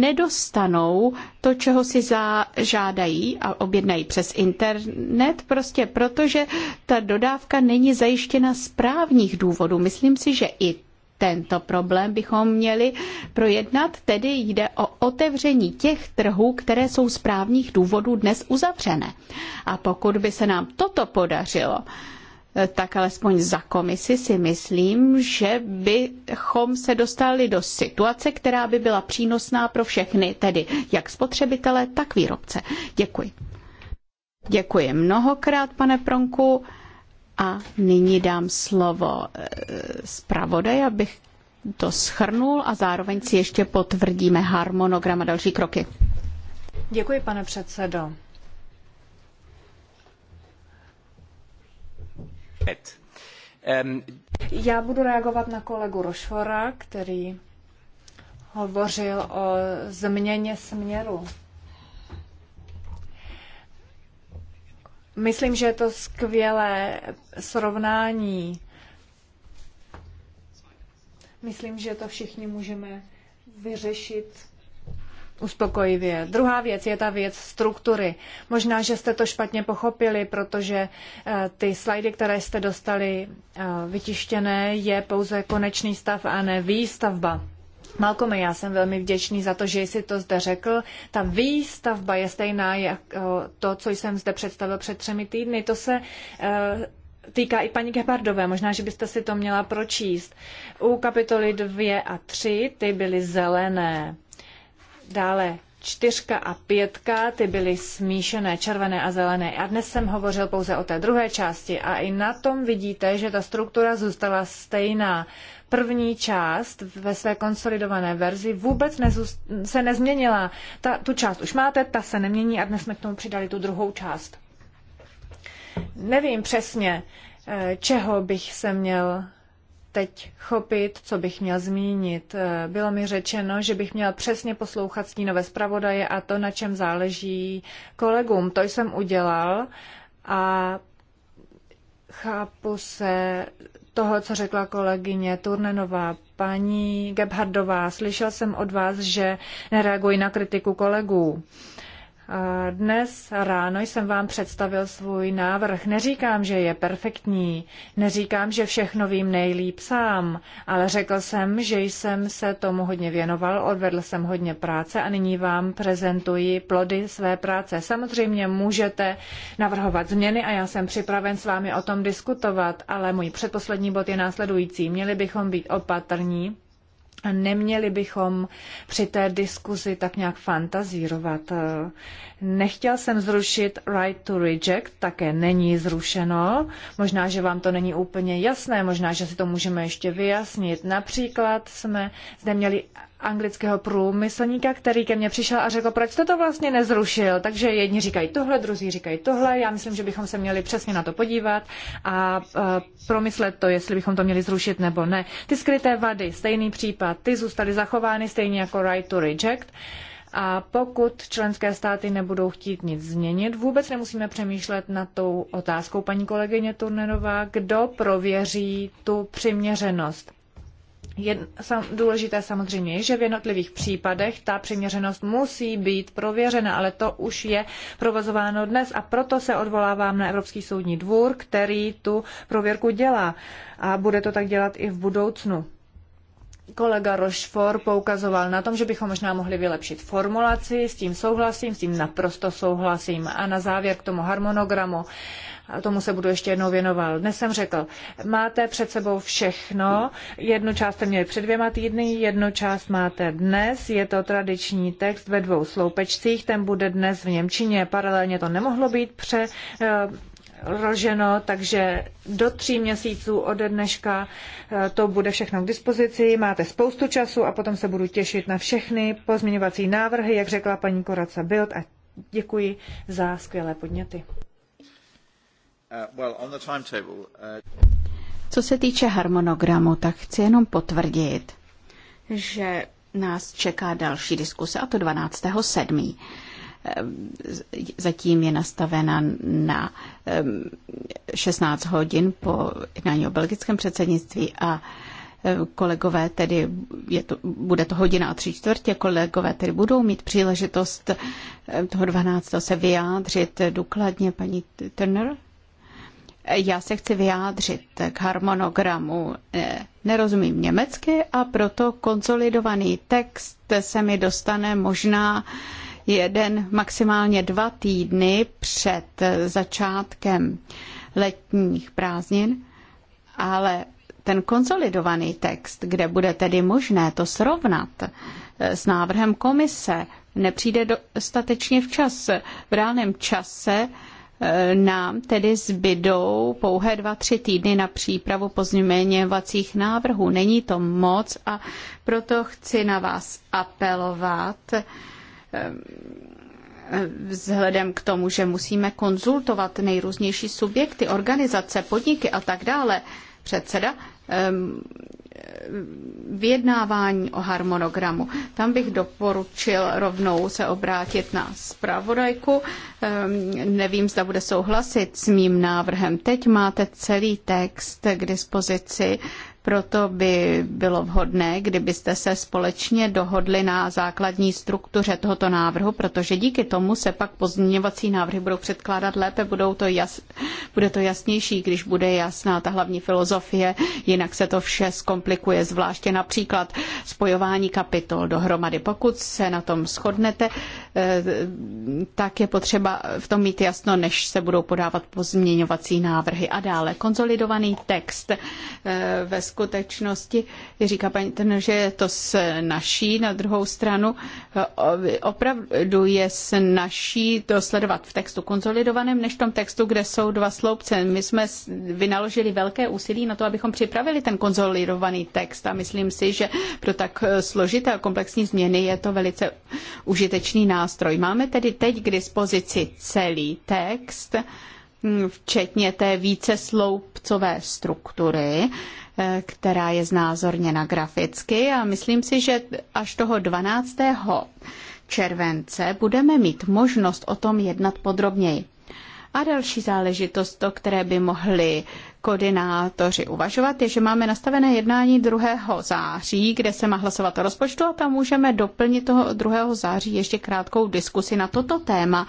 nedostanou to, čeho si zažádají a objednají přes internet, prostě protože ta dodávka není zajištěna z právních důvodů. Myslím si, že i tento problém bychom měli projednat, tedy jde o otevření těch trhů, které jsou z právních důvodů dnes uzavřené. A pokud by se nám toto podařilo, Eh, tak alespoň za komisi si myslím, že bychom se dostali do situace, která by byla přínosná pro všechny, tedy jak spotřebitele, tak výrobce. Děkuji. Děkuji mnohokrát, pane Pronku. A nyní dám slovo eh, zpravodaj, abych to schrnul a zároveň si ještě potvrdíme harmonogram a další kroky. Děkuji, pane předsedo. Já budu reagovat na kolegu Rošvora, který hovořil o změně směru. Myslím, že je to skvělé srovnání. Myslím, že to všichni můžeme vyřešit uspokojivě. Druhá věc je ta věc struktury. Možná, že jste to špatně pochopili, protože eh, ty slajdy, které jste dostali eh, vytištěné, je pouze konečný stav a ne výstavba. Malkome, já jsem velmi vděčný za to, že jsi to zde řekl. Ta výstavba je stejná jako to, co jsem zde představil před třemi týdny. To se týká i paní Gepardové. možná, že byste si to měla pročíst. U kapitoly 2 a 3 ty byly zelené Dále čtyřka a pětka, ty byly smíšené, červené a zelené. A dnes jsem hovořil pouze o té druhé části a i na tom vidíte, že ta struktura zůstala stejná. První část ve své konsolidované verzi vůbec nezůst- se nezměnila. Ta, tu část už máte, ta se nemění a dnes jsme k tomu přidali tu druhou část. Nevím přesně, eh, čeho bych se měl teď chopit, co bych měl zmínit. Eh, Bylo mi řečeno, že bych měl přesně poslouchat stínové zpravodaje a to, na čem záleží kolegům. To jsem udělal a chápu se toho, co řekla kolegyně Turnenová. Paní Gebhardová, slyšel jsem od vás, že nereaguji na kritiku kolegů. Uh, dnes ráno jsem vám představil svůj návrh. Neříkám, že je perfektní, neříkám, že všechno vím nejlíp sám, ale řekl jsem, že jsem se tomu hodně věnoval, odvedl jsem hodně práce a nyní vám prezentuji plody své práce. Samozřejmě můžete navrhovat změny a já jsem připraven s vámi o tom diskutovat, ale můj předposlední bod je následující. Měli bychom být opatrní a neměli bychom při té diskuzi tak nějak fantazírovat. Nechtěl jsem zrušit right to reject, také není zrušeno. Možná, že vám to není úplně jasné, možná, že si to můžeme ještě vyjasnit. Například jsme zde měli anglického průmyslníka, který ke mně přišel a řekl, proč jste to vlastně nezrušil. Takže jedni říkají tohle, druzí říkají tohle. Já myslím, že bychom se měli přesně na to podívat a e, promyslet to, jestli bychom to měli zrušit nebo ne. Ty skryté vady, stejný případ, ty zůstaly zachovány stejně jako right to reject. A pokud členské státy nebudou chtít nic změnit, vůbec nemusíme přemýšlet nad tou otázkou paní kolegyně Turnerová, kdo prověří tu přiměřenost je sam, důležité samozřejmě že v jednotlivých případech ta přiměřenost musí být prověřena, ale to už je provozováno dnes a proto se odvolávám na Evropský soudní dvůr, který tu prověrku dělá a bude to tak dělat i v budoucnu kolega Rochefort poukazoval na tom, že bychom možná mohli vylepšit formulaci, s tím souhlasím, s tím naprosto souhlasím. A na závěr k tomu harmonogramu, a tomu se budu ještě jednou věnoval. Dnes jsem řekl, máte před sebou všechno, jednu část jste měli před dvěma týdny, jednu část máte dnes, je to tradiční text ve dvou sloupečcích, ten bude dnes v Němčině, paralelně to nemohlo být pře, eh, roženo, takže do tří měsíců ode dneška eh, to bude všechno k dispozici. Máte spoustu času a potom se budu těšit na všechny pozměňovací návrhy, jak řekla paní Koraca Bild a děkuji za skvělé podněty. Uh, uh, Co se týče harmonogramu, tak chci jenom potvrdit, že nás čeká další diskuse, a to 12. 7. Eh, zatím je nastavena na 16 eh, hodin po jednání o belgickém předsednictví a eh, kolegové tedy, je to, bude to hodina a tři čtvrtě, kolegové tedy budou mít příležitost toho 12. se vyjádřit důkladně, paní Turner? Já se chci vyjádřit k harmonogramu. Nerozumím německy a proto konsolidovaný text se mi dostane možná jeden, maximálně dva týdny před začátkem letních prázdnin, ale ten konsolidovaný text, kde bude tedy možné to srovnat eh, s návrhem komise, nepřijde dostatečně včas. V reálném čase eh, nám tedy zbydou pouhé dva, tři týdny na přípravu pozměňovacích návrhů. Není to moc a proto chci na vás apelovat, Ehm, vzhledem k tomu, že musíme konzultovat nejrůznější subjekty, organizace, podniky a tak dále, předseda, ehm, vyjednávání o harmonogramu. Tam bych doporučil rovnou se obrátit na zpravodajku. Ehm, nevím, zda bude souhlasit s mým návrhem. Teď máte celý text k dispozici proto by bylo vhodné, kdybyste se společně dohodli na základní struktuře tohoto návrhu, protože díky tomu se pak pozměňovací návrhy budou předkládat lépe, budou to jas, bude to jasnější, když bude jasná ta hlavní filozofie, jinak se to vše zkomplikuje, zvláště například spojování kapitol dohromady. Pokud se na tom shodnete, eh, tak je potřeba v tom mít jasno, než se budou podávat pozměňovací návrhy a dále. Konzolidovaný text eh, ve skutečnosti, říká paní Trner, že je to s naší, na druhou stranu eh, opravdu je s naší to sledovat v textu konsolidovaném, než v tom textu, kde jsou dva sloupce. My jsme vynaložili velké úsilí na to, abychom připravili ten konsolidovaný text a myslím si, že pro tak eh, složité a komplexní změny je to velice užitečný nástroj. Máme tedy teď k dispozici celý text, hm, včetně té více sloupcové struktury která je znázorněna graficky a myslím si, že až toho 12. července budeme mít možnost o tom jednat podrobněji. A další záležitost, o které by mohli koordinátoři uvažovat, je, že máme nastavené jednání 2. září, kde se má hlasovat o rozpočtu a tam můžeme doplnit toho 2. září ještě krátkou diskusi na toto téma.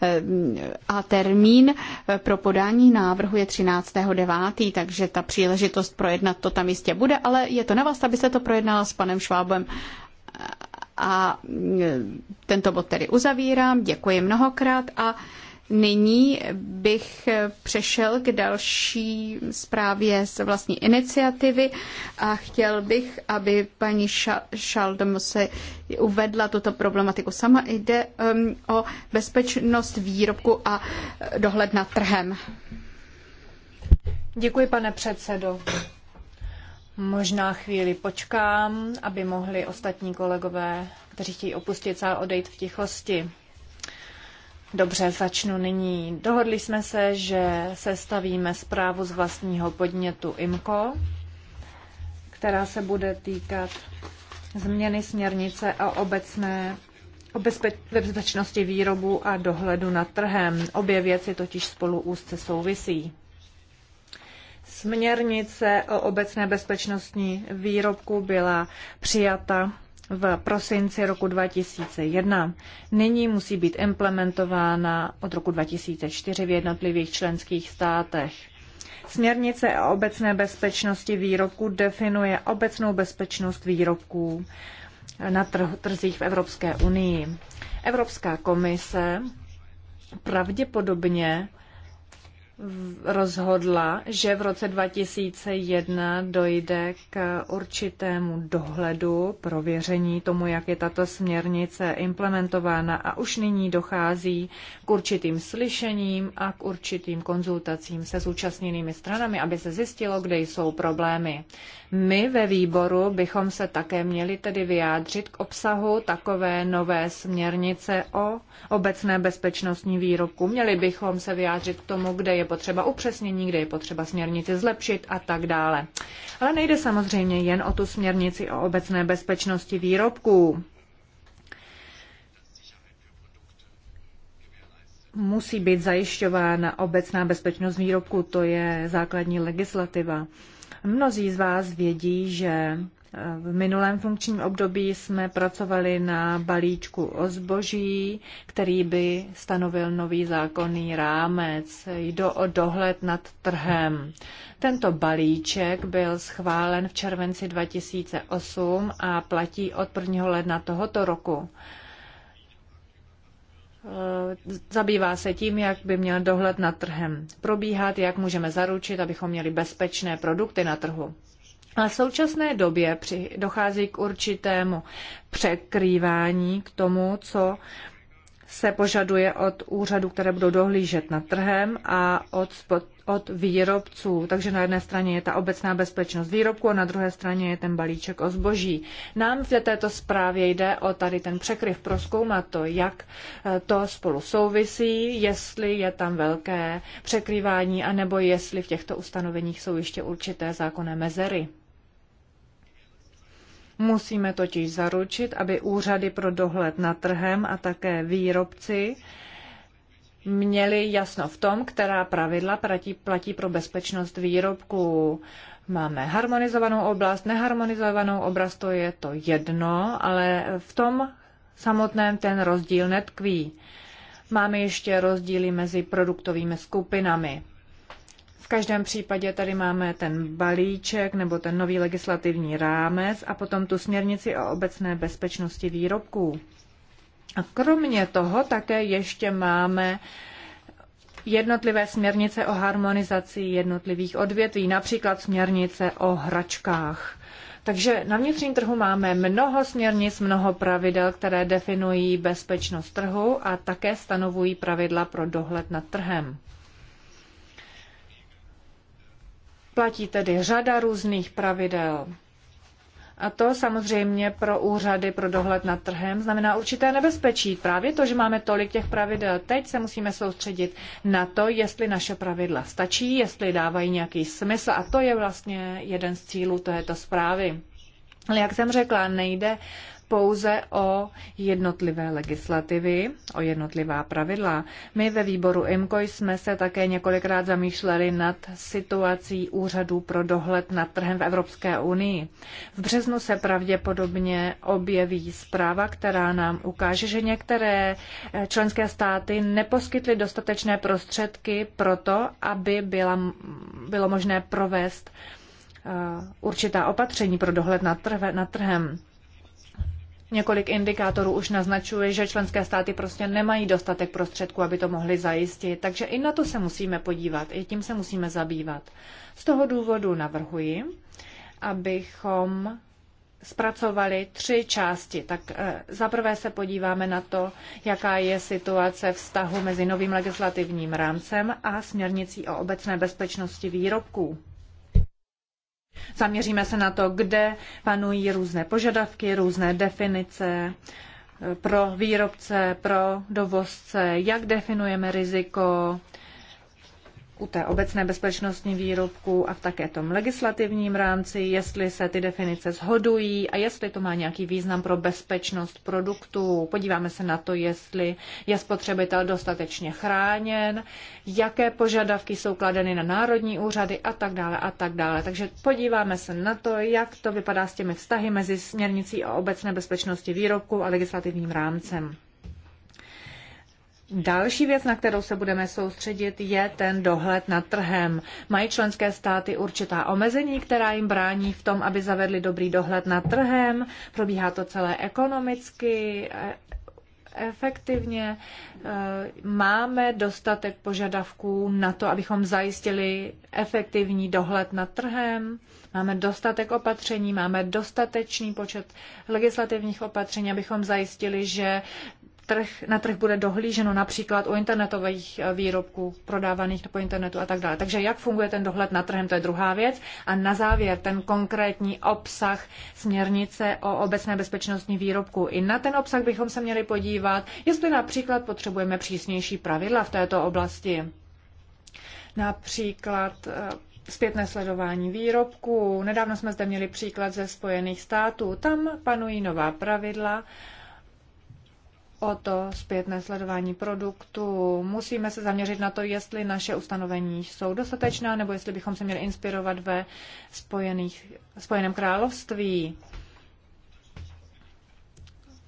Ehm, a termín eh, pro podání návrhu je 13.9., takže ta příležitost projednat to tam jistě bude, ale je to na vás, se to projednala s panem Švábem a ehm, tento bod tedy uzavírám. Děkuji mnohokrát a Nyní bych přešel k další zprávě z vlastní iniciativy a chtěl bych, aby paní Šaldemose uvedla tuto problematiku sama. Jde um, o bezpečnost výrobku a dohled nad trhem. Děkuji, pane předsedo. Možná chvíli počkám, aby mohli ostatní kolegové, kteří chtějí opustit sál, odejít v tichosti. Dobře, začnu nyní. Dohodli jsme se, že sestavíme zprávu z vlastního podnětu IMCO, která se bude týkat změny směrnice a obecné o bezpečnosti výrobu a dohledu nad trhem. Obě věci totiž spolu úzce souvisí. Směrnice o obecné bezpečnosti výrobku byla přijata v prosinci roku 2001. Nyní musí být implementována od roku 2004 v jednotlivých členských státech. Směrnice o obecné bezpečnosti výrobků definuje obecnou bezpečnost výrobků na trzích v Evropské unii. Evropská komise pravděpodobně rozhodla, že v roce 2001 dojde k určitému dohledu, prověření tomu, jak je tato směrnice implementována a už nyní dochází k určitým slyšením a k určitým konzultacím se zúčastněnými stranami, aby se zjistilo, kde jsou problémy. My ve výboru bychom se také měli tedy vyjádřit k obsahu takové nové směrnice o obecné bezpečnostní výrobku. Měli bychom se vyjádřit k tomu, kde je je potřeba upřesnění, kde je potřeba směrnici zlepšit a tak dále. Ale nejde samozřejmě jen o tu směrnici o obecné bezpečnosti výrobků. Musí být zajišťována obecná bezpečnost výrobků, to je základní legislativa. Mnozí z vás vědí, že v minulém funkčním období jsme pracovali na balíčku o zboží, který by stanovil nový zákonný rámec. Jde o dohled nad trhem. Tento balíček byl schválen v červenci 2008 a platí od 1. ledna tohoto roku. Zabývá se tím, jak by měl dohled nad trhem probíhat, jak můžeme zaručit, abychom měli bezpečné produkty na trhu. A v současné době při, dochází k určitému překrývání k tomu, co se požaduje od úřadů, které budou dohlížet nad trhem a od, spod, od výrobců. Takže na jedné straně je ta obecná bezpečnost výrobku a na druhé straně je ten balíček o zboží. Nám v této zprávě jde o tady ten překryv proskoumat to, jak eh, to spolu souvisí, jestli je tam velké překrývání, anebo jestli v těchto ustanoveních jsou ještě určité zákonné mezery. Musíme totiž zaručit, aby úřady pro dohled nad trhem a také výrobci měli jasno v tom, která pravidla platí, platí pro bezpečnost výrobků. Máme harmonizovanou oblast, neharmonizovanou oblast, to je to jedno, ale v tom samotném ten rozdíl netkví. Máme ještě rozdíly mezi produktovými skupinami každém případě tady máme ten balíček nebo ten nový legislativní rámec a potom tu směrnici o obecné bezpečnosti výrobků. A kromě toho také ještě máme jednotlivé směrnice o harmonizaci jednotlivých odvětví, například směrnice o hračkách. Takže na vnitřním trhu máme mnoho směrnic, mnoho pravidel, které definují bezpečnost trhu a také stanovují pravidla pro dohled nad trhem. Platí tedy řada různých pravidel. A to samozřejmě pro úřady, pro dohled nad trhem znamená určité nebezpečí. Právě to, že máme tolik těch pravidel, teď se musíme soustředit na to, jestli naše pravidla stačí, jestli dávají nějaký smysl. A to je vlastně jeden z cílů této zprávy. Ale jak jsem řekla, nejde pouze o jednotlivé legislativy, o jednotlivá pravidla. My ve výboru IMCO jsme se také několikrát zamýšleli nad situací úřadů pro dohled nad trhem v Evropské unii. V březnu se pravděpodobně objeví zpráva, která nám ukáže, že některé eh, členské státy neposkytly dostatečné prostředky pro to, aby byla, bylo možné provést eh, určitá opatření pro dohled nad, trh, nad trhem. Několik indikátorů už naznačuje, že členské státy prostě nemají dostatek prostředků, aby to mohly zajistit, takže i na to se musíme podívat, i tím se musíme zabývat. Z toho důvodu navrhuji, abychom zpracovali tři části. Tak eh, zaprvé se podíváme na to, jaká je situace vztahu mezi novým legislativním rámcem a směrnicí o obecné bezpečnosti výrobků. Zaměříme se na to, kde panují různé požadavky, různé definice eh, pro výrobce, pro dovozce, jak definujeme riziko, u té obecné bezpečnostní výrobku a v také tom legislativním rámci, jestli se ty definice shodují a jestli to má nějaký význam pro bezpečnost produktů. Podíváme se na to, jestli je spotřebitel dostatečně chráněn, jaké požadavky jsou kladeny na národní úřady a tak dále a tak dále. Takže podíváme se na to, jak to vypadá s těmi vztahy mezi směrnicí o obecné bezpečnosti výrobku a legislativním rámcem. Další věc, na kterou se budeme soustředit, je ten dohled nad trhem. Mají členské státy určitá omezení, která jim brání v tom, aby zavedli dobrý dohled nad trhem. Probíhá to celé ekonomicky, e, efektivně. E, máme dostatek požadavků na to, abychom zajistili efektivní dohled nad trhem. Máme dostatek opatření, máme dostatečný počet legislativních opatření, abychom zajistili, že trh, na trh bude dohlíženo například u internetových eh, výrobků prodávaných po internetu a tak dále. Takže jak funguje ten dohled na trhem, to je druhá věc. A na závěr ten konkrétní obsah směrnice o obecné bezpečnostní výrobku. I na ten obsah bychom se měli podívat, jestli například potřebujeme přísnější pravidla v této oblasti. Například eh, zpětné sledování výrobků. Nedávno jsme zde měli příklad ze Spojených států. Tam panují nová pravidla o to zpětné sledování produktu. Musíme se zaměřit na to, jestli naše ustanovení jsou dostatečná, nebo jestli bychom se měli inspirovat ve Spojených, Spojeném království.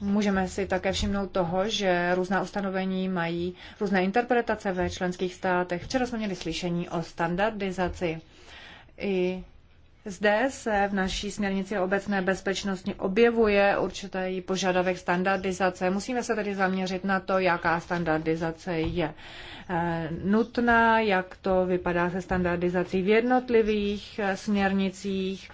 Můžeme si také všimnout toho, že různá ustanovení mají různé interpretace ve členských státech. Včera jsme měli slyšení o standardizaci. I zde se v naší směrnici o obecné bezpečnosti objevuje určitý požadavek standardizace. Musíme se tedy zaměřit na to, jaká standardizace je eh, nutná, jak to vypadá se standardizací v jednotlivých eh, směrnicích,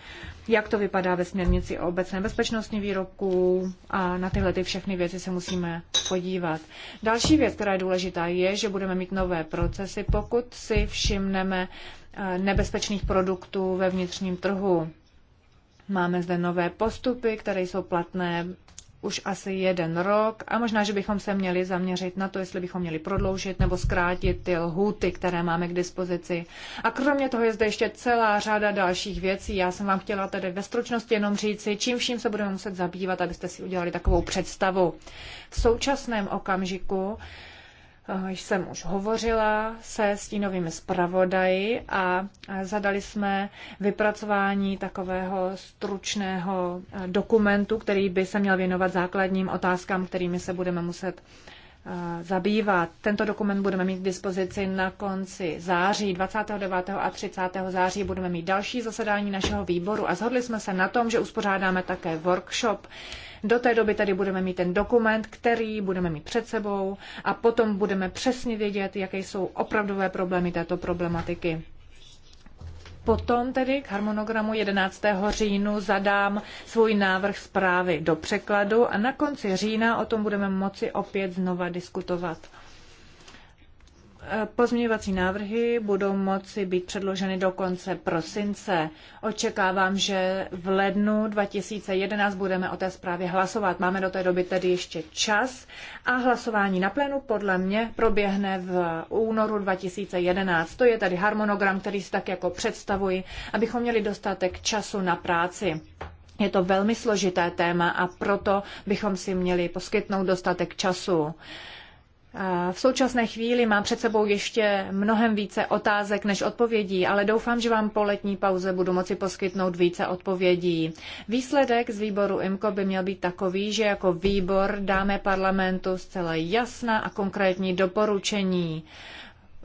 jak to vypadá ve směrnici o obecné bezpečnosti výrobků a na tyhle ty všechny věci se musíme podívat. Další věc, která je důležitá, je, že budeme mít nové procesy, pokud si všimneme, Eh, nebezpečných produktů ve vnitřním trhu. Máme zde nové postupy, které jsou platné už asi jeden rok a možná, že bychom se měli zaměřit na to, jestli bychom měli prodloužit nebo zkrátit ty lhůty, které máme k dispozici. A kromě toho je zde ještě celá řada dalších věcí. Já jsem vám chtěla tedy ve stručnosti jenom říci, čím vším se budeme muset zabývat, abyste si udělali takovou představu. V současném okamžiku Eh, jsem už hovořila se stínovými zpravodaji a zadali jsme vypracování takového stručného eh, dokumentu, který by se měl věnovat základním otázkám, kterými se budeme muset Eh, zabývat. Tento dokument budeme mít k dispozici na konci září, 29. a 30. září budeme mít další zasedání našeho výboru a zhodli jsme se na tom, že uspořádáme také workshop. Do té doby tady budeme mít ten dokument, který budeme mít před sebou a potom budeme přesně vědět, jaké jsou opravdové problémy této problematiky. Potom tedy k harmonogramu 11. říjnu zadám svůj návrh zprávy do překladu a na konci října o tom budeme moci opět znova diskutovat. Pozměňovací návrhy budou moci být předloženy do konce prosince. Očekávám, že v lednu 2011 budeme o té zprávě hlasovat. Máme do té doby tedy ještě čas a hlasování na plénu podle mě proběhne v únoru 2011. To je tady harmonogram, který si tak jako představuji, abychom měli dostatek času na práci. Je to velmi složité téma a proto bychom si měli poskytnout dostatek času. V současné chvíli mám před sebou ještě mnohem více otázek než odpovědí, ale doufám, že vám po letní pauze budu moci poskytnout více odpovědí. Výsledek z výboru IMCO by měl být takový, že jako výbor dáme parlamentu zcela jasná a konkrétní doporučení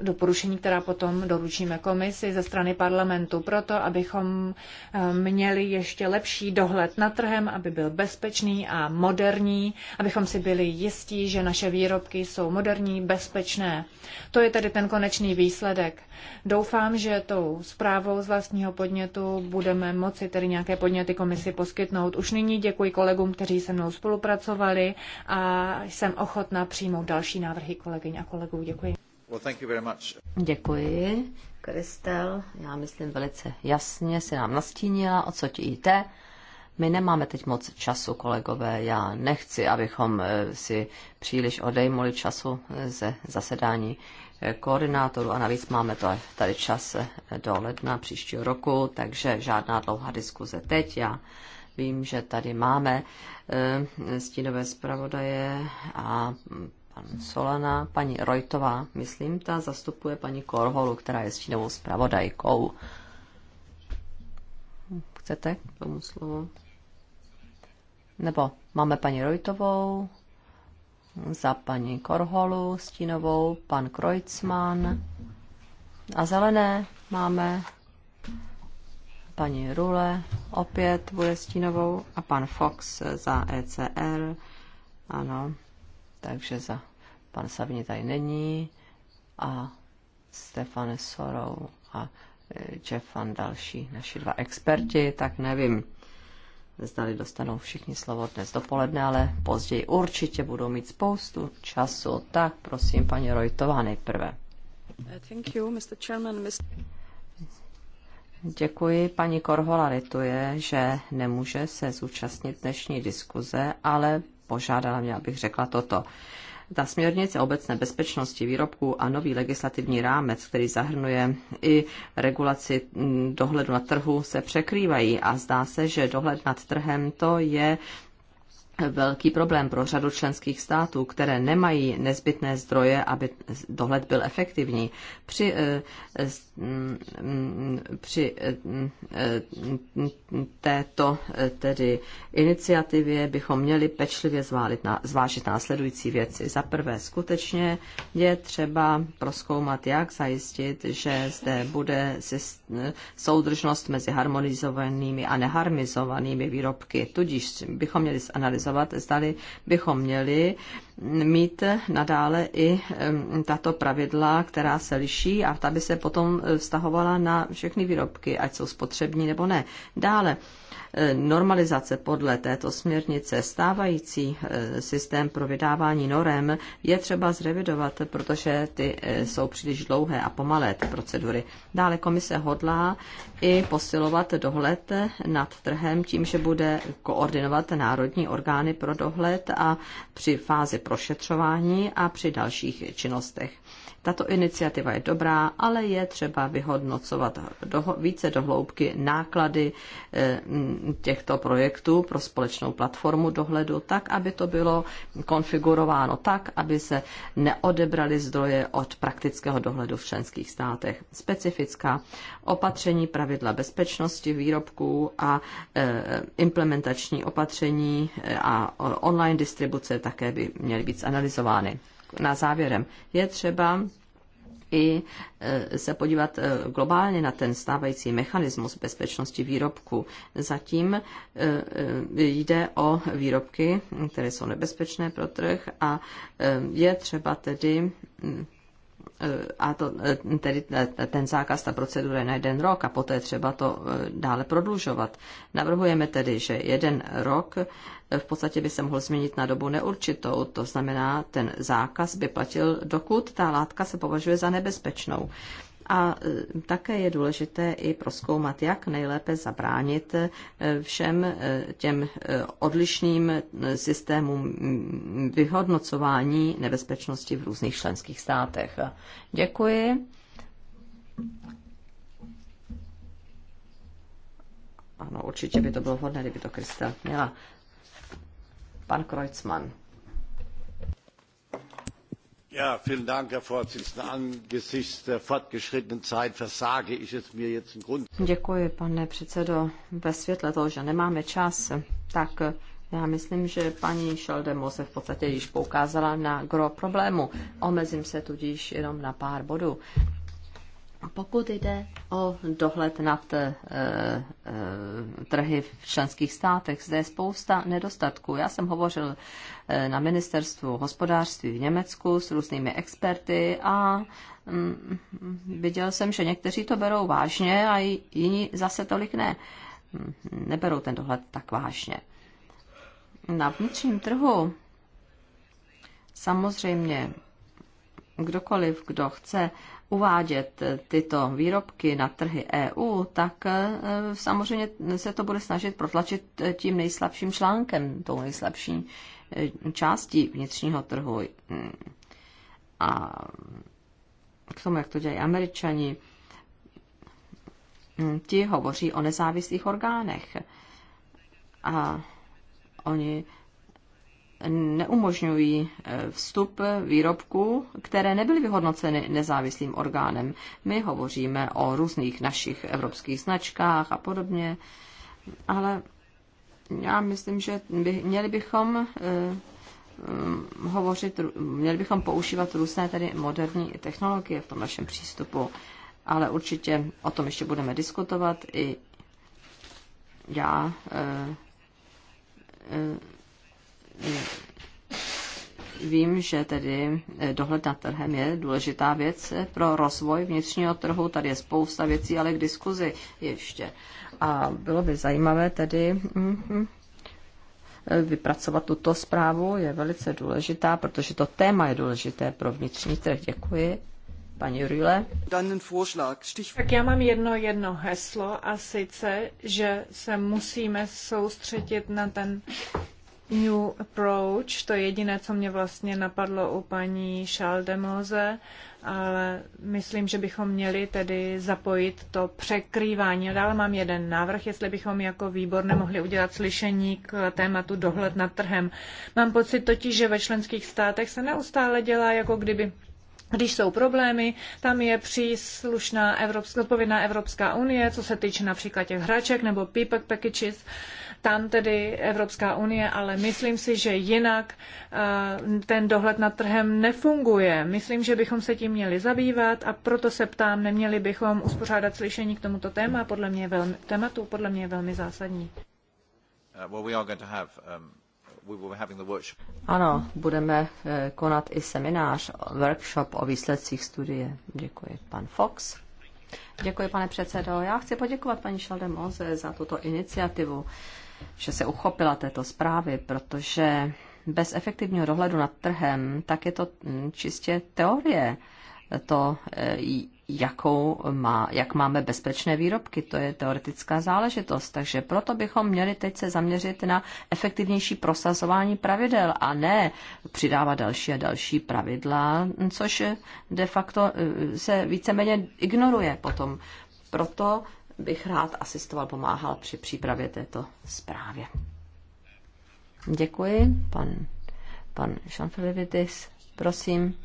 doporučení, která potom doručíme komisi ze strany parlamentu, proto abychom eh, měli ještě lepší dohled na trhem, aby byl bezpečný a moderní, abychom si byli jistí, že naše výrobky jsou moderní, bezpečné. To je tedy ten konečný výsledek. Doufám, že tou zprávou z vlastního podnětu budeme moci tedy nějaké podněty komisi poskytnout. Už nyní děkuji kolegům, kteří se mnou spolupracovali a jsem ochotná přijmout další návrhy kolegyň a kolegů. Děkuji. Děkuji, Kristel. Já myslím velice jasně si nám nastínila, o co ti jde. My nemáme teď moc času, kolegové. Já nechci, abychom eh, si příliš odejmuli času eh, ze zasedání eh, koordinátorů a navíc máme to tady čas do ledna příštího roku, takže žádná dlouhá diskuze teď. Já vím, že tady máme stínové zpravodaje a mm, pan Solana, paní Rojtová, myslím, ta zastupuje paní Korholu, která je stínovou zpravodajkou. Chcete k tomu slovo? Nebo máme paní Rojtovou, za paní Korholu, stínovou, pan Krojcman a zelené máme paní Rule, opět bude stínovou a pan Fox za ECR, ano, takže za pan Savini tady není a Stefane Sorou a e, Jeffan další naši dva experti, tak nevím, zdali dostanou všichni slovo dnes dopoledne, ale později určitě budou mít spoustu času. Tak prosím, paní Rojtová nejprve. Thank you, Mr. Chairman, Mr. Děkuji. Paní Korhola lituje, že nemůže se zúčastnit dnešní diskuze, ale požádala mě, abych řekla toto. Ta směrnice obecné bezpečnosti výrobků a nový legislativní rámec, který zahrnuje i regulaci mm, dohledu na trhu, se překrývají a zdá se, že dohled nad trhem to je velký problém pro řadu členských států, které nemají nezbytné zdroje, aby dohled byl efektivní. Při, eh, mm, při eh, mm, této eh, tedy iniciativě bychom měli pečlivě zválit, zvážit následující věci. Za prvé, skutečně je třeba proskoumat, jak zajistit, že zde bude soudržnost mezi harmonizovanými a neharmonizovanými výrobky. Tudíž bychom měli zanalizovat analyzovat, zdali bychom měli mít nadále i tato pravidla, která se liší a ta by se potom eh, vztahovala na všechny výrobky, ať jsou spotřební nebo ne. Dále Eh, normalizace podle této směrnice stávající eh, systém pro vydávání norem je třeba zrevidovat, protože ty eh, jsou příliš dlouhé a pomalé ty procedury. Dále komise hodlá i posilovat dohled nad trhem tím, že bude koordinovat národní orgány pro dohled a při fázi prošetřování a při dalších činnostech. Tato iniciativa je dobrá, ale je třeba vyhodnocovat doho- více dohloubky náklady e, těchto projektů pro společnou platformu dohledu, tak, aby to bylo konfigurováno tak, aby se neodebrali zdroje od praktického dohledu v členských státech. Specifická opatření pravidla bezpečnosti výrobků a e, implementační opatření eh, a online distribuce také by měly být analyzovány na závěrem. Je třeba i e, se podívat e, globálně na ten stávající mechanismus bezpečnosti výrobku. Zatím e, jde o výrobky, které jsou nebezpečné pro trh a je třeba tedy Eh, a to, eh, tedy eh, ten zákaz, ta procedura je na jeden rok a poté třeba to dále prodlužovat. Navrhujeme tedy, že jeden rok v podstatě by se mohl změnit na dobu neurčitou, to znamená, ten zákaz by platil, dokud ta látka se považuje za nebezpečnou. A e, také je důležité i proskoumat, jak nejlépe zabránit e, všem e, těm odlišným systémům vyhodnocování nebezpečnosti v různých členských státech. Děkuji. Ano, určitě by to bylo vhodné, kdyby to Krista měla. Pan Kreuzmann. Herr Angesichts der fortgeschrittenen Zeit versage ich es mir jetzt im Děkuji, pane předsedo. Ve světle toho, že nemáme čas, tak já myslím, že paní Šaldemo se v podstatě již poukázala na gro problému. Omezím se tudíž jenom na pár bodů. Pokud jde o dohled nad e, e, trhy v členských státech, zde je spousta nedostatků. Já jsem hovořil e, na ministerstvu hospodářství v Německu s různými experty a mm, viděl jsem, že někteří to berou vážně a jiní zase tolik ne. Neberou ten dohled tak vážně. Na vnitřním trhu samozřejmě kdokoliv, kdo chce uvádět tyto výrobky na trhy EU, tak e, samozřejmě se to bude snažit protlačit tím nejslabším článkem, tou nejslabší e, částí vnitřního trhu. A k tomu, jak to dělají američani, ti hovoří o nezávislých orgánech. A oni neumožňují eh, vstup výrobků, které nebyly vyhodnoceny nezávislým orgánem. My hovoříme o různých našich evropských značkách a podobně, ale já myslím, že by, měli bychom eh, mm, hovořit, měli bychom používat různé tedy moderní technologie v tom našem přístupu, ale určitě o tom ještě budeme diskutovat i já eh, vím, že tedy eh, dohled nad trhem je důležitá věc pro rozvoj vnitřního trhu. Tady je spousta věcí, ale k diskuzi ještě. A bylo by zajímavé tedy mm, mm, vypracovat tuto zprávu. Je velice důležitá, protože to téma je důležité pro vnitřní trh. Děkuji. Paní Rühle. Tak já mám jedno jedno heslo a sice, že se musíme soustředit na ten New Approach, to je jediné, co mě vlastně napadlo u paní Šaldemoze, ale myslím, že bychom měli tedy zapojit to překrývání. Dále mám jeden návrh, jestli bychom jako výbor nemohli udělat slyšení k tématu dohled nad trhem. Mám pocit totiž, že ve členských státech se neustále dělá, jako kdyby když jsou problémy, tam je příslušná evropská, odpovědná Evropská unie, co se týče například těch hraček nebo pípek packages, tam tedy Evropská unie, ale myslím si, že jinak eh, ten dohled nad trhem nefunguje. Myslím, že bychom se tím měli zabývat a proto se ptám, neměli bychom uspořádat slyšení k tomuto téma, podle mě velmi, tématu, podle mě je velmi zásadní. Uh, um, ano, budeme eh, konat i seminář, workshop o výsledcích studie. Děkuji, pan Fox. Děkuji, pane předsedo. Já chci poděkovat paní Šaldemoze za tuto iniciativu že se uchopila této zprávy, protože bez efektivního dohledu nad trhem, tak je to mm, čistě teorie. To, e, jakou má, jak máme bezpečné výrobky, to je teoretická záležitost. Takže proto bychom měli teď se zaměřit na efektivnější prosazování pravidel a ne přidávat další a další pravidla, což de facto e, se víceméně ignoruje potom. Proto bych rád asistoval, pomáhal při přípravě této zprávě. Děkuji. Pan, pan Šanfilivitis, prosím.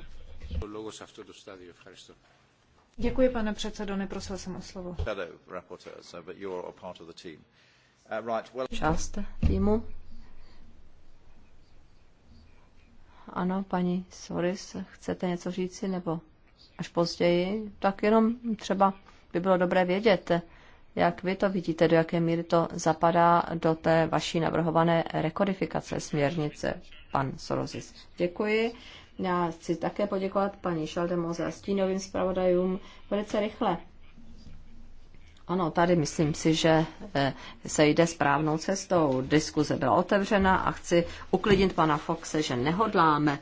Děkuji, pane předsedo, neprosil jsem o slovo. Uh, Část týmu. Ano, paní Soris, chcete něco říci, nebo až později? Tak jenom třeba by bylo dobré vědět, jak vy to vidíte, do jaké míry to zapadá do té vaší navrhované rekodifikace směrnice, pan Sorozis? Děkuji. Já chci také poděkovat paní Šaldemoze za stínovým zpravodajům velice rychle. Ano, tady myslím si, že eh, se jde správnou cestou. Diskuze byla otevřena a chci uklidnit pana Foxe, že nehodláme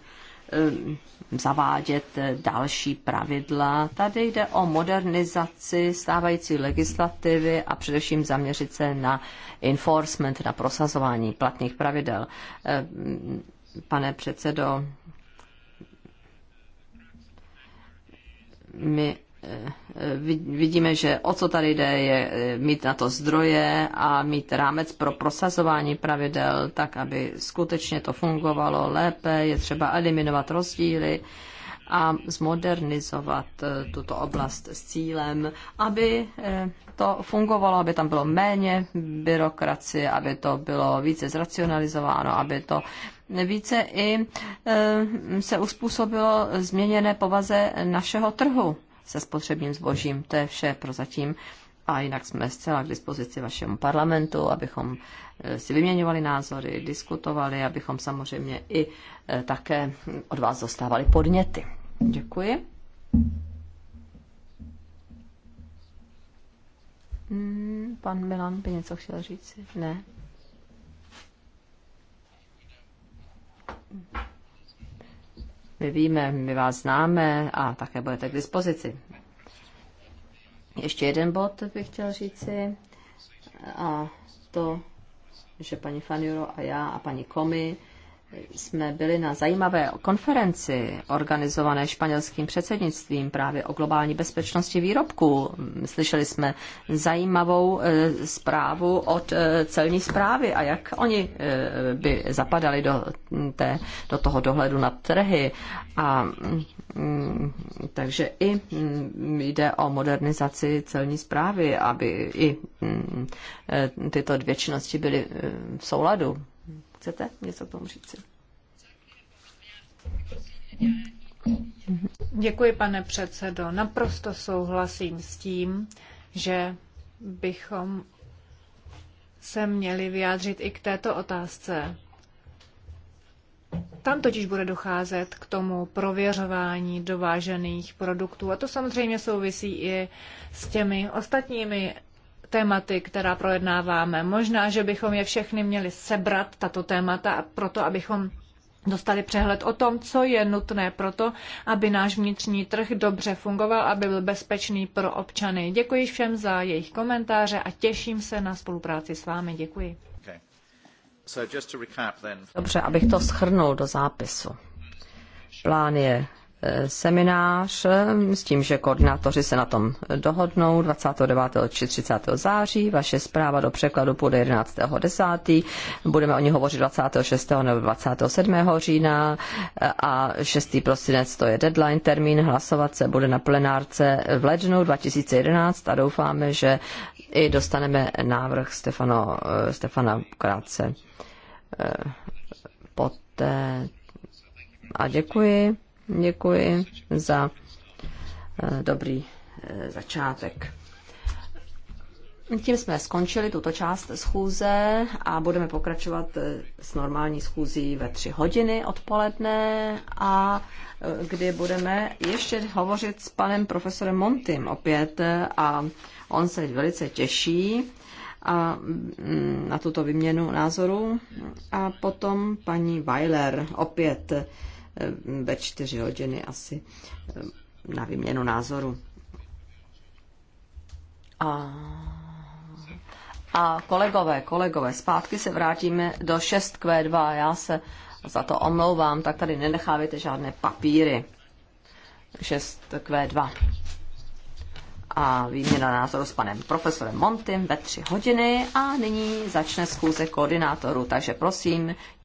Eh, zavádět eh, další pravidla. Tady jde o modernizaci stávající legislativy a především zaměřit se na enforcement, na prosazování platných pravidel. Eh, pane předsedo, my vidíme, že o co tady jde, je eh, mít na to zdroje a mít rámec pro prosazování pravidel, tak aby skutečně to fungovalo lépe, je třeba eliminovat rozdíly a zmodernizovat eh, tuto oblast s cílem, aby eh, to fungovalo, aby tam bylo méně byrokracie, aby to bylo více zracionalizováno, aby to více i se uspůsobilo změněné povaze našeho trhu se spotřebním zbožím. To je vše pro zatím. A jinak jsme zcela k dispozici vašemu parlamentu, abychom eh, si vyměňovali názory, diskutovali, abychom samozřejmě i eh, také od vás dostávali podněty. Děkuji. Hmm, pan Milan by něco chtěl říct? Ne. My víme, my vás známe a také budete k dispozici. Ještě jeden bod bych chtěl říci a to, že paní Fanjuro a já a paní Komi jsme byli na zajímavé konferenci organizované španělským předsednictvím právě o globální bezpečnosti výrobků. Slyšeli jsme zajímavou e, zprávu od e, celní zprávy a jak oni e, by zapadali do, té, do toho dohledu na trhy. A, mm, takže i mm, jde o modernizaci celní zprávy, aby i mm, tyto dvě činnosti byly v souladu Chcete něco tomu říci? Děkuji, pane předsedo. Naprosto souhlasím s tím, že bychom se měli vyjádřit i k této otázce. Tam totiž bude docházet k tomu prověřování dovážených produktů. A to samozřejmě souvisí i s těmi ostatními tématy, která projednáváme. Možná, že bychom je všechny měli sebrat, tato témata, proto abychom dostali přehled o tom, co je nutné proto, aby náš vnitřní trh dobře fungoval, aby byl bezpečný pro občany. Děkuji všem za jejich komentáře a těším se na spolupráci s vámi. Děkuji. Dobře, abych to schrnul do zápisu. Plán je seminář eh, s tím, že koordinátoři se na tom dohodnou 29. či 30. září. Vaše zpráva do překladu půjde 10. Budeme o ní hovořit 26. nebo 27. října eh, a 6. prosinec to je deadline termín. Hlasovat se bude na plenárce v lednu 2011 a doufáme, že i dostaneme návrh Stefano, eh, Stefana krátce poté. A děkuji. Děkuji za eh, dobrý eh, začátek. Tím jsme skončili tuto část schůze a budeme pokračovat eh, s normální schůzí ve tři hodiny odpoledne a kdy budeme ještě hovořit s panem profesorem Montym opět a on se velice těší a, mm, na tuto vyměnu názoru a potom paní Weiler opět Eh, ve čtyři hodiny asi eh, na výměnu názoru. A, a kolegové, kolegové, zpátky se vrátíme do 6Q2. Já se za to omlouvám, tak tady nenechávejte žádné papíry. 6Q2. A výměna názoru s panem profesorem Montym ve tři hodiny a nyní začne schůze koordinátorů. Takže prosím,